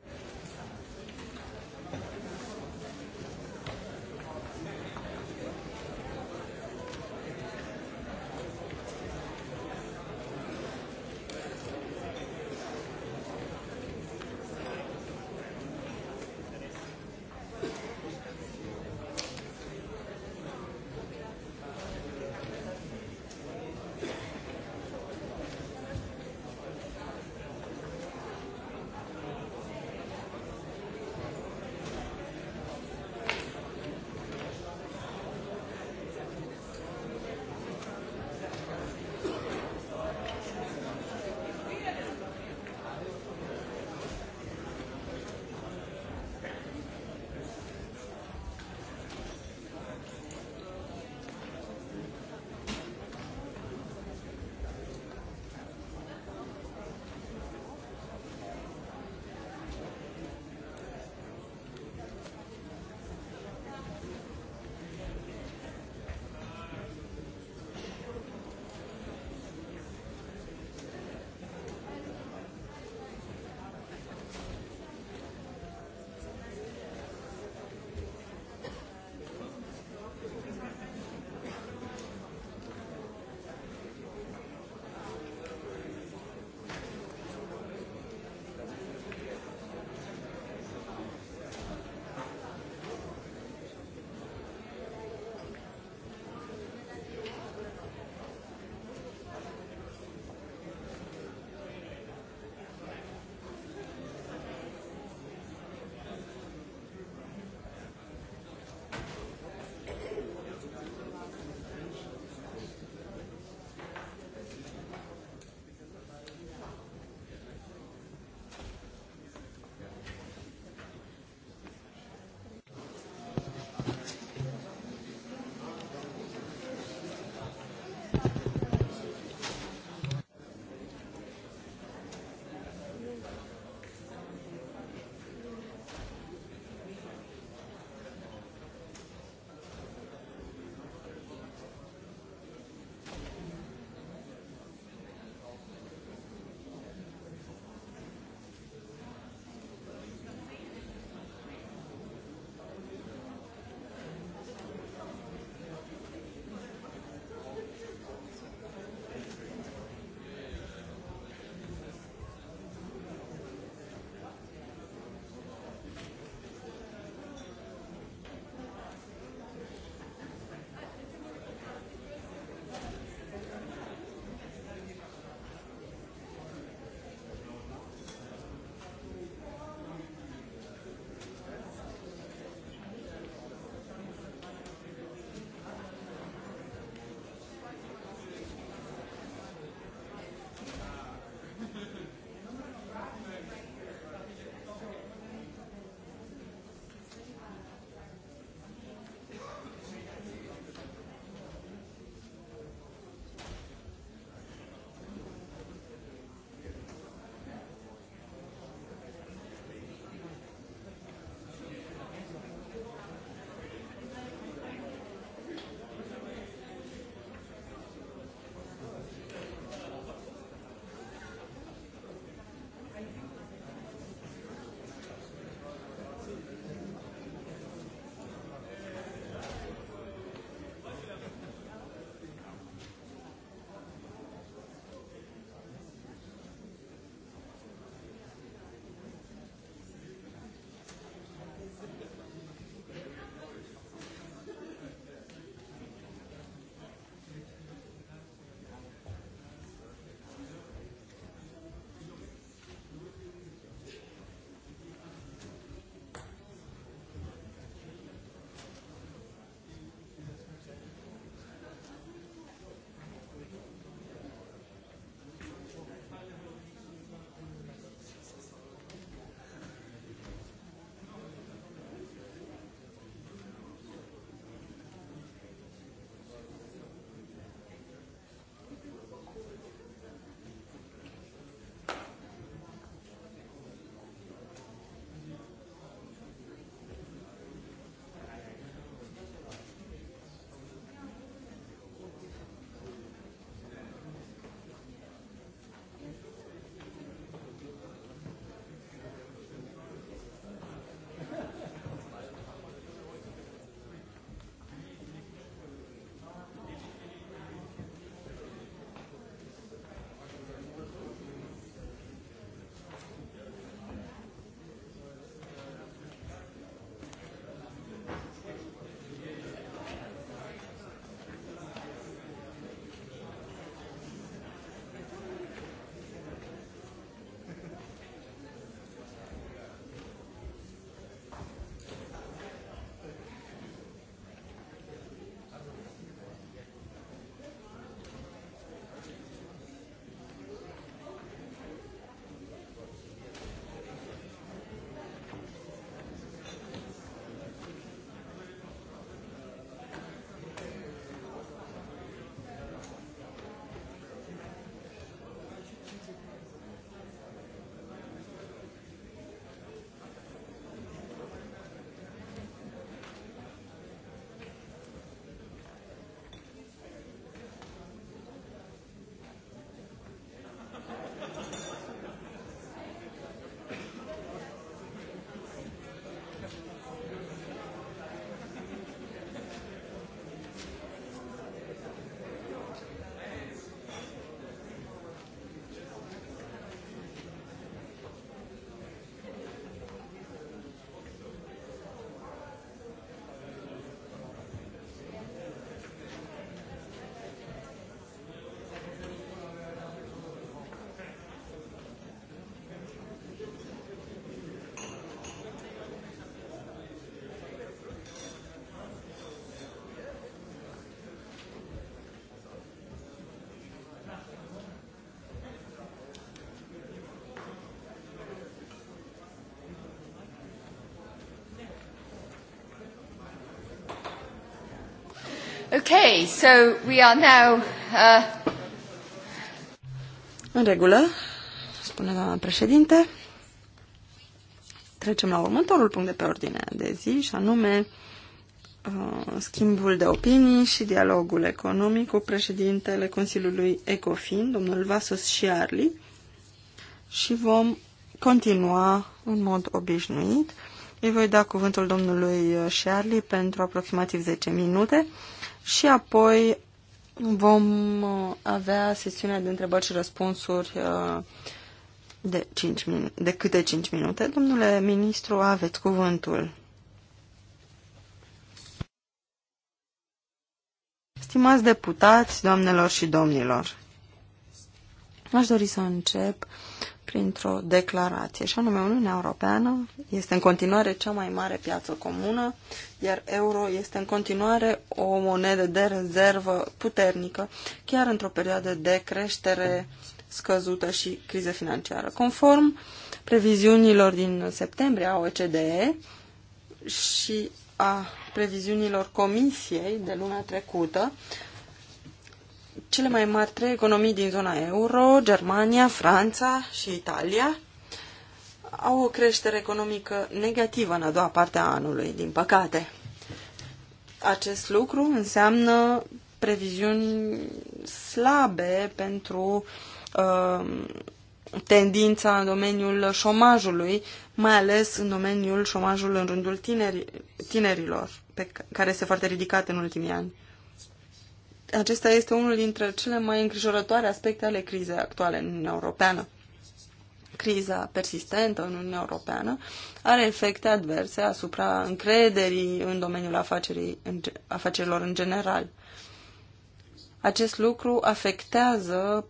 Okay, so we are now... Uh, în regulă, spune doamna președinte. Trecem la următorul punct de pe ordine de zi și anume uh, schimbul de opinii și dialogul economic cu președintele Consiliului ECOFIN, domnul Vasos Șiarli, și vom continua în mod obișnuit. Îi voi da cuvântul domnului Șiarli pentru aproximativ 10 minute și apoi vom uh, avea sesiunea de întrebări și răspunsuri uh, de, 5 minute, de câte 5 minute. Domnule ministru, aveți cuvântul. Stimați deputați, doamnelor și domnilor, aș dori să încep printr-o declarație, și anume Uniunea Europeană este în continuare cea mai mare piață comună, iar euro este în continuare o monedă de rezervă puternică, chiar într-o perioadă de creștere scăzută și criză financiară. Conform previziunilor din septembrie a OECD și a previziunilor Comisiei de luna trecută, cele mai mari trei economii din zona euro, Germania, Franța și Italia, au o creștere economică negativă în a doua parte a anului, din păcate. Acest lucru înseamnă previziuni slabe pentru uh, tendința în domeniul șomajului, mai ales în domeniul șomajului în rândul tineri, tinerilor, pe care este foarte ridicat în ultimii ani acesta este unul dintre cele mai îngrijorătoare aspecte ale crizei actuale în Uniunea Europeană. Criza persistentă în Uniunea Europeană are efecte adverse asupra încrederii în domeniul afacerii, în, afacerilor în general. Acest lucru afectează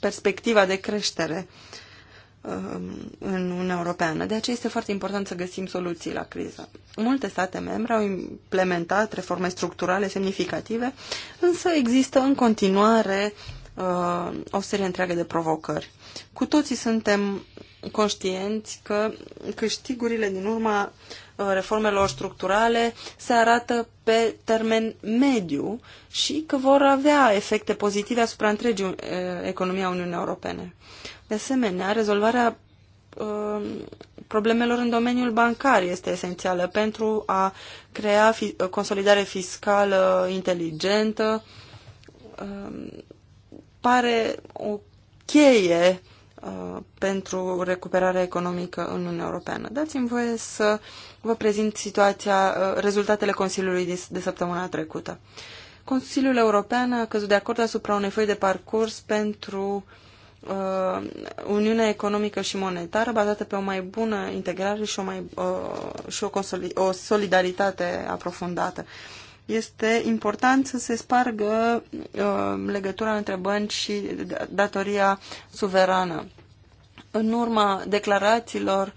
perspectiva de creștere Um, în Uniunea Europeană. De aceea este foarte important să găsim soluții la criză. Multe state membre au implementat reforme structurale semnificative, însă există în continuare uh, o serie întreagă de provocări. Cu toții suntem conștienți că câștigurile din urma uh, reformelor structurale se arată pe termen mediu și că vor avea efecte pozitive asupra întregii uh, economii a Uniunii Europene. De asemenea, rezolvarea uh, problemelor în domeniul bancar este esențială pentru a crea fi uh, consolidare fiscală inteligentă. Uh, pare o cheie pentru recuperarea economică în Uniunea Europeană. Dați-mi voie să vă prezint situația, rezultatele Consiliului de, de săptămâna trecută. Consiliul European a căzut de acord asupra unei foi de parcurs pentru uh, uh, Uniunea Economică și Monetară bazată pe o mai bună integrare și o, mai, uh, și o, consolid, o solidaritate aprofundată. Este important să se spargă uh, legătura între bănci și datoria suverană. În urma declarațiilor uh,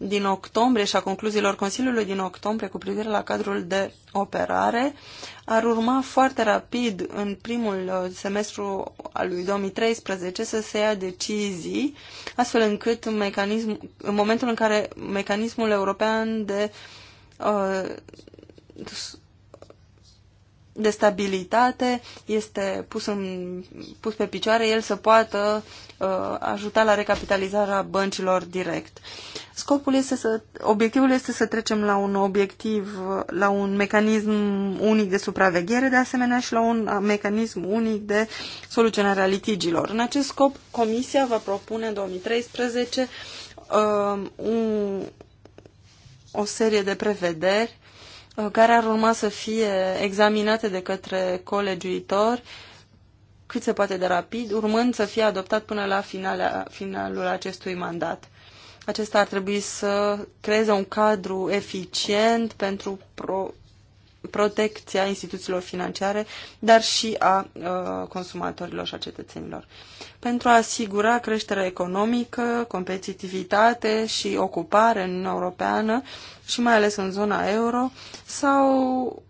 din octombrie și a concluziilor Consiliului din octombrie cu privire la cadrul de operare ar urma foarte rapid în primul uh, semestru al lui 2013 să se ia decizii, astfel încât mecanism, în momentul în care mecanismul european de, uh, de stabilitate este pus, în, pus pe picioare, el să poată Uh, ajuta la recapitalizarea băncilor direct. Scopul este să, obiectivul este să trecem la un obiectiv, la un mecanism unic de supraveghere, de asemenea și la un uh, mecanism unic de soluționare a litigilor. În acest scop, Comisia va propune în 2013 uh, un, o serie de prevederi uh, care ar urma să fie examinate de către colegiuitori uh, cât se poate de rapid, urmând să fie adoptat până la finale, finalul acestui mandat. Acesta ar trebui să creeze un cadru eficient pentru pro, protecția instituțiilor financiare, dar și a a uh, consumatorilor și a cetățenilor. Pentru a asigura creșterea economică, competitivitate și ocupare în Uniunea Europeană și mai ales în zona euro, sau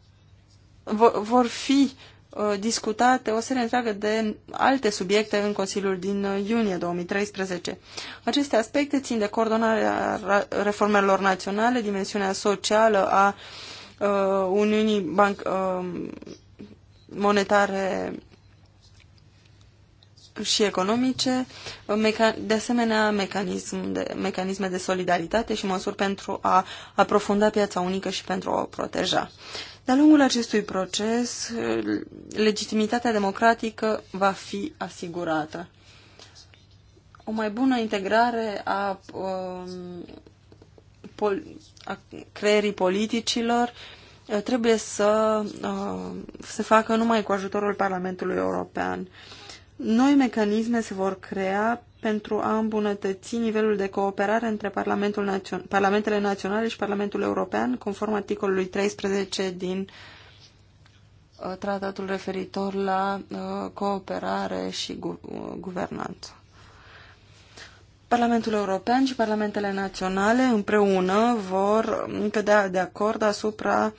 vor fi uh, Uh, discutate o serie întreagă de alte subiecte în Consiliul din uh, iunie 2013. Aceste aspecte țin de coordonarea reformelor naționale, dimensiunea socială a uh, Uniunii Banc- Monetare și economice, de asemenea mecanism de, mecanisme de solidaritate și măsuri pentru a aprofunda piața unică și pentru a o proteja. De-a lungul acestui proces, legitimitatea democratică va fi asigurată. O mai bună integrare a, um, a creierii politicilor uh, trebuie să uh, se facă numai cu ajutorul Parlamentului European noi mecanisme se vor crea pentru a îmbunătăți nivelul de cooperare între Parlamentul Națion Parlamentele Naționale și Parlamentul European, conform articolului 13 din uh, tratatul referitor la uh, cooperare și gu uh, guvernanță. Parlamentul European și Parlamentele Naționale împreună vor cădea de acord asupra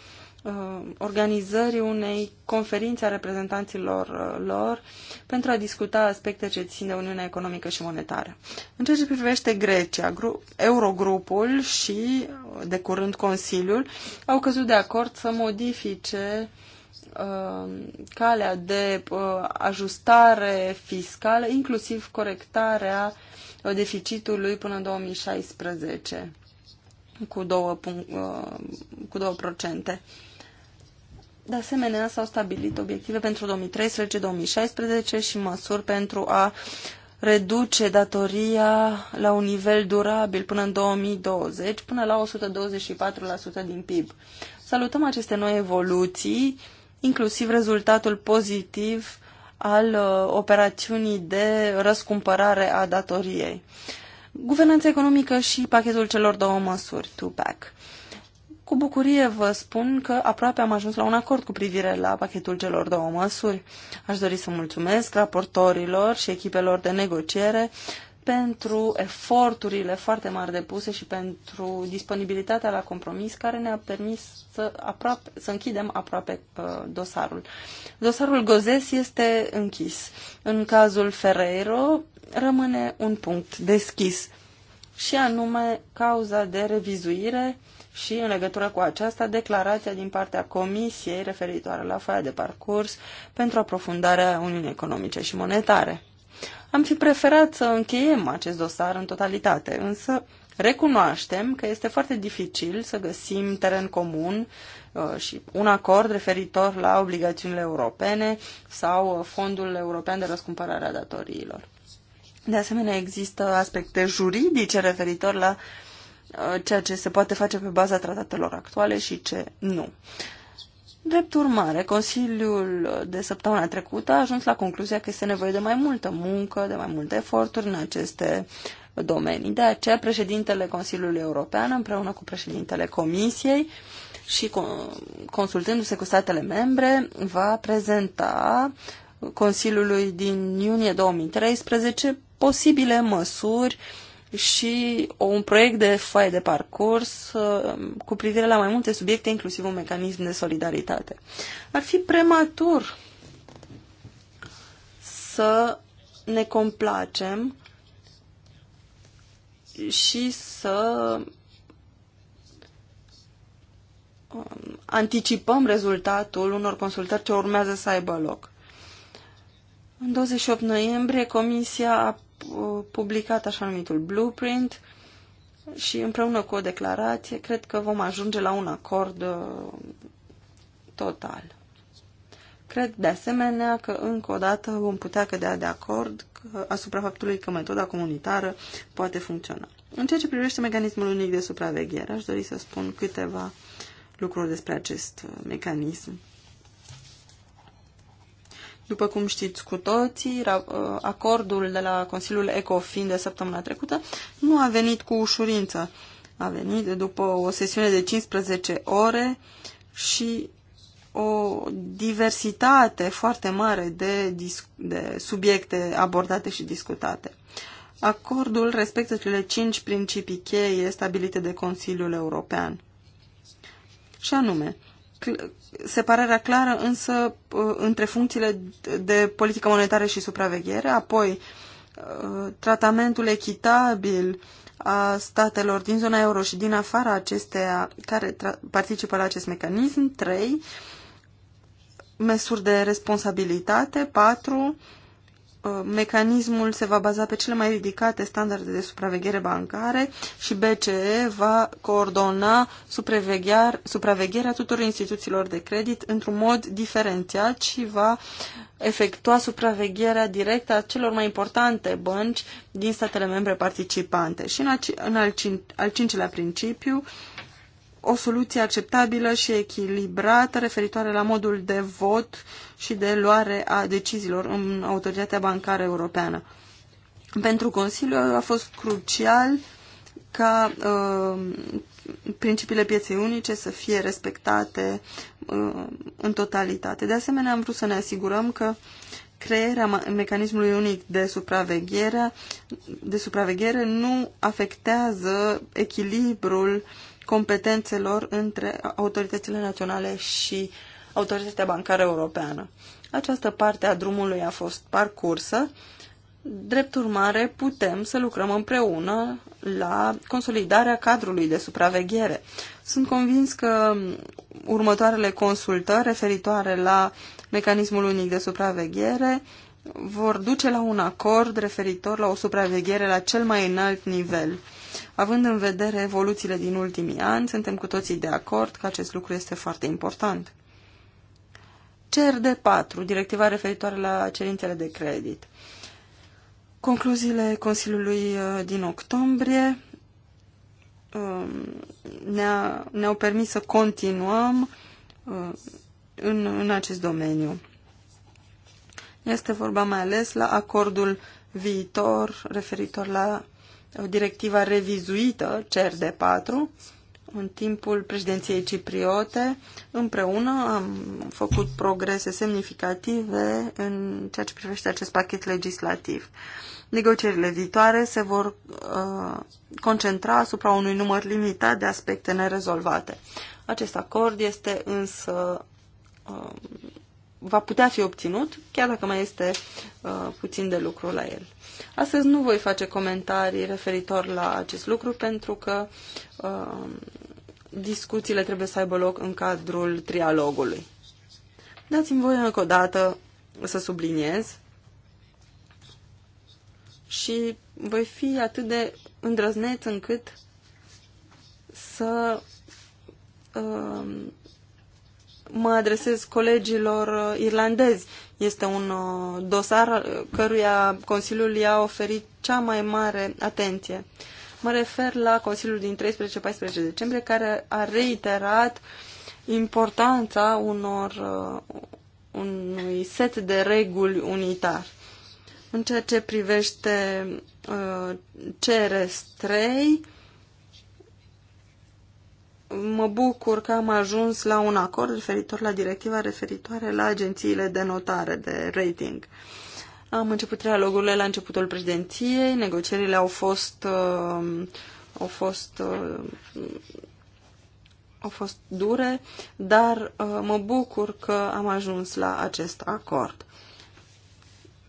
Uh, organizării unei conferințe a reprezentanților uh, lor pentru a discuta aspecte ce țin de Uniunea Economică și Monetară. În ceea ce privește Grecia, Eurogrupul și, uh, de curând, Consiliul au căzut de acord să modifice calea de ajustare fiscală, inclusiv corectarea deficitului până în 2016 cu două Cu procente. De asemenea, s-au stabilit obiective pentru 2013-2016 și măsuri pentru a reduce datoria la un nivel durabil până în 2020, până la 124% din PIB. Salutăm aceste noi evoluții, inclusiv rezultatul pozitiv al uh, operațiunii de răscumpărare a datoriei. Guvernanța economică și pachetul celor două măsuri, two-pack. Cu bucurie vă spun că aproape am ajuns la un acord cu privire la pachetul celor două măsuri. Aș dori să mulțumesc raportorilor și echipelor de negociere pentru eforturile foarte mari depuse și pentru disponibilitatea la compromis care ne-a permis să, aproape, să închidem aproape uh, dosarul. Dosarul Gozes este închis. În cazul Ferreiro rămâne un punct deschis și anume cauza de revizuire uh, și în legătură cu aceasta declarația din partea Comisiei referitoare la foaia de parcurs pentru aprofundarea Uniunii Economice și Monetare. Am fi preferat să încheiem acest dosar în totalitate, însă recunoaștem că este foarte dificil să găsim teren comun uh, și un acord referitor la obligațiunile europene sau Fondul European de Răscumpărare a Datoriilor. De asemenea, există aspecte juridice referitor la uh, Uh, ceea ce se poate face pe baza tratatelor actuale și ce nu. Drept urmare, Consiliul de săptămâna trecută a ajuns la concluzia că este nevoie de mai multă muncă, de mai multe eforturi în aceste domenii. De aceea, președintele Consiliului European, împreună cu președintele Comisiei și consultându-se cu statele membre, va prezenta Consiliului din iunie 2013 posibile măsuri uh, și un proiect de foaie de parcurs uh, cu privire la mai multe subiecte, inclusiv un mecanism de solidaritate. Ar fi prematur să ne complacem și să um, anticipăm rezultatul unor consultări ce urmează să aibă loc. În 28 noiembrie, Comisia a publicat așa numitul blueprint și împreună cu o declarație cred că vom ajunge la un acord uh, total. Cred de asemenea că încă o dată vom putea cădea de acord asupra faptului că metoda comunitară poate funcționa. În ceea ce privește mecanismul unic de supraveghere, aș dori să spun câteva lucruri despre acest uh, mecanism. După cum știți cu toții, uh, acordul de la Consiliul ECOFIN de săptămâna trecută nu a venit cu ușurință. A venit după o sesiune de 15 ore și o diversitate foarte mare de, de subiecte abordate și discutate. Acordul respectă cele cinci principii cheie stabilite de Consiliul European. Și anume, separarea clară însă uh, între funcțiile de politică monetară și supraveghere, apoi uh, tratamentul echitabil a statelor din zona euro și din afara acesteia care participă la acest mecanism, 3. Măsuri de responsabilitate, 4. Uh, mecanismul se va baza pe cele mai ridicate standarde de supraveghere bancare și BCE va coordona supravegherea tuturor instituțiilor de credit într-un mod diferențiat și va efectua supravegherea directă a celor mai importante bănci din statele membre participante. Și în, al cincilea principiu, o soluție acceptabilă și echilibrată referitoare la modul de vot și de luare a deciziilor în Autoritatea Bancară Europeană. Pentru Consiliu a fost crucial ca uh, principiile pieței unice să fie respectate uh, în totalitate. De asemenea, am vrut să ne asigurăm că crearea mecanismului unic de supraveghere, de supraveghere nu afectează echilibrul uh, competențelor între autoritățile naționale și Autoritatea Bancară Europeană. Această parte a drumului a fost parcursă. Drept urmare, putem să lucrăm împreună la consolidarea cadrului de supraveghere. Sunt convins că următoarele consultări referitoare la mecanismul unic de supraveghere vor duce la un acord referitor la o supraveghere la cel mai înalt nivel. Având în vedere evoluțiile din ultimii ani, suntem cu toții de acord că acest lucru este foarte important. CRD4, directiva referitoare la cerințele de credit. Concluziile Consiliului uh, din octombrie um, ne-au permis să continuăm uh, în acest domeniu. Este vorba mai ales la acordul viitor referitor la directiva revizuită CER de 4 în timpul președinției cipriote. Împreună am făcut progrese semnificative în ceea ce privește acest pachet legislativ. Negocierile viitoare se vor uh, concentra asupra unui număr limitat de aspecte nerezolvate. Acest acord este însă uh, va putea fi obținut, chiar dacă mai este uh, puțin de lucru la el. Astăzi nu voi face comentarii referitor la acest lucru, pentru că uh, discuțiile trebuie să aibă loc în cadrul trialogului. Dați-mi voi încă o dată să subliniez și voi fi atât de îndrăzneț încât să uh, mă adresez colegilor uh, irlandezi. Este un uh, dosar uh, căruia Consiliul i-a oferit cea mai mare atenție. Mă refer la Consiliul din 13-14 decembrie, care a reiterat importanța unor, unui set de reguli unitar. În ceea ce privește uh, CRS 3, mă bucur că am ajuns la un acord referitor la directiva referitoare la agențiile de notare, de rating. Am început trialogurile la începutul președinției, negocierile au fost, uh, au fost uh, au fost dure, dar uh, mă bucur că am ajuns la acest acord.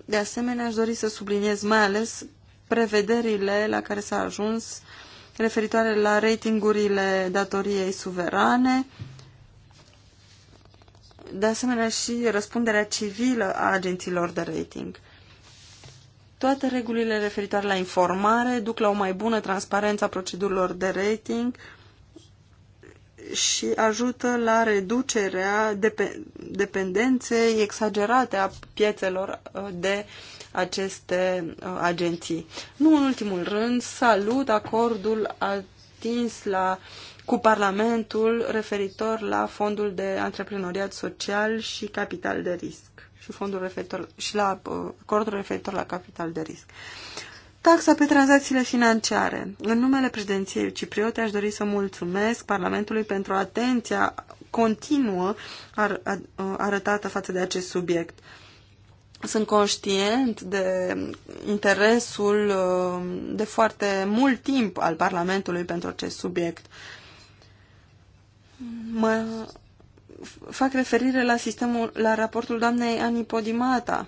De asemenea, aș dori să subliniez mai ales prevederile la care s-a ajuns referitoare la ratingurile datoriei suverane, de asemenea și răspunderea civilă a agenților de rating. Toate regulile referitoare la informare duc la o mai bună transparență a procedurilor de rating și ajută la reducerea dependenței exagerate a piețelor uh, de aceste uh, agenții. Nu în ultimul rând, salut acordul atins la, cu Parlamentul referitor la fondul de antreprenoriat social și capital de risc și fondul referitor și la uh, acordul referitor la capital de risc. Taxa pe tranzacțiile financiare. În numele președinției cipriote aș dori să mulțumesc Parlamentului pentru atenția continuă ar, ar, arătată față de acest subiect. Sunt conștient de interesul uh, de foarte mult timp al Parlamentului pentru acest subiect. Mă fac referire la sistemul, la raportul doamnei Ani Podimata,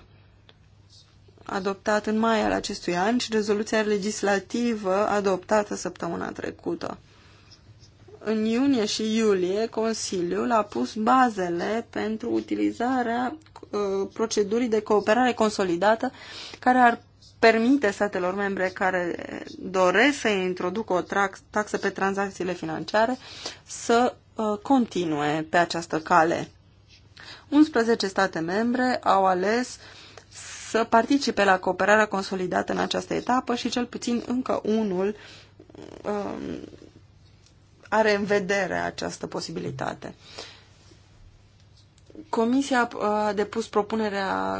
adoptat în mai al acestui an și rezoluția legislativă adoptată săptămâna trecută în iunie și iulie, Consiliul a pus bazele pentru utilizarea uh, procedurii de cooperare consolidată care ar permite statelor membre care doresc să introducă o taxă pe tranzacțiile financiare să uh, continue pe această cale. 11 state membre au ales să participe la cooperarea consolidată în această etapă și cel puțin încă unul um, are în vedere această posibilitate. Comisia a depus propunerea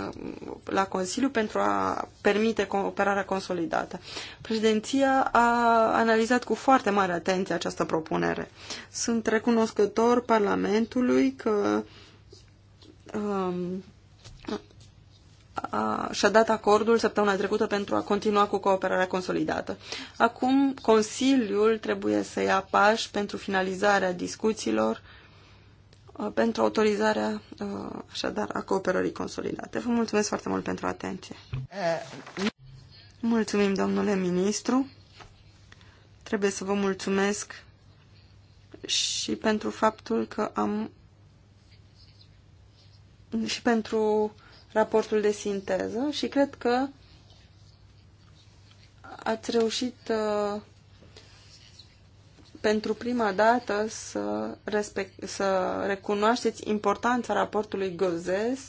la Consiliu pentru a permite cooperarea consolidată. Președinția a analizat cu foarte mare atenție această propunere. Sunt recunoscător Parlamentului că um, și-a dat acordul săptămâna trecută pentru a continua cu cooperarea consolidată. Acum Consiliul trebuie să ia pași pentru finalizarea discuțiilor pentru autorizarea așadar a cooperării consolidate. Vă mulțumesc foarte mult pentru atenție. Mulțumim, domnule ministru. Trebuie să vă mulțumesc și pentru faptul că am și pentru raportul de sinteză și cred că ați reușit uh, pentru prima dată să, respect, să recunoașteți importanța raportului Gozes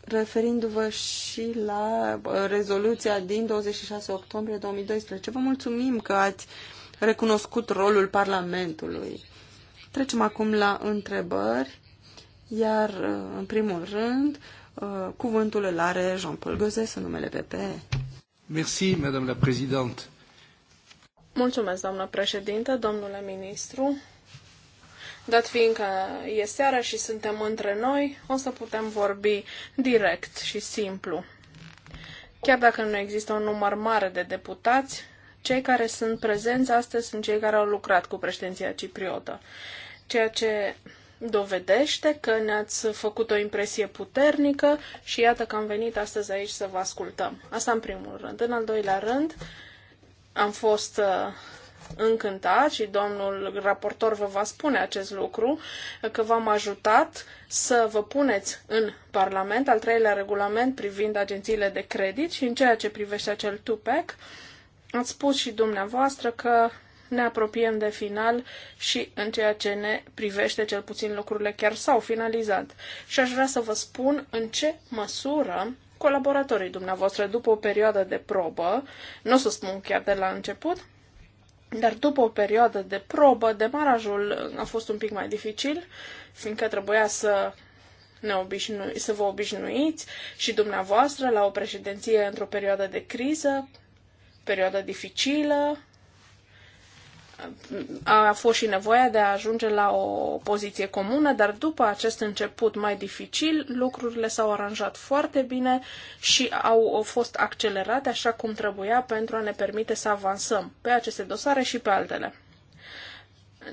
referindu-vă și la uh, rezoluția din 26 octombrie 2012. Vă mulțumim că ați recunoscut rolul Parlamentului Trecem acum la întrebări, iar uh, în primul rând uh, cuvântul îl are Jean-Paul Gozes în numele PPE. Merci, Madame la Présidente. Mulțumesc, doamna președintă, domnule ministru. Dat fiind că e seara și suntem între noi, o să putem vorbi direct și simplu. Chiar dacă nu există un număr mare de deputați, cei care sunt prezenți astăzi sunt cei care au lucrat cu președinția cipriotă ceea ce dovedește că ne-ați făcut o impresie puternică și iată că am venit astăzi aici să vă ascultăm. Asta în primul rând. În al doilea rând, am fost uh, încântat și domnul raportor vă va spune acest lucru, că v-am ajutat să vă puneți în Parlament al treilea regulament privind agențiile de credit și în ceea ce privește acel TUPEC, ați spus și dumneavoastră că ne apropiem de final și în ceea ce ne privește, cel puțin lucrurile chiar s-au finalizat. Și aș vrea să vă spun în ce măsură colaboratorii dumneavoastră, după o perioadă de probă, nu o să spun chiar de la început, dar după o perioadă de probă, demarajul a fost un pic mai dificil, fiindcă trebuia să ne obișnui, să vă obișnuiți și dumneavoastră la o președinție într-o perioadă de criză, perioadă dificilă, a fost și nevoia de a ajunge la o poziție comună, dar după acest început mai dificil, lucrurile s-au aranjat foarte bine și au fost accelerate așa cum trebuia pentru a ne permite să avansăm pe aceste dosare și pe altele.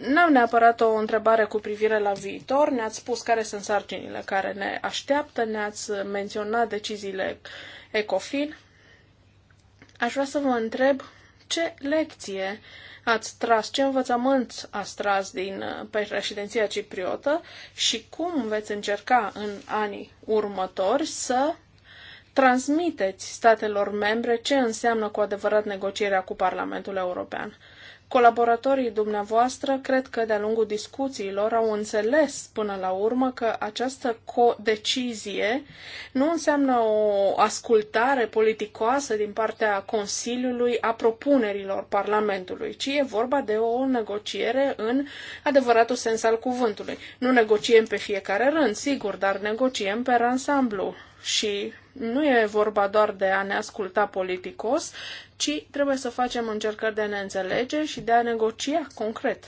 N-am neapărat o întrebare cu privire la viitor, ne-ați spus care sunt sarcinile care ne așteaptă, ne-ați menționat deciziile ECOFIN. Aș vrea să vă întreb ce lecție uh, ați tras, ce învățământ ați tras din uh, președinția cipriotă și cum veți încerca în anii următori să transmiteți statelor membre ce înseamnă cu adevărat negocierea cu Parlamentul European. Colaboratorii dumneavoastră cred că de-a lungul discuțiilor au înțeles până la urmă că această decizie nu înseamnă o ascultare politicoasă din partea Consiliului a propunerilor Parlamentului, ci e vorba de o negociere în adevăratul sens al cuvântului. Nu negociem pe fiecare rând, sigur, dar negociem pe ansamblu și nu e vorba doar de a ne asculta politicos, ci trebuie să facem încercări de a ne înțelege și de a negocia concret.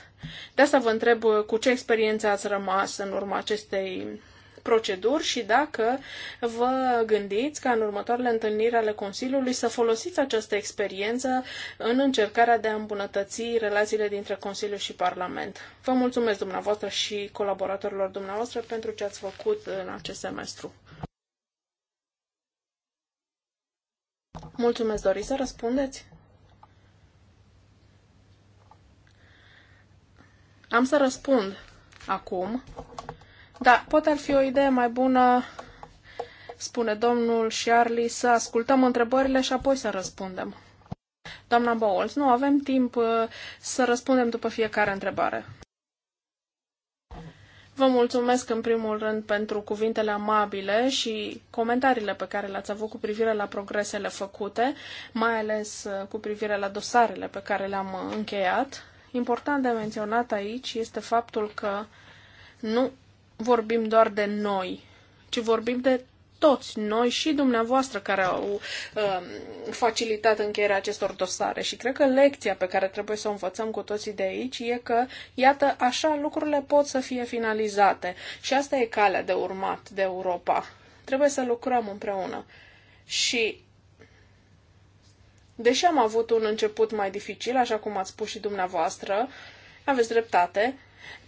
De asta vă întreb uh, cu ce experiență ați rămas în urma acestei proceduri și dacă vă gândiți ca în următoarele întâlniri ale Consiliului să folosiți această experiență în încercarea de a îmbunătăți relațiile dintre Consiliu și Parlament. Vă mulțumesc dumneavoastră și colaboratorilor dumneavoastră pentru ce ați făcut în acest semestru. Mulțumesc, dori să răspundeți? Am să răspund acum. Da, poate ar fi o idee mai bună, spune domnul Charlie, să ascultăm întrebările și apoi să răspundem. Doamna Bowles, nu avem timp uh, să răspundem după fiecare întrebare. Vă mulțumesc în primul rând pentru cuvintele amabile și comentariile pe care le-ați avut cu privire la progresele făcute, mai ales uh, cu privire la dosarele pe care le-am uh, încheiat. Important de menționat aici este faptul că nu vorbim doar de noi, ci vorbim de toți noi și dumneavoastră care au uh, facilitat încheierea acestor dosare și cred că lecția pe care trebuie să o învățăm cu toții de aici e că, iată, așa lucrurile pot să fie finalizate și asta e calea de urmat de Europa. Trebuie să lucrăm împreună și deși am avut un început mai dificil, așa cum ați spus și dumneavoastră, aveți dreptate,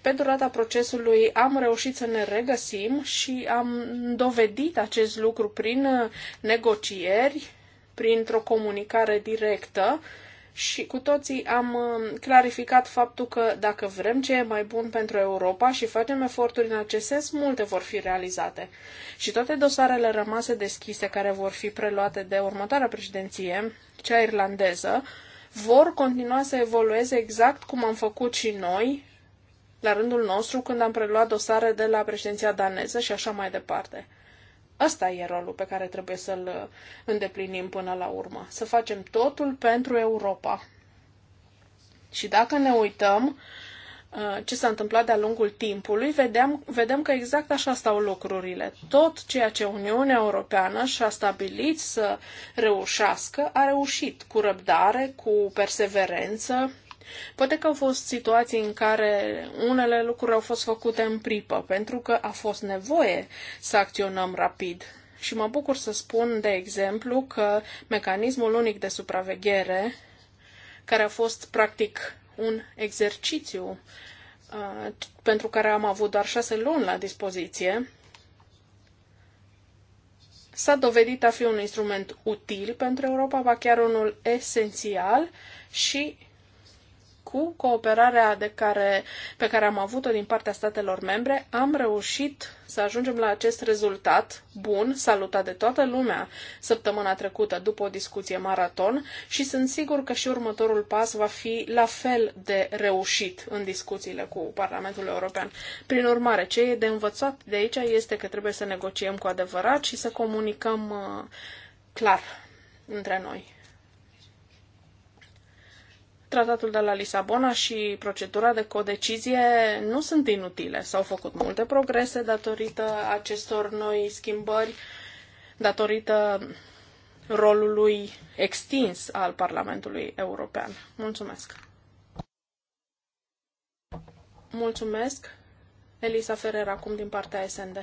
pe durata procesului am reușit să ne regăsim și am dovedit acest lucru prin uh, negocieri, printr-o comunicare directă și cu toții am uh, clarificat faptul că dacă vrem ce e mai bun pentru Europa și facem eforturi în acest sens, multe vor fi realizate. Și toate dosarele rămase deschise care vor fi preluate de următoarea președinție, cea irlandeză, vor continua să evolueze exact cum am făcut și noi la rândul nostru când am preluat dosare de la președinția daneză și așa mai departe. Ăsta e rolul pe care trebuie să-l uh, îndeplinim până la urmă. Să facem totul pentru Europa. Și dacă ne uităm uh, ce s-a întâmplat de-a lungul timpului, vedem, vedem că exact așa stau lucrurile. Tot ceea ce Uniunea Europeană și-a stabilit să reușească, a reușit cu răbdare, cu perseverență, Poate că au fost situații în care unele lucruri au fost făcute în pripă, pentru că a fost nevoie să acționăm rapid. Și mă bucur să spun, de exemplu, că mecanismul unic de supraveghere, care a fost practic un exercițiu uh, pentru care am avut doar șase luni la dispoziție, s-a dovedit a fi un instrument util pentru Europa, ba chiar unul esențial și cu cooperarea de care, pe care am avut-o din partea statelor membre, am reușit să ajungem la acest rezultat bun, salutat de toată lumea săptămâna trecută după o discuție maraton și sunt sigur că și următorul pas va fi la fel de reușit în discuțiile cu Parlamentul European. Prin urmare, ce e de învățat de aici este că trebuie să negociem cu adevărat și să comunicăm uh, clar între noi. Tratatul de la Lisabona și procedura de codecizie nu sunt inutile. S-au făcut multe progrese datorită acestor noi schimbări, datorită rolului extins al Parlamentului European. Mulțumesc! Mulțumesc, Elisa Ferrer, acum din partea SND.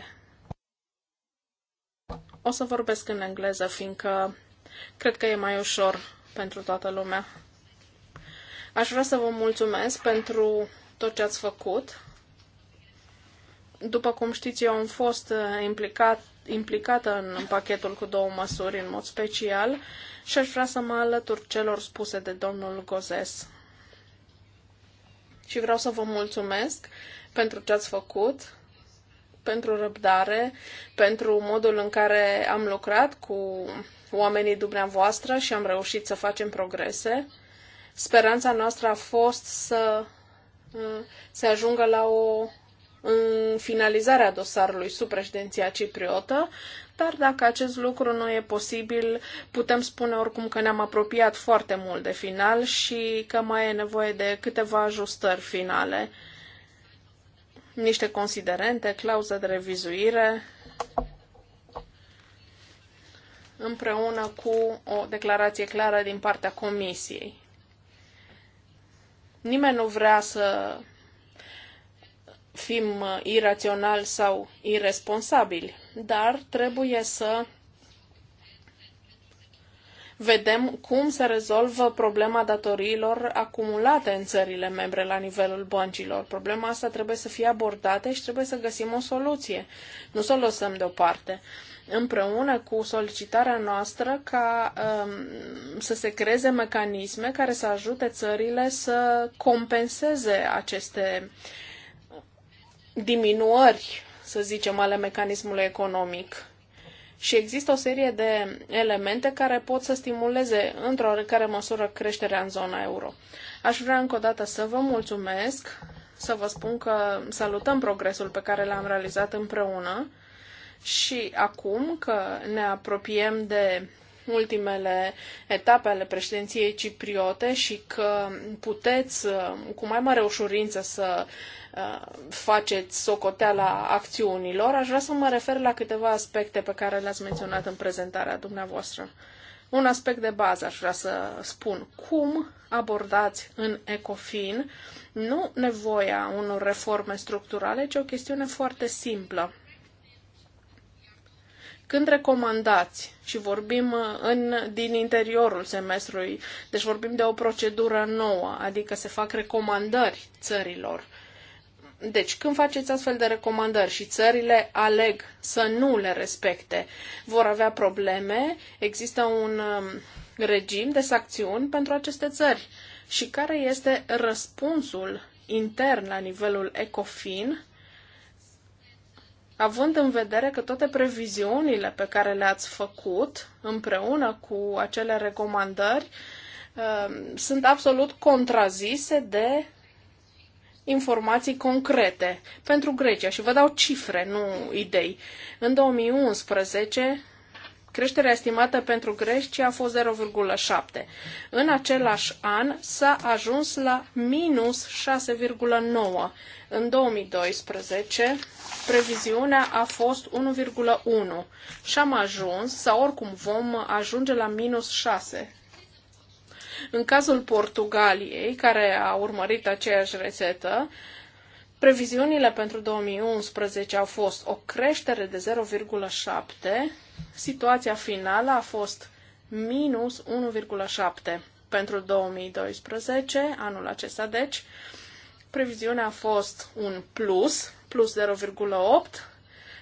O să vorbesc în engleză, fiindcă cred că e mai ușor pentru toată lumea. Aș vrea să vă mulțumesc pentru tot ce ați făcut. După cum știți, eu am fost uh, implicat, implicată în pachetul cu două măsuri în mod special și aș vrea să mă alătur celor spuse de domnul Gozes. Și vreau să vă mulțumesc pentru ce ați făcut, pentru răbdare, pentru modul în care am lucrat cu oamenii dumneavoastră și am reușit să facem progrese. Speranța noastră a fost să uh, se ajungă la o în finalizarea dosarului sub președinția cipriotă, dar dacă acest lucru nu e posibil, putem spune oricum că ne-am apropiat foarte mult de final și că mai e nevoie de câteva ajustări finale, niște considerente, clauze de revizuire, împreună cu o declarație clară din partea Comisiei. Nimeni nu vrea să fim uh, iraționali sau irresponsabili, dar trebuie să vedem cum se rezolvă problema datoriilor acumulate în țările membre la nivelul băncilor. Problema asta trebuie să fie abordată și trebuie să găsim o soluție. Nu să o lăsăm deoparte. Uh, împreună cu solicitarea noastră ca um, să se creeze mecanisme care să ajute țările să compenseze aceste diminuări, să zicem, ale mecanismului economic. Și există o serie de elemente care pot să stimuleze într-o oricare măsură creșterea în zona euro. Aș vrea încă o dată să vă mulțumesc, să vă spun că salutăm progresul pe care l-am realizat împreună și acum că ne apropiem de ultimele etape ale președinției cipriote și că puteți uh, cu mai mare ușurință să uh, faceți socoteala acțiunilor, aș vrea să mă refer la câteva aspecte pe care le-ați menționat în prezentarea dumneavoastră. Un aspect de bază aș vrea să spun. Cum abordați în ECOFIN nu nevoia unor reforme structurale, ci o chestiune foarte simplă când recomandați și vorbim uh, în, din interiorul semestrului, deci vorbim de o procedură nouă, adică se fac recomandări țărilor. Deci, când faceți astfel de recomandări și țările aleg să nu le respecte, vor avea probleme, există un um, regim de sancțiuni pentru aceste țări. Și care este răspunsul intern la nivelul ECOFIN având în vedere că toate previziunile pe care le-ați făcut împreună cu acele recomandări uh, sunt absolut contrazise de informații concrete pentru Grecia și vă dau cifre, nu idei. În 2011, Creșterea estimată pentru Grecia a fost 0,7. În același an s-a ajuns la minus 6,9. În 2012, previziunea a fost 1,1 și am ajuns, sau oricum vom ajunge la minus 6. În cazul Portugaliei, care a urmărit aceeași rețetă, Previziunile pentru 2011 au fost o creștere de 0,7 situația finală a fost minus 1,7 pentru 2012, anul acesta deci. Previziunea a fost un plus, plus 0,8.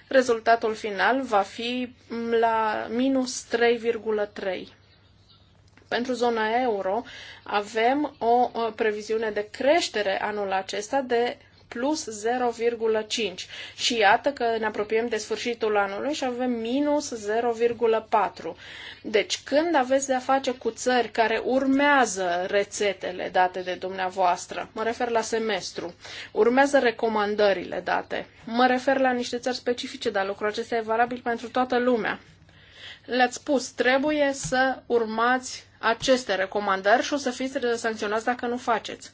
Rezultatul final va fi la minus 3,3. Pentru zona euro avem o previziune de creștere anul acesta de plus 0,5. Și iată că ne apropiem de sfârșitul anului și avem minus 0,4. Deci când aveți de-a face cu țări care urmează rețetele date de dumneavoastră, mă refer la semestru, urmează recomandările date, mă refer la niște țări specifice, dar lucrul acesta e valabil pentru toată lumea. Le-ați spus, trebuie să urmați aceste recomandări și o să fiți sancționați dacă nu faceți.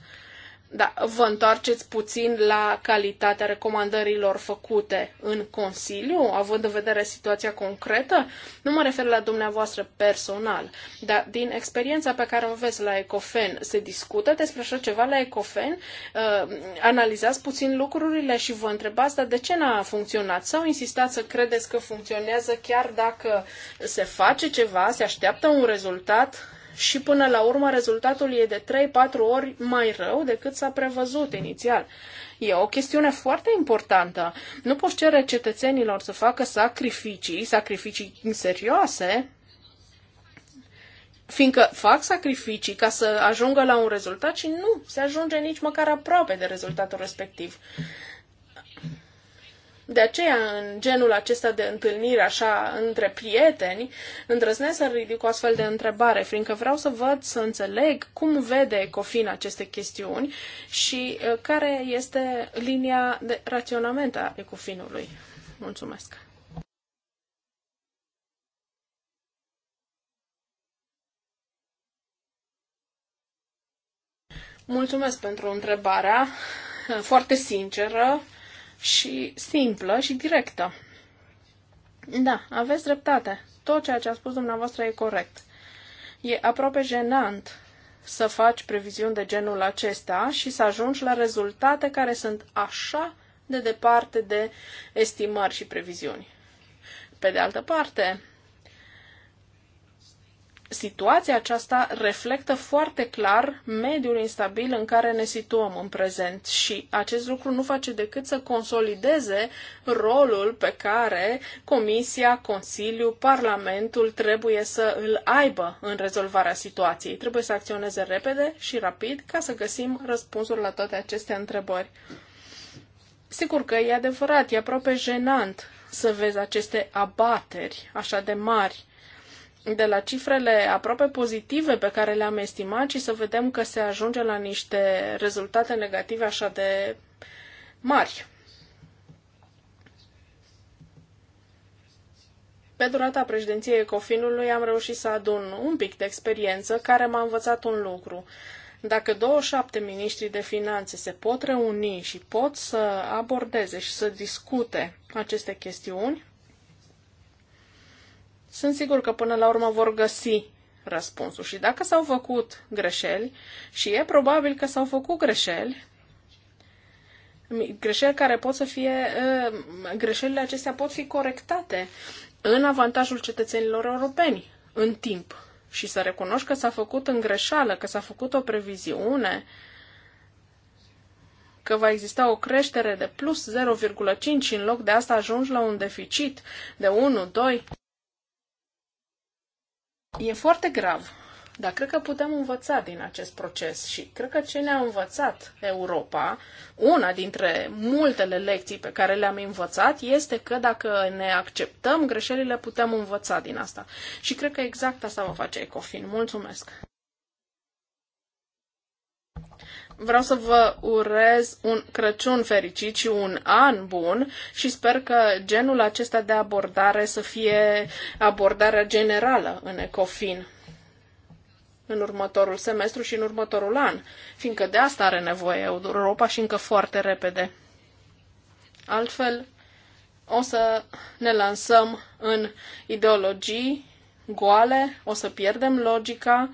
Da, vă întoarceți puțin la calitatea recomandărilor făcute în Consiliu, având în vedere situația concretă? Nu mă refer la dumneavoastră personal, dar din experiența pe care o vezi la Ecofen, se discută despre așa ceva la Ecofen? Uh, analizați puțin lucrurile și vă întrebați, dar de ce n-a funcționat? Sau insistați să credeți că funcționează chiar dacă se face ceva, se așteaptă un rezultat? și până la urmă rezultatul e de 3-4 ori mai rău decât s-a prevăzut inițial. E o chestiune foarte importantă. Nu poți cere cetățenilor să facă sacrificii, sacrificii serioase, fiindcă fac sacrificii ca să ajungă la un rezultat și nu se ajunge nici măcar aproape de rezultatul respectiv. De aceea, în genul acesta de întâlniri așa între prieteni, îndrăznesc să ridic o astfel de întrebare, fiindcă vreau să văd, să înțeleg cum vede COFIN aceste chestiuni și uh, care este linia de raționament a cofinului. Mulțumesc! Mulțumesc pentru întrebarea uh, foarte sinceră și simplă și directă. Da, aveți dreptate. Tot ceea ce a spus dumneavoastră e corect. E aproape jenant să faci previziuni de genul acesta și să ajungi la rezultate care sunt așa de departe de estimări și previziuni. Pe de altă parte, situația aceasta reflectă foarte clar mediul instabil în care ne situăm în prezent și acest lucru nu face decât să consolideze rolul pe care Comisia, Consiliul, Parlamentul trebuie să îl aibă în rezolvarea situației. Trebuie să acționeze repede și rapid ca să găsim răspunsuri la toate aceste întrebări. Sigur că e adevărat, e aproape jenant să vezi aceste abateri așa de mari de la cifrele aproape pozitive pe care le-am estimat și să vedem că se ajunge la niște rezultate negative așa de mari. Pe durata președinției Cofinului am reușit să adun un pic de experiență care m-a învățat un lucru. Dacă 27 miniștri de finanțe se pot reuni și pot să abordeze și să discute aceste chestiuni, sunt sigur că până la urmă vor găsi răspunsul. Și dacă s-au făcut greșeli, și e probabil că s-au făcut greșeli, greșeli care pot să fie, ă, greșelile acestea pot fi corectate în avantajul cetățenilor europeni în timp. Și să recunoști că s-a făcut în greșeală, că s-a făcut o previziune, că va exista o creștere de plus 0,5 și în loc de asta ajungi la un deficit de 1, 2, E foarte grav, dar cred că putem învăța din acest proces și cred că ce ne-a învățat Europa, una dintre multele lecții pe care le-am învățat, este că dacă ne acceptăm greșelile, putem învăța din asta. Și cred că exact asta va face Ecofin. Mulțumesc! Vreau să vă urez un Crăciun fericit și un an bun și sper că genul acesta de abordare să fie abordarea generală în ECOFIN în următorul semestru și în următorul an, fiindcă de asta are nevoie Europa și încă foarte repede. Altfel, o să ne lansăm în ideologii goale, o să pierdem logica,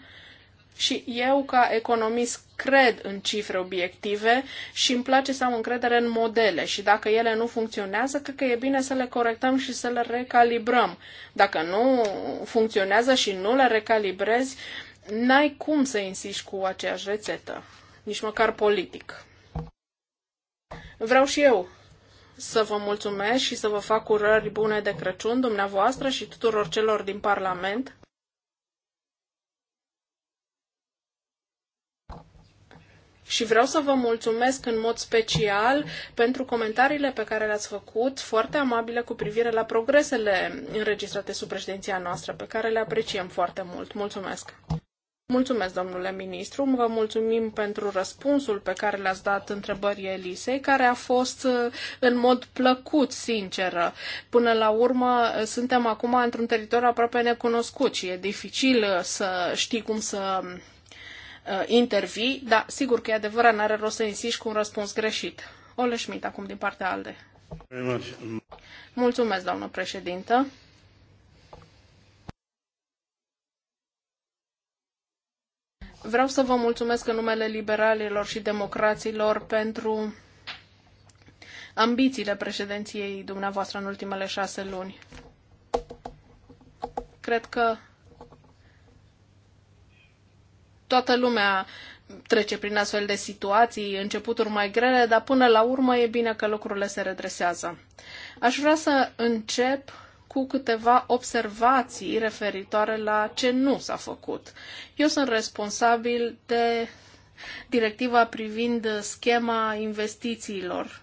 și eu, ca economist, cred în cifre obiective și îmi place să am încredere în modele și dacă ele nu funcționează, cred că e bine să le corectăm și să le recalibrăm. Dacă nu funcționează și nu le recalibrezi, n-ai cum să insiști cu aceeași rețetă, nici măcar politic. Vreau și eu să vă mulțumesc și să vă fac urări bune de Crăciun dumneavoastră și tuturor celor din Parlament. Și vreau să vă mulțumesc în mod special pentru comentariile pe care le-ați făcut, foarte amabile cu privire la progresele înregistrate sub președinția noastră, pe care le apreciem foarte mult. Mulțumesc! Mulțumesc, domnule ministru. Vă mulțumim pentru răspunsul pe care l-ați dat întrebării Elisei, care a fost uh, în mod plăcut, sinceră. Până la urmă, uh, suntem acum într-un teritoriu aproape necunoscut și e dificil uh, să știi cum să uh, intervii, dar sigur că e adevărat, n-are rost să insiști cu un răspuns greșit. Ole Schmidt, acum din partea ALDE. Mulțumesc, doamnă președintă. Vreau să vă mulțumesc în numele liberalilor și democraților pentru ambițiile președinției dumneavoastră în ultimele șase luni. Cred că toată lumea trece prin astfel de situații, începuturi mai grele, dar până la urmă e bine că lucrurile se redresează. Aș vrea să încep cu câteva observații referitoare la ce nu s-a făcut. Eu sunt responsabil de directiva privind schema investițiilor.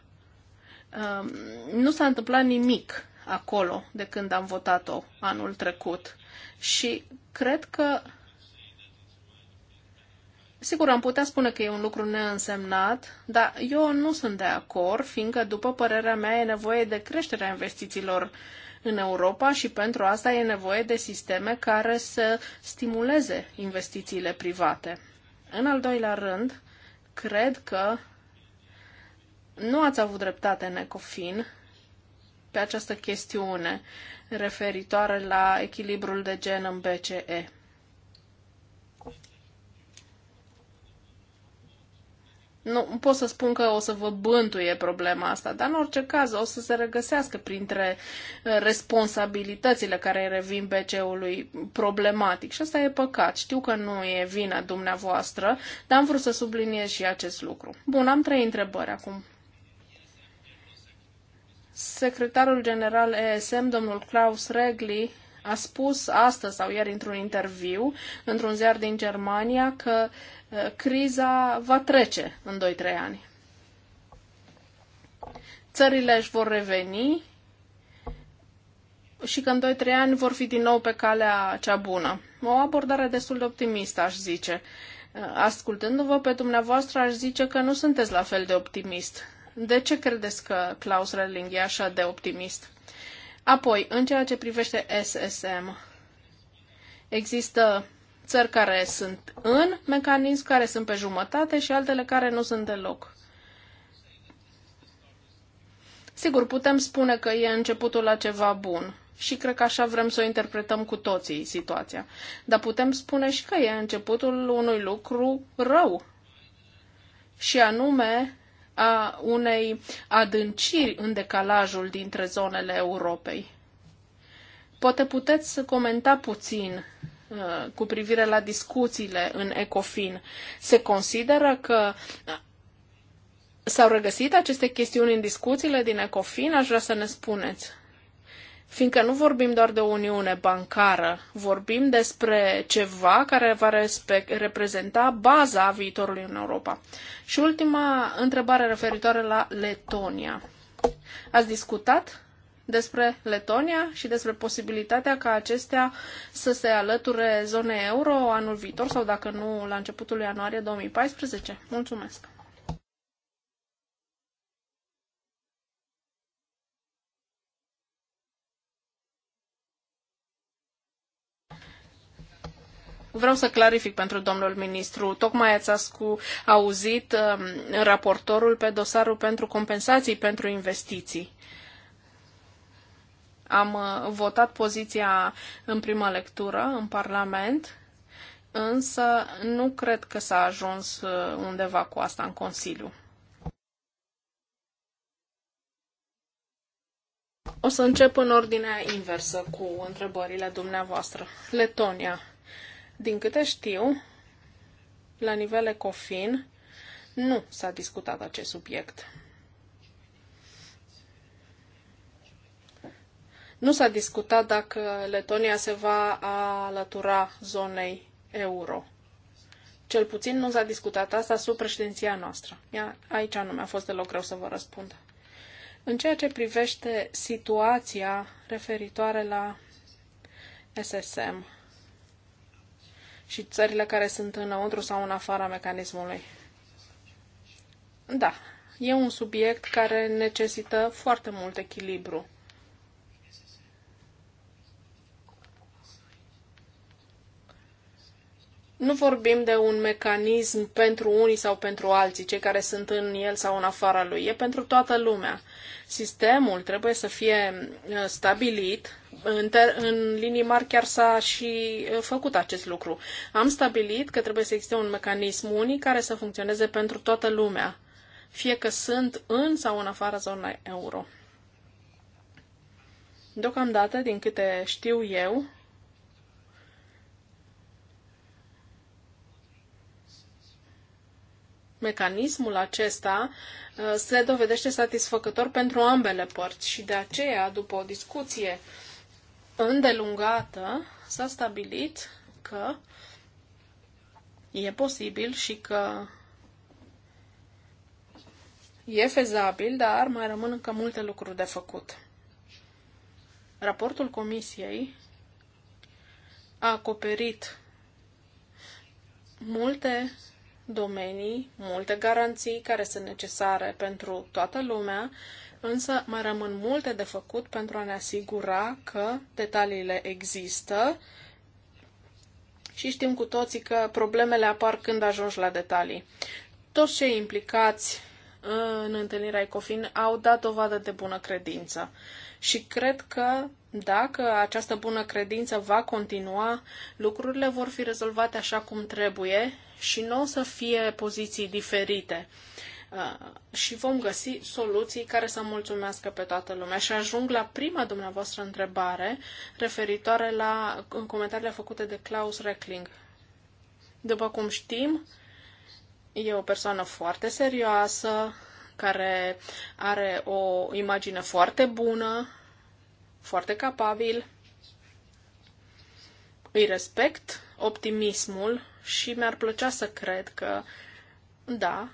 Nu s-a întâmplat nimic acolo de când am votat-o anul trecut și cred că Sigur, am putea spune că e un lucru neînsemnat, dar eu nu sunt de acord, fiindcă, după părerea mea, e nevoie de creșterea investițiilor în Europa și pentru asta e nevoie de sisteme care să stimuleze investițiile private. În al doilea rând, cred că nu ați avut dreptate în ECOFIN pe această chestiune referitoare la echilibrul de gen în BCE. Nu pot să spun că o să vă bântuie problema asta, dar în orice caz o să se regăsească printre uh, responsabilitățile care revin BC-ului problematic. Și asta e păcat. Știu că nu e vina dumneavoastră, dar am vrut să subliniez și acest lucru. Bun, am trei întrebări acum. Secretarul general ESM, domnul Klaus Regli, a spus astăzi sau ieri într-un interviu, într-un ziar din Germania, că uh, criza va trece în 2-3 ani. Țările își vor reveni și că în 2-3 ani vor fi din nou pe calea cea bună. O abordare destul de optimistă, aș zice. Uh, ascultându-vă pe dumneavoastră, aș zice că nu sunteți la fel de optimist. De ce credeți că Klaus Relling e așa de optimist? Apoi, în ceea ce privește SSM, există țări care sunt în mecanism, care sunt pe jumătate și altele care nu sunt deloc. Sigur, putem spune că e începutul la ceva bun și cred că așa vrem să o interpretăm cu toții situația. Dar putem spune și că e începutul unui lucru rău și anume a unei adânciri în decalajul dintre zonele Europei. Poate puteți să comenta puțin uh, cu privire la discuțiile în ECOFIN. Se consideră că s-au regăsit aceste chestiuni în discuțiile din ECOFIN? Aș vrea să ne spuneți fiindcă nu vorbim doar de o uniune bancară, vorbim despre ceva care va respect, reprezenta baza viitorului în Europa. Și ultima întrebare referitoare la Letonia. Ați discutat despre Letonia și despre posibilitatea ca acestea să se alăture zonei euro anul viitor sau dacă nu la începutul ianuarie 2014? Mulțumesc! Vreau să clarific pentru domnul ministru. Tocmai ați ascu, auzit um, raportorul pe dosarul pentru compensații pentru investiții. Am uh, votat poziția în prima lectură în Parlament, însă nu cred că s-a ajuns uh, undeva cu asta în Consiliu. O să încep în ordinea inversă cu întrebările dumneavoastră. Letonia. Din câte știu, la nivel ECOFIN nu s-a discutat acest subiect. Nu s-a discutat dacă Letonia se va alătura zonei euro. Cel puțin nu s-a discutat asta sub președinția noastră. aici nu mi-a fost deloc greu să vă răspund. În ceea ce privește situația referitoare la SSM, și țările care sunt înăuntru sau în afara mecanismului. Da, e un subiect care necesită foarte mult echilibru. Nu vorbim de un mecanism pentru unii sau pentru alții, cei care sunt în el sau în afara lui. E pentru toată lumea. Sistemul trebuie să fie uh, stabilit în, ter- în linii mari chiar s-a și uh, făcut acest lucru. Am stabilit că trebuie să existe un mecanism unic care să funcționeze pentru toată lumea, fie că sunt în sau în afara zonei euro. Deocamdată, din câte știu eu, mecanismul acesta uh, se dovedește satisfăcător pentru ambele părți și de aceea, după o discuție îndelungată s-a stabilit că e posibil și că e fezabil, dar mai rămân încă multe lucruri de făcut. Raportul comisiei a acoperit multe domenii, multe garanții care sunt necesare pentru toată lumea însă mai rămân multe de făcut pentru a ne asigura că detaliile există și știm cu toții că problemele apar când ajungi la detalii. Toți cei implicați în întâlnirea ECOFIN au dat dovadă de bună credință și cred că dacă această bună credință va continua, lucrurile vor fi rezolvate așa cum trebuie și nu o să fie poziții diferite Uh, și vom găsi soluții care să mulțumească pe toată lumea. Și ajung la prima dumneavoastră întrebare referitoare la comentariile făcute de Klaus Reckling. După cum știm, e o persoană foarte serioasă, care are o imagine foarte bună, foarte capabil. Îi respect optimismul și mi-ar plăcea să cred că, da,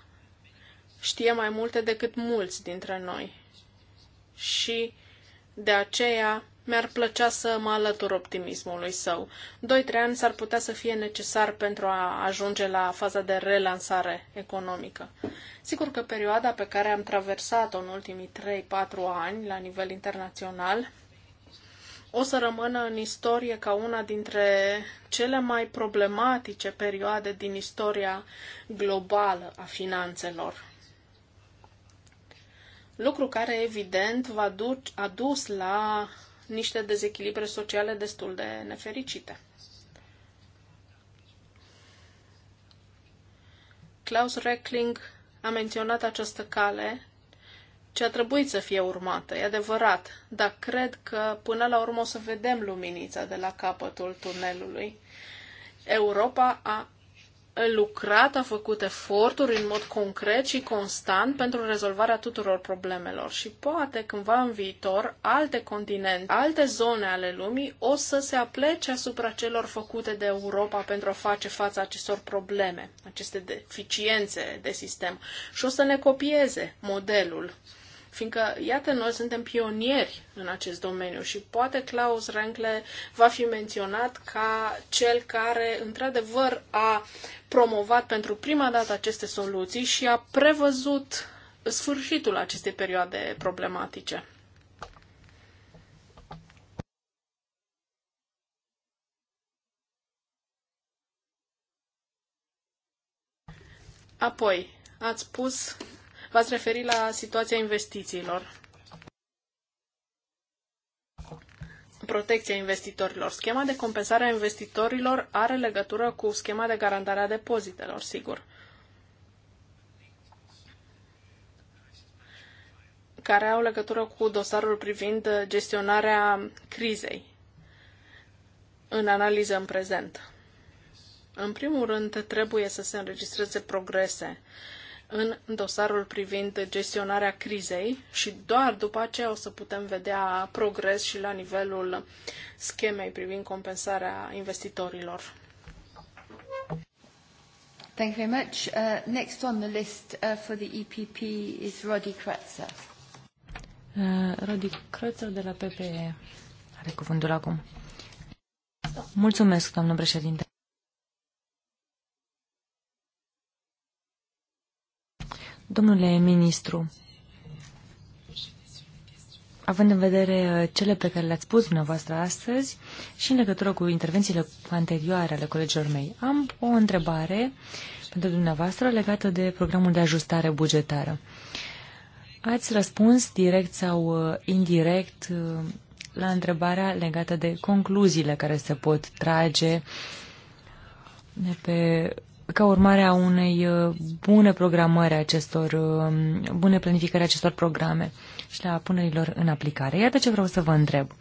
știe mai multe decât mulți dintre noi. Și de aceea mi-ar plăcea să mă alătur optimismului său. doi trei ani s-ar putea să fie necesar pentru a ajunge la faza de relansare economică. Sigur că perioada pe care am traversat-o în ultimii 3-4 ani la nivel internațional o să rămână în istorie ca una dintre cele mai problematice perioade din istoria globală a finanțelor lucru care evident va duc, a dus la niște dezechilibre sociale destul de nefericite. Klaus Reckling a menționat această cale ce a trebuit să fie urmată, e adevărat, dar cred că până la urmă o să vedem luminița de la capătul tunelului. Europa a lucrat, a făcut eforturi în mod concret și constant pentru rezolvarea tuturor problemelor și poate cândva în viitor alte continente, alte zone ale lumii o să se aplece asupra celor făcute de Europa pentru a face față acestor probleme, aceste deficiențe de sistem și o să ne copieze modelul. Fiindcă, iată, noi suntem pionieri în acest domeniu și poate Klaus Renkle va fi menționat ca cel care, într-adevăr, a promovat pentru prima dată aceste soluții și a prevăzut sfârșitul acestei perioade problematice. Apoi, ați spus, v-ați referit la situația investițiilor. protecția investitorilor. Schema de compensare a investitorilor are legătură cu schema de garantare a depozitelor, sigur. care au legătură cu dosarul privind gestionarea crizei în analiză în prezent. În primul rând, trebuie să se înregistreze progrese în dosarul privind gestionarea crizei și doar după aceea o să putem vedea progres și la nivelul schemei privind compensarea investitorilor. Thank you very much. Uh, next on the list uh, for the EPP is Roddy Kretzer. Uh, Roddy Kretzer de la PPE are cuvântul acum. Mulțumesc, doamnă președinte. Domnule ministru, având în vedere uh, cele pe care le-ați spus dumneavoastră astăzi și în legătură cu intervențiile anterioare ale colegilor mei, am o întrebare pentru dumneavoastră legată de programul de ajustare bugetară. Ați răspuns direct sau uh, indirect uh, la întrebarea legată de concluziile care se pot trage pe ca urmare a unei uh, bune programări acestor, um, bune planificări acestor programe și la punerilor în aplicare. Iată ce vreau să vă întreb.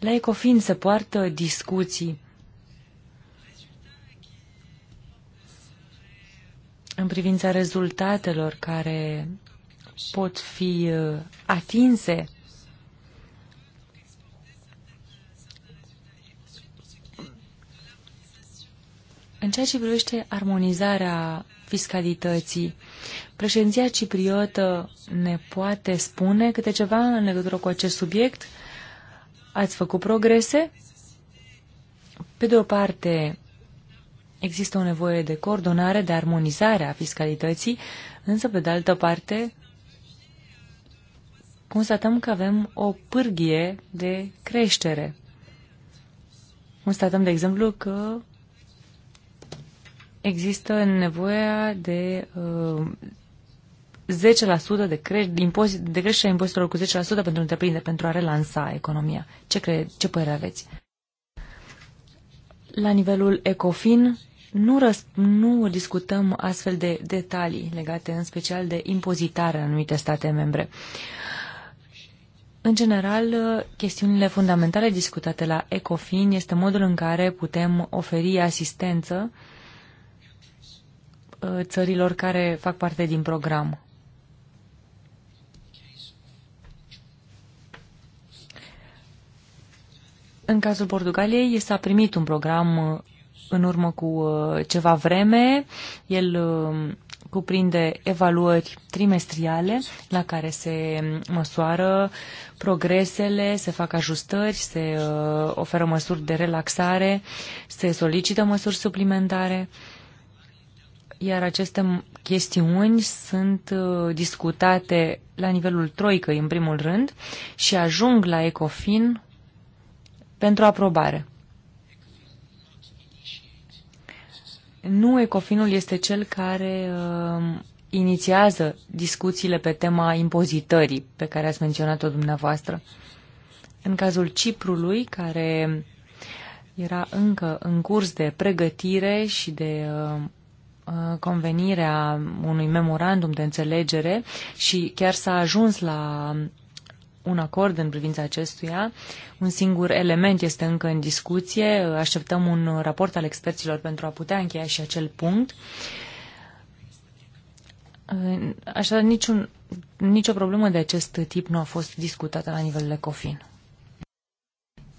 La Ecofin se poartă discuții în privința rezultatelor care pot fi uh, atinse În ceea ce privește armonizarea fiscalității, președinția cipriotă ne poate spune câte ceva în legătură cu acest subiect? Ați făcut progrese? Pe de o parte, există o nevoie de coordonare, de armonizare a fiscalității, însă, pe de altă parte, constatăm că avem o pârghie de creștere. Constatăm, de exemplu, că există nevoia de uh, 10% de, creș- impozit, de creșterea impozitelor cu 10% pentru întreprinderi, pentru a relansa economia. Ce, cre- ce părere aveți? La nivelul ECOFIN nu, răsp- nu discutăm astfel de detalii legate în special de impozitare în anumite state membre. În general, chestiunile fundamentale discutate la ECOFIN este modul în care putem oferi asistență uh, Uh, țărilor care fac parte din program. În cazul Portugaliei s-a primit un program uh, în urmă cu uh, ceva vreme. El cuprinde evaluări trimestriale la care se um, măsoară progresele, se fac ajustări, se oferă măsuri de relaxare, se solicită măsuri suplimentare iar aceste chestiuni sunt uh, discutate la nivelul troicăi, în primul rând, și ajung la ECOFIN pentru aprobare. Nu ECOFINul este cel care uh, inițiază discuțiile pe tema impozitării pe care ați menționat-o dumneavoastră. În cazul Ciprului, care era încă în curs de pregătire și de uh, Uh, convenirea unui memorandum de înțelegere și chiar s-a ajuns la un acord în privința acestuia. Un singur element este încă în discuție. Așteptăm un raport al experților pentru a putea încheia și acel punct. Uh, Așa, niciun, nicio problemă de acest tip nu a fost discutată la nivelul ECOFIN.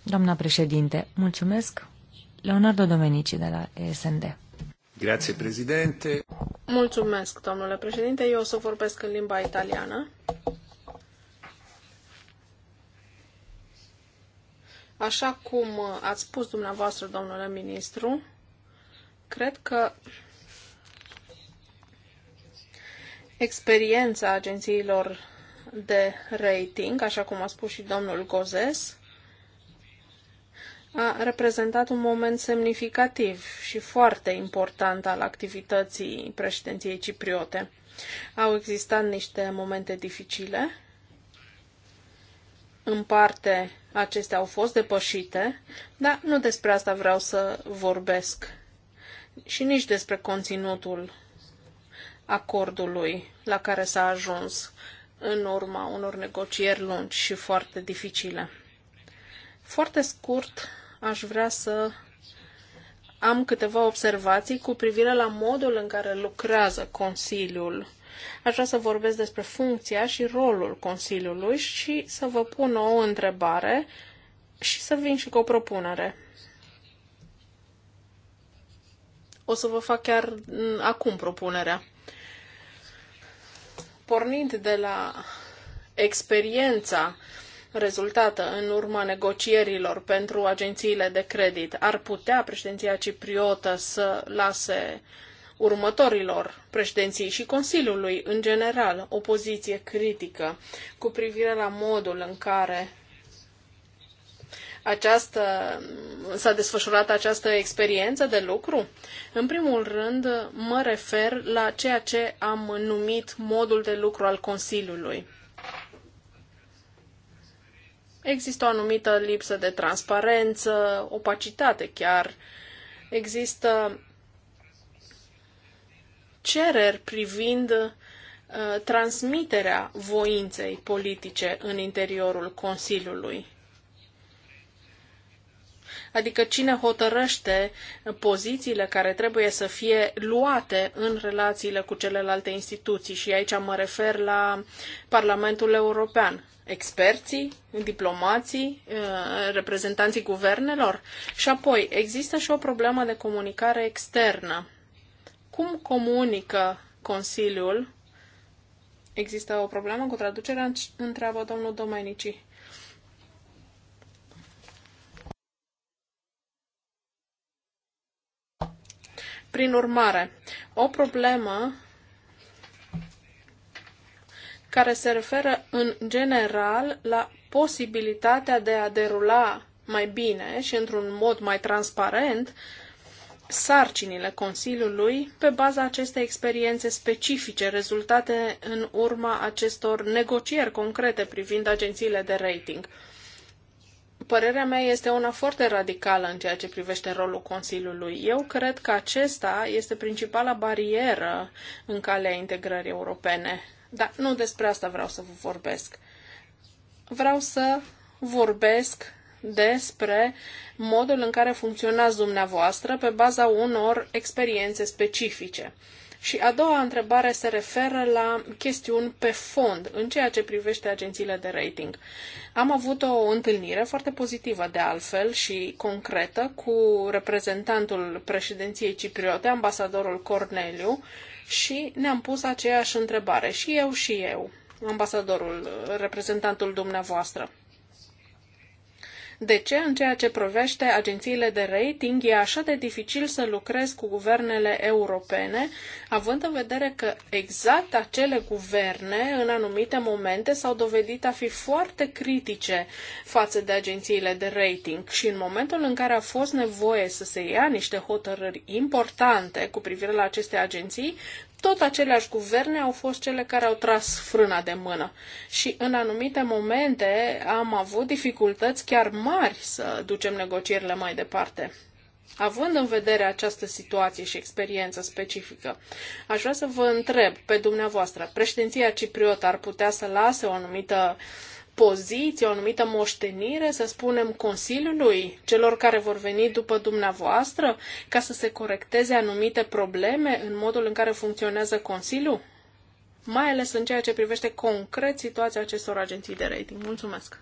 Doamna președinte, mulțumesc. Leonardo Domenici de la SND. Grazie, Mulțumesc, domnule președinte. Eu o să vorbesc în limba italiană. Așa cum ați spus dumneavoastră, domnule ministru, cred că experiența agențiilor de rating, așa cum a spus și domnul Gozes, a reprezentat un moment semnificativ și foarte important al activității președinției cipriote. Au existat niște momente dificile. În parte, acestea au fost depășite, dar nu despre asta vreau să vorbesc și nici despre conținutul acordului la care s-a ajuns în urma unor negocieri lungi și foarte dificile. Foarte scurt, aș vrea să am câteva observații cu privire la modul în care lucrează Consiliul. Aș vrea să vorbesc despre funcția și rolul Consiliului și să vă pun o întrebare și să vin și cu o propunere. O să vă fac chiar mm, acum propunerea. Pornind de la experiența uh, rezultată în urma negocierilor pentru agențiile de credit, ar putea președinția cipriotă să lase următorilor președinții și Consiliului în general o poziție critică cu privire la modul în care această, s-a desfășurat această experiență de lucru? În primul rând, mă refer la ceea ce am numit modul de lucru al Consiliului. Există o anumită lipsă de transparență, opacitate chiar. Există cereri privind uh, transmiterea voinței politice în interiorul Consiliului. Adică cine hotărăște pozițiile care trebuie să fie luate în relațiile cu celelalte instituții și aici mă refer la Parlamentul European experții, diplomații, uh, reprezentanții guvernelor? Și apoi, există și o problemă de comunicare externă. Cum comunică Consiliul? Există o problemă cu traducerea? Întreabă domnul Domenici. Prin urmare, o problemă care se referă în general la posibilitatea de a derula mai bine și într-un mod mai transparent sarcinile Consiliului pe baza acestei experiențe specifice rezultate în urma acestor negocieri concrete privind agențiile de rating. Părerea mea este una foarte radicală în ceea ce privește rolul Consiliului. Eu cred că acesta este principala barieră în calea integrării europene. Dar nu despre asta vreau să vă vorbesc. Vreau să vorbesc despre modul în care funcționați dumneavoastră pe baza unor experiențe specifice. Și a doua întrebare se referă la chestiuni pe fond în ceea ce privește agențiile de rating. Am avut o întâlnire foarte pozitivă de altfel și concretă cu reprezentantul președinției cipriote, ambasadorul Corneliu, și ne-am pus aceeași întrebare, și eu și eu, ambasadorul, reprezentantul dumneavoastră de ce, în ceea ce privește agențiile de rating, e așa de dificil să lucrez cu guvernele europene, având în vedere că exact acele guverne, în anumite momente, s-au dovedit a fi foarte critice față de agențiile de rating și în momentul în care a fost nevoie să se ia niște hotărâri importante cu privire la aceste agenții, tot aceleași guverne au fost cele care au tras frâna de mână și în anumite momente am avut dificultăți chiar mari să ducem negocierile mai departe. Având în vedere această situație și experiență specifică, aș vrea să vă întreb pe dumneavoastră, președinția cipriotă ar putea să lase o anumită uh, poziție, o anumită moștenire, să spunem, Consiliului, celor care vor veni după dumneavoastră, ca să se corecteze anumite probleme în modul în care funcționează Consiliul? Mai ales în ceea ce privește concret situația acestor agenții de rating. Mulțumesc!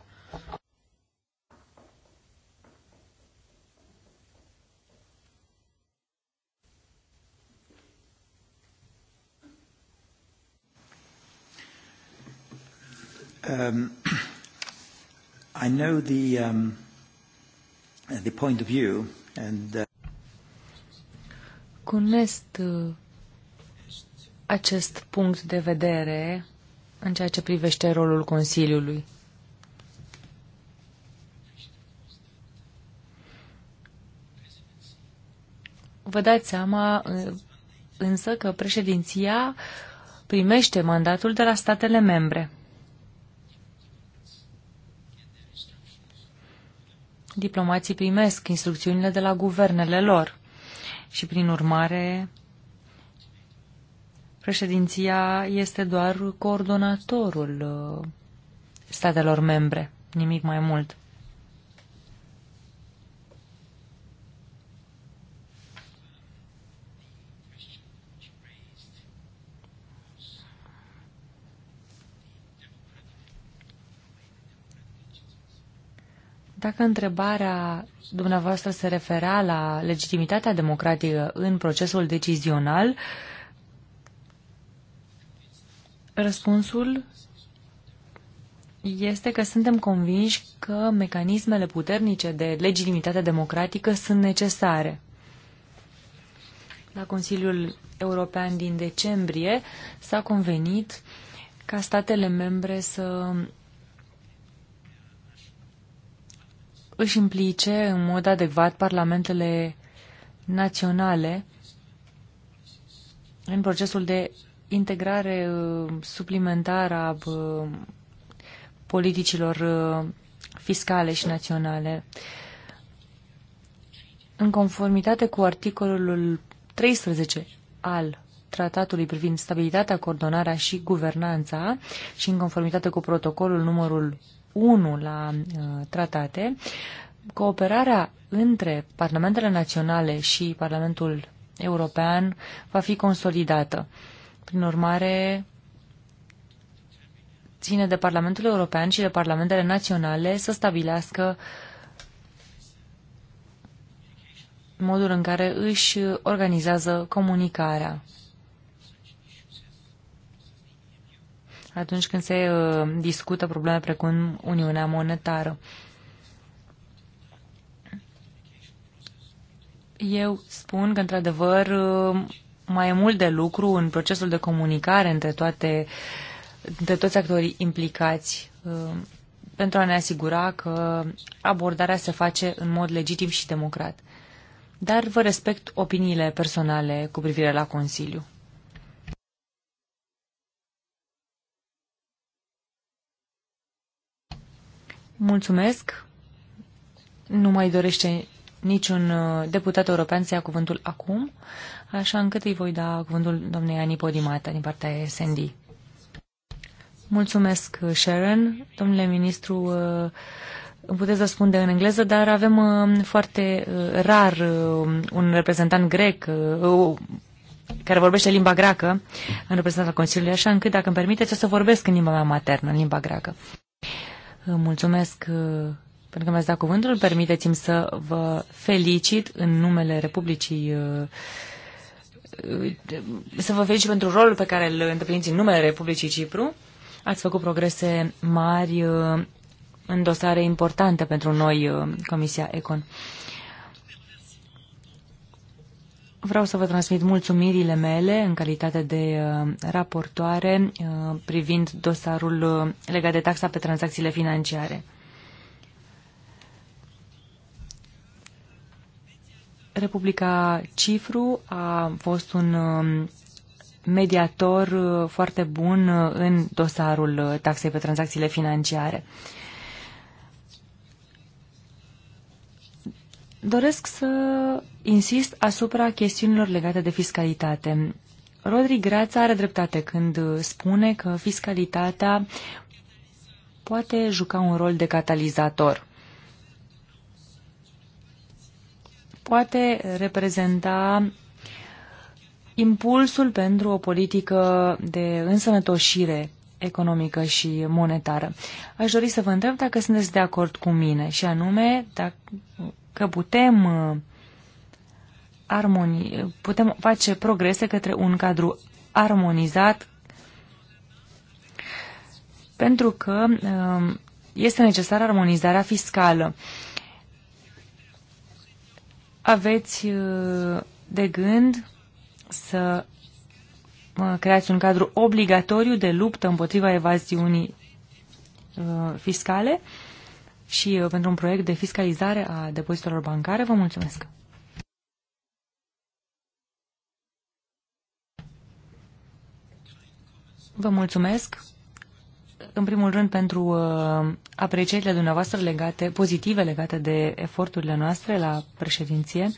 Um, I know the, um, the point of view and uh, Cunosc uh, acest punct de vedere în ceea ce privește rolul Consiliului. Vă dați seama uh, însă că președinția primește mandatul de la statele membre. diplomații primesc instrucțiunile de la guvernele lor și, prin urmare, președinția este doar coordonatorul uh, statelor membre, nimic mai mult. Dacă întrebarea dumneavoastră se referea la legitimitatea democratică în procesul decizional, răspunsul este că suntem convinși că mecanismele puternice de legitimitate democratică sunt necesare. La Consiliul European din decembrie s-a convenit ca statele membre să își implice în mod adecvat parlamentele naționale în procesul de integrare uh, suplimentară a uh, politicilor uh, fiscale și naționale. În conformitate cu articolul 13 al Tratatului privind stabilitatea, coordonarea și guvernanța și în conformitate cu protocolul numărul 1 la uh, tratate, cooperarea între parlamentele naționale și Parlamentul European va fi consolidată. Prin urmare, ține de Parlamentul European și de Parlamentele naționale să stabilească modul în care își organizează comunicarea atunci când se uh, discută probleme precum Uniunea Monetară. Eu spun că, într-adevăr, uh, mai e mult de lucru în procesul de comunicare între, toate, între toți actorii implicați uh, pentru a ne asigura că abordarea se face în mod legitim și democrat. Dar vă respect opiniile personale cu privire la Consiliu. Mulțumesc. Nu mai dorește niciun uh, deputat european să ia cuvântul acum, așa încât îi voi da cuvântul domnei Ani Podimata din partea SND. Mulțumesc, uh, Sharon. Domnule ministru, uh, îmi puteți răspunde în engleză, dar avem foarte rar un reprezentant grec care vorbește limba greacă în reprezentantul Consiliului, așa încât, dacă îmi permiteți, o să vorbesc în limba mea maternă, în limba greacă. Mulțumesc uh, pentru că mi-ați dat cuvântul. Permiteți-mi să vă felicit în numele Republicii uh, uh, să vă felicit pentru rolul pe care îl îndepliniți în numele Republicii Cipru. Ați făcut progrese mari în dosare importante pentru noi, Comisia Econ. Vreau să vă transmit mulțumirile mele în calitate de uh, raportoare uh, privind dosarul uh, legat de taxa pe tranzacțiile financiare. Republica Cifru a fost un um, mediator foarte bun în dosarul taxei pe tranzacțiile financiare. Doresc să insist asupra chestiunilor legate de fiscalitate. Rodri Grața are dreptate când spune că fiscalitatea poate juca un rol de catalizator. Poate reprezenta impulsul pentru o politică de însănătoșire economică și monetară. Aș dori să vă întreb dacă sunteți de acord cu mine și anume dacă, că putem, uh, armoni, putem face progrese către un cadru armonizat pentru că uh, este necesară armonizarea fiscală. Aveți uh, de gând să creați un cadru obligatoriu de luptă împotriva evaziunii fiscale? și uh, pentru un proiect de fiscalizare a depozitelor bancare. Vă mulțumesc! Vă mulțumesc, în primul rând, pentru uh, aprecierile dumneavoastră legate, pozitive legate de eforturile noastre la președinție.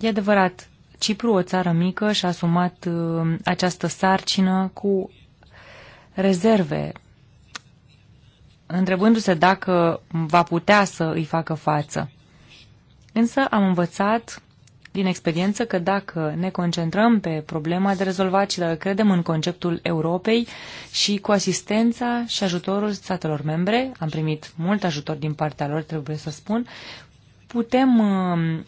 E adevărat, Cipru, o țară mică, și-a asumat uh, această sarcină cu rezerve întrebându-se dacă va putea să îi facă față. Însă am învățat din experiență că dacă ne concentrăm pe problema de rezolvat și dacă credem în conceptul Europei și cu asistența și ajutorul statelor membre, am primit mult ajutor din partea lor, trebuie să spun, putem uh,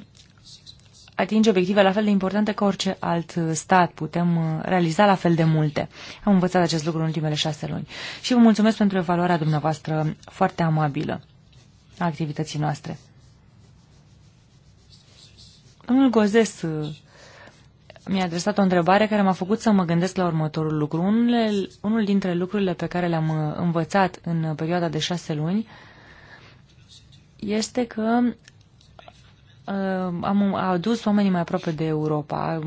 atinge obiective la fel de importante ca orice alt uh, stat. Putem uh, realiza la fel de multe. Am învățat acest lucru în ultimele șase luni. Și vă mulțumesc pentru evaluarea dumneavoastră foarte amabilă a activității noastre. Domnul Gozes uh, mi-a adresat o întrebare care m-a făcut să mă gândesc la următorul lucru. Unul, unul dintre lucrurile pe care le-am învățat în perioada de șase luni este că am adus oamenii mai aproape de Europa.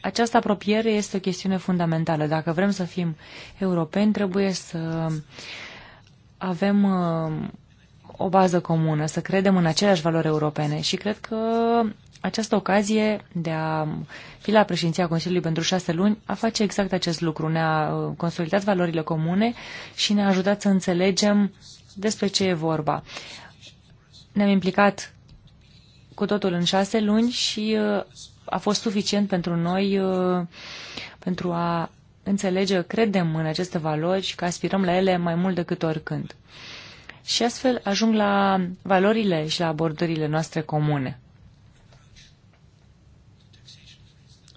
Această apropiere este o chestiune fundamentală. Dacă vrem să fim europeni, trebuie să avem uh, o bază comună, să credem în aceleași valori europene și cred că această ocazie de a fi la președinția Consiliului pentru șase luni a face exact acest lucru. Ne-a uh, consolidat valorile comune și ne-a ajutat să înțelegem despre ce e vorba. Ne-am implicat cu totul în șase luni și uh, a fost suficient pentru noi uh, pentru a înțelege, credem în aceste valori și că aspirăm la ele mai mult decât oricând. Și astfel ajung la valorile și la abordările noastre comune.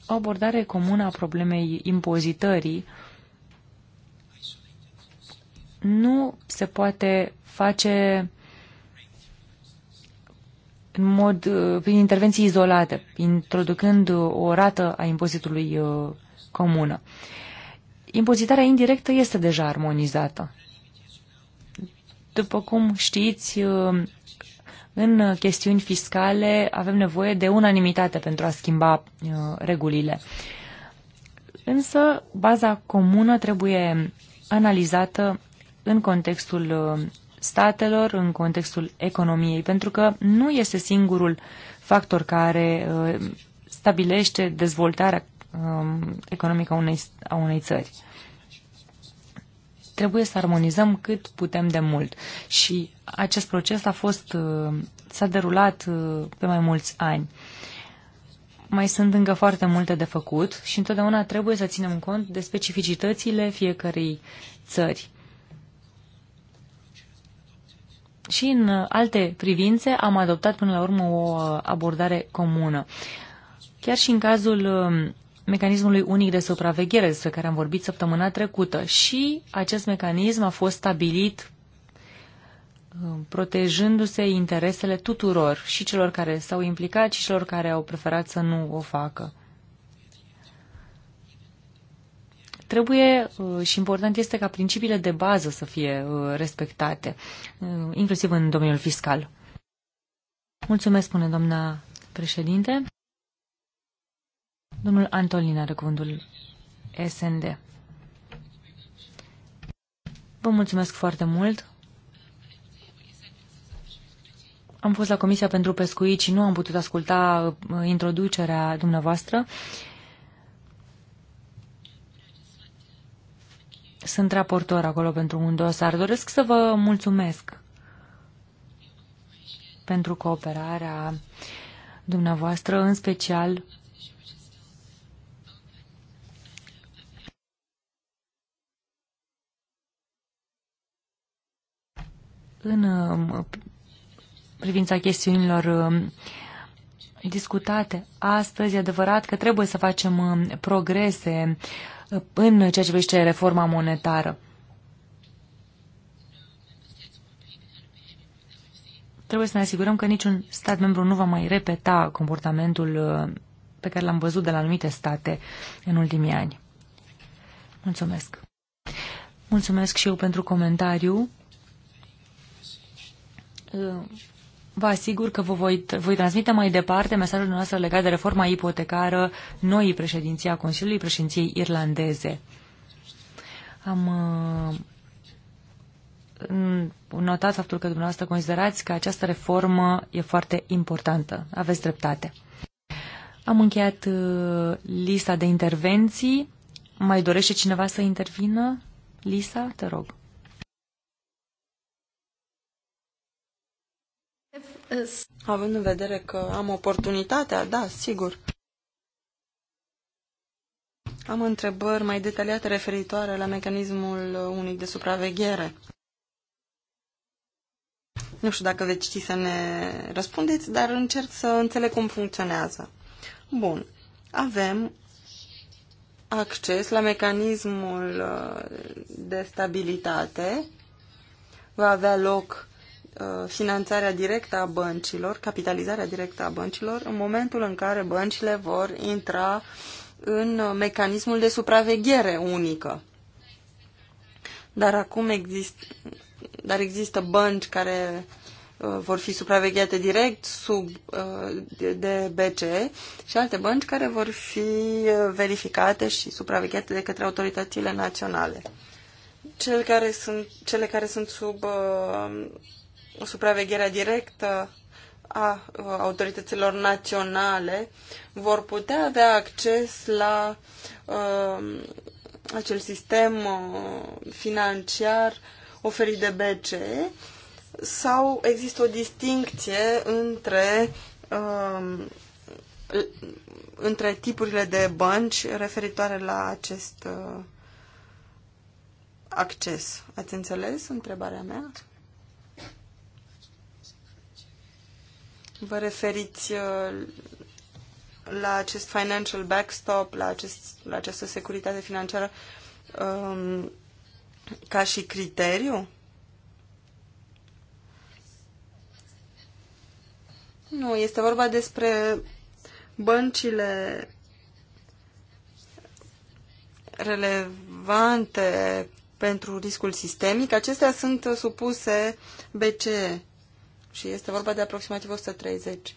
O abordare comună a problemei impozitării nu se poate face în mod, uh, prin intervenții izolate, introducând o rată a impozitului uh, comună. Impozitarea indirectă este deja armonizată. După cum știți, uh, în chestiuni fiscale avem nevoie de unanimitate pentru a schimba regulile. Însă, baza comună trebuie analizată în contextul statelor în contextul economiei, pentru că nu este singurul factor care uh, stabilește dezvoltarea um, economică a unei, a unei țări. Trebuie să armonizăm cât putem de mult și acest proces a fost, uh, s-a derulat uh, pe mai mulți ani mai sunt încă foarte multe de făcut și întotdeauna trebuie să ținem cont de specificitățile fiecărei țări și în uh, alte privințe am adoptat până la urmă o uh, abordare comună. Chiar și în cazul um, mecanismului unic de supraveghere despre care am vorbit săptămâna trecută și acest mecanism a fost stabilit um, protejându-se interesele tuturor, și celor care s-au implicat și celor care au preferat să nu o facă. Trebuie uh, și important este ca principiile de bază să fie uh, respectate, uh, inclusiv în domeniul fiscal. Mulțumesc, spune doamna președinte. Domnul Antolin are cuvântul SND. Vă mulțumesc foarte mult. Am fost la Comisia pentru Pescuit și nu am putut asculta introducerea dumneavoastră. Sunt raportor acolo pentru un dosar. Doresc să vă mulțumesc pentru cooperarea dumneavoastră, în special în um, privința chestiunilor um, discutate astăzi, e adevărat că trebuie să facem um, progrese în ceea ce privește reforma monetară. Trebuie să ne asigurăm că niciun stat membru nu va mai repeta comportamentul uh, pe care l-am văzut de la anumite state în ultimii ani. Mulțumesc! Mulțumesc și eu pentru comentariu uh, Vă asigur că vă voi, voi transmite mai departe mesajul noastră legat de reforma ipotecară noii președinții a Consiliului Președinției Irlandeze. Am uh, notat faptul că dumneavoastră considerați că această reformă e foarte importantă. Aveți dreptate. Am încheiat uh, lista de intervenții. Mai dorește cineva să intervină? Lisa, te rog. Având în vedere că am oportunitatea, da, sigur. Am întrebări mai detaliate referitoare la mecanismul unic de supraveghere. Nu știu dacă veți ști să ne răspundeți, dar încerc să înțeleg cum funcționează. Bun. Avem acces la mecanismul uh, de stabilitate. Va avea loc Uh, finanțarea directă a băncilor, capitalizarea directă a băncilor, în momentul în care băncile vor intra în mecanismul de supraveghere unică. Dar acum există, dar există bănci care uh, vor fi supravegheate direct sub, uh, de BCE și alte bănci care vor fi verificate și supravegheate de către autoritățile naționale. Cele care sunt, cele care sunt sub supraveghere directă a uh, autorităților naționale vor putea avea acces la uh, acel sistem uh, financiar oferit de BCE sau există o distincție între, uh, între tipurile de bănci referitoare la acest uh, acces? Ați înțeles întrebarea mea? Vă referiți uh, la acest financial backstop, la, acest, la această securitate financiară um, ca și criteriu? Nu, este vorba despre băncile relevante pentru riscul sistemic. Acestea sunt supuse BCE și este vorba de aproximativ 130.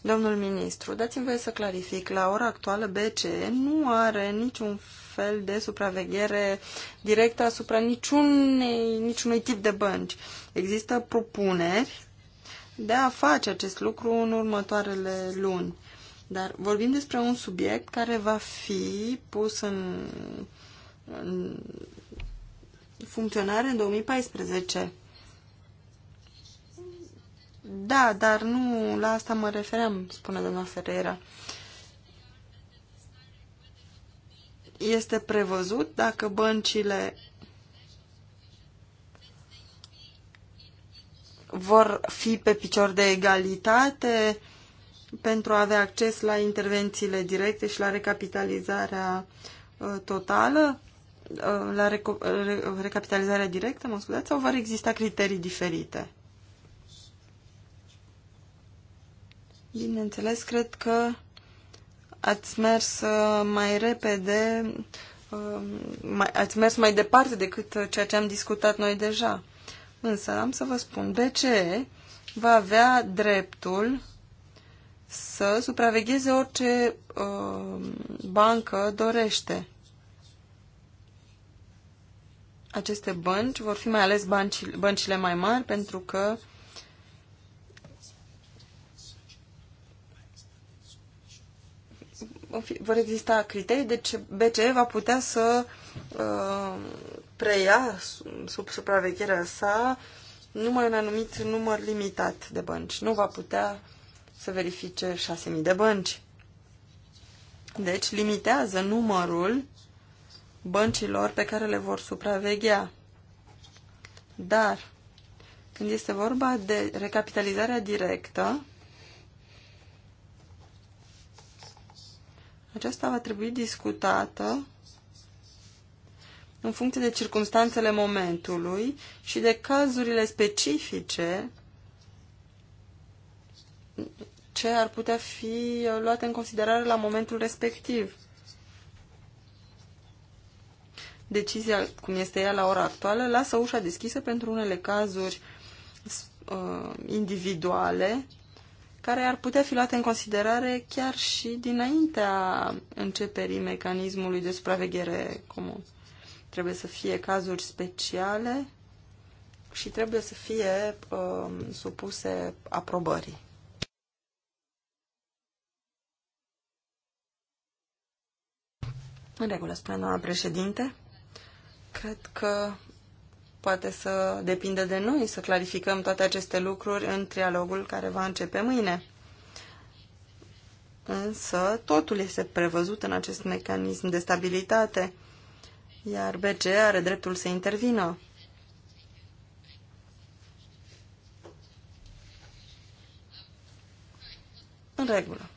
Domnul ministru, dați-mi voie să clarific. La ora actuală, BCE nu are niciun fel de supraveghere directă asupra niciunei, niciunui tip de bănci. Există propuneri de a face acest lucru în următoarele luni. Dar vorbim despre un subiect care va fi pus în, în funcționare în 2014. Da, dar nu la asta mă refeream, spune doamna Ferreira. Este prevăzut dacă băncile vor fi pe picior de egalitate pentru a avea acces la intervențiile directe și la recapitalizarea ă, totală, ă, la recapitalizarea directă, mă scuzați, sau vor exista criterii diferite? Bineînțeles, cred că ați mers uh, mai repede, um, ați mers mai departe decât uh, ceea ce am discutat noi deja. Însă am să vă spun, BCE va avea dreptul să supravegheze orice um, bancă dorește. Aceste bănci vor fi mai ales băncile mai mari pentru că vor exista criterii, deci BCE va putea să uh, preia sub supravegherea sa numai un anumit număr limitat de bănci. Nu va putea să verifice 6.000 de bănci. Deci limitează numărul băncilor pe care le vor supraveghea. Dar când este vorba de recapitalizarea directă, Aceasta va trebui discutată în funcție de circunstanțele momentului și de cazurile specifice ce ar putea fi luate în considerare la momentul respectiv. Decizia, cum este ea la ora actuală, lasă ușa deschisă pentru unele cazuri uh, individuale care ar putea fi luate în considerare chiar și dinaintea începerii mecanismului de supraveghere comun. Trebuie să fie cazuri speciale și trebuie să fie uh, supuse aprobării. În regulă, spune doamna președinte, cred că Poate să depindă de noi să clarificăm toate aceste lucruri în trialogul care va începe mâine. Însă totul este prevăzut în acest mecanism de stabilitate, iar BCE are dreptul să intervină. În regulă.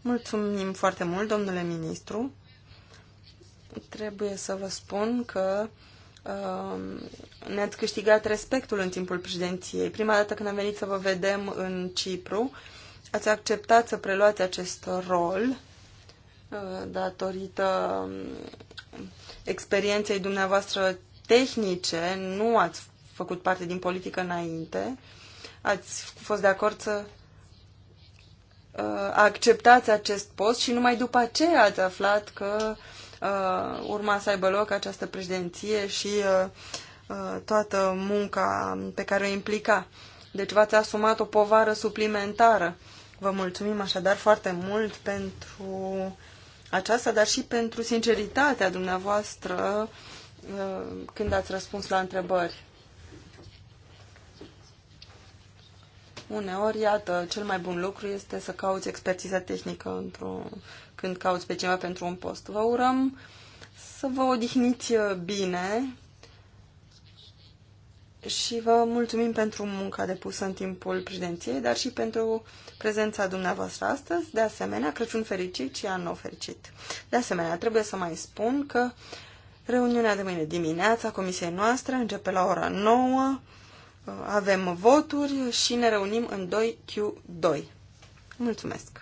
Mulțumim foarte mult, domnule ministru. Trebuie să vă spun că Um, ne-ați câștigat respectul în timpul președinției. Prima dată când am venit să vă vedem în Cipru, ați acceptat să preluați acest rol uh, datorită um, experienței dumneavoastră tehnice, nu ați făcut parte din politică înainte, ați fost de acord să uh, acceptați acest post și numai după aceea ați aflat că uh, uh, urma să aibă loc această președinție și uh, uh, toată munca pe care o implica. Deci v-ați asumat o povară suplimentară. Vă mulțumim așadar foarte mult pentru aceasta, dar și pentru sinceritatea dumneavoastră uh, când ați răspuns la întrebări. uneori, iată, cel mai bun lucru este să cauți expertiza tehnică într-un într, -o, când cauți pe cineva pentru un post. Vă urăm să vă odihniți uh, bine și vă mulțumim pentru munca depusă în timpul președinției, dar și pentru prezența dumneavoastră astăzi. De asemenea, Crăciun fericit și an nou fericit. De asemenea, trebuie să mai spun că reuniunea de mâine dimineața a comisiei noastre începe la ora 9, uh, avem voturi și ne reunim în 2Q2. Mulțumesc!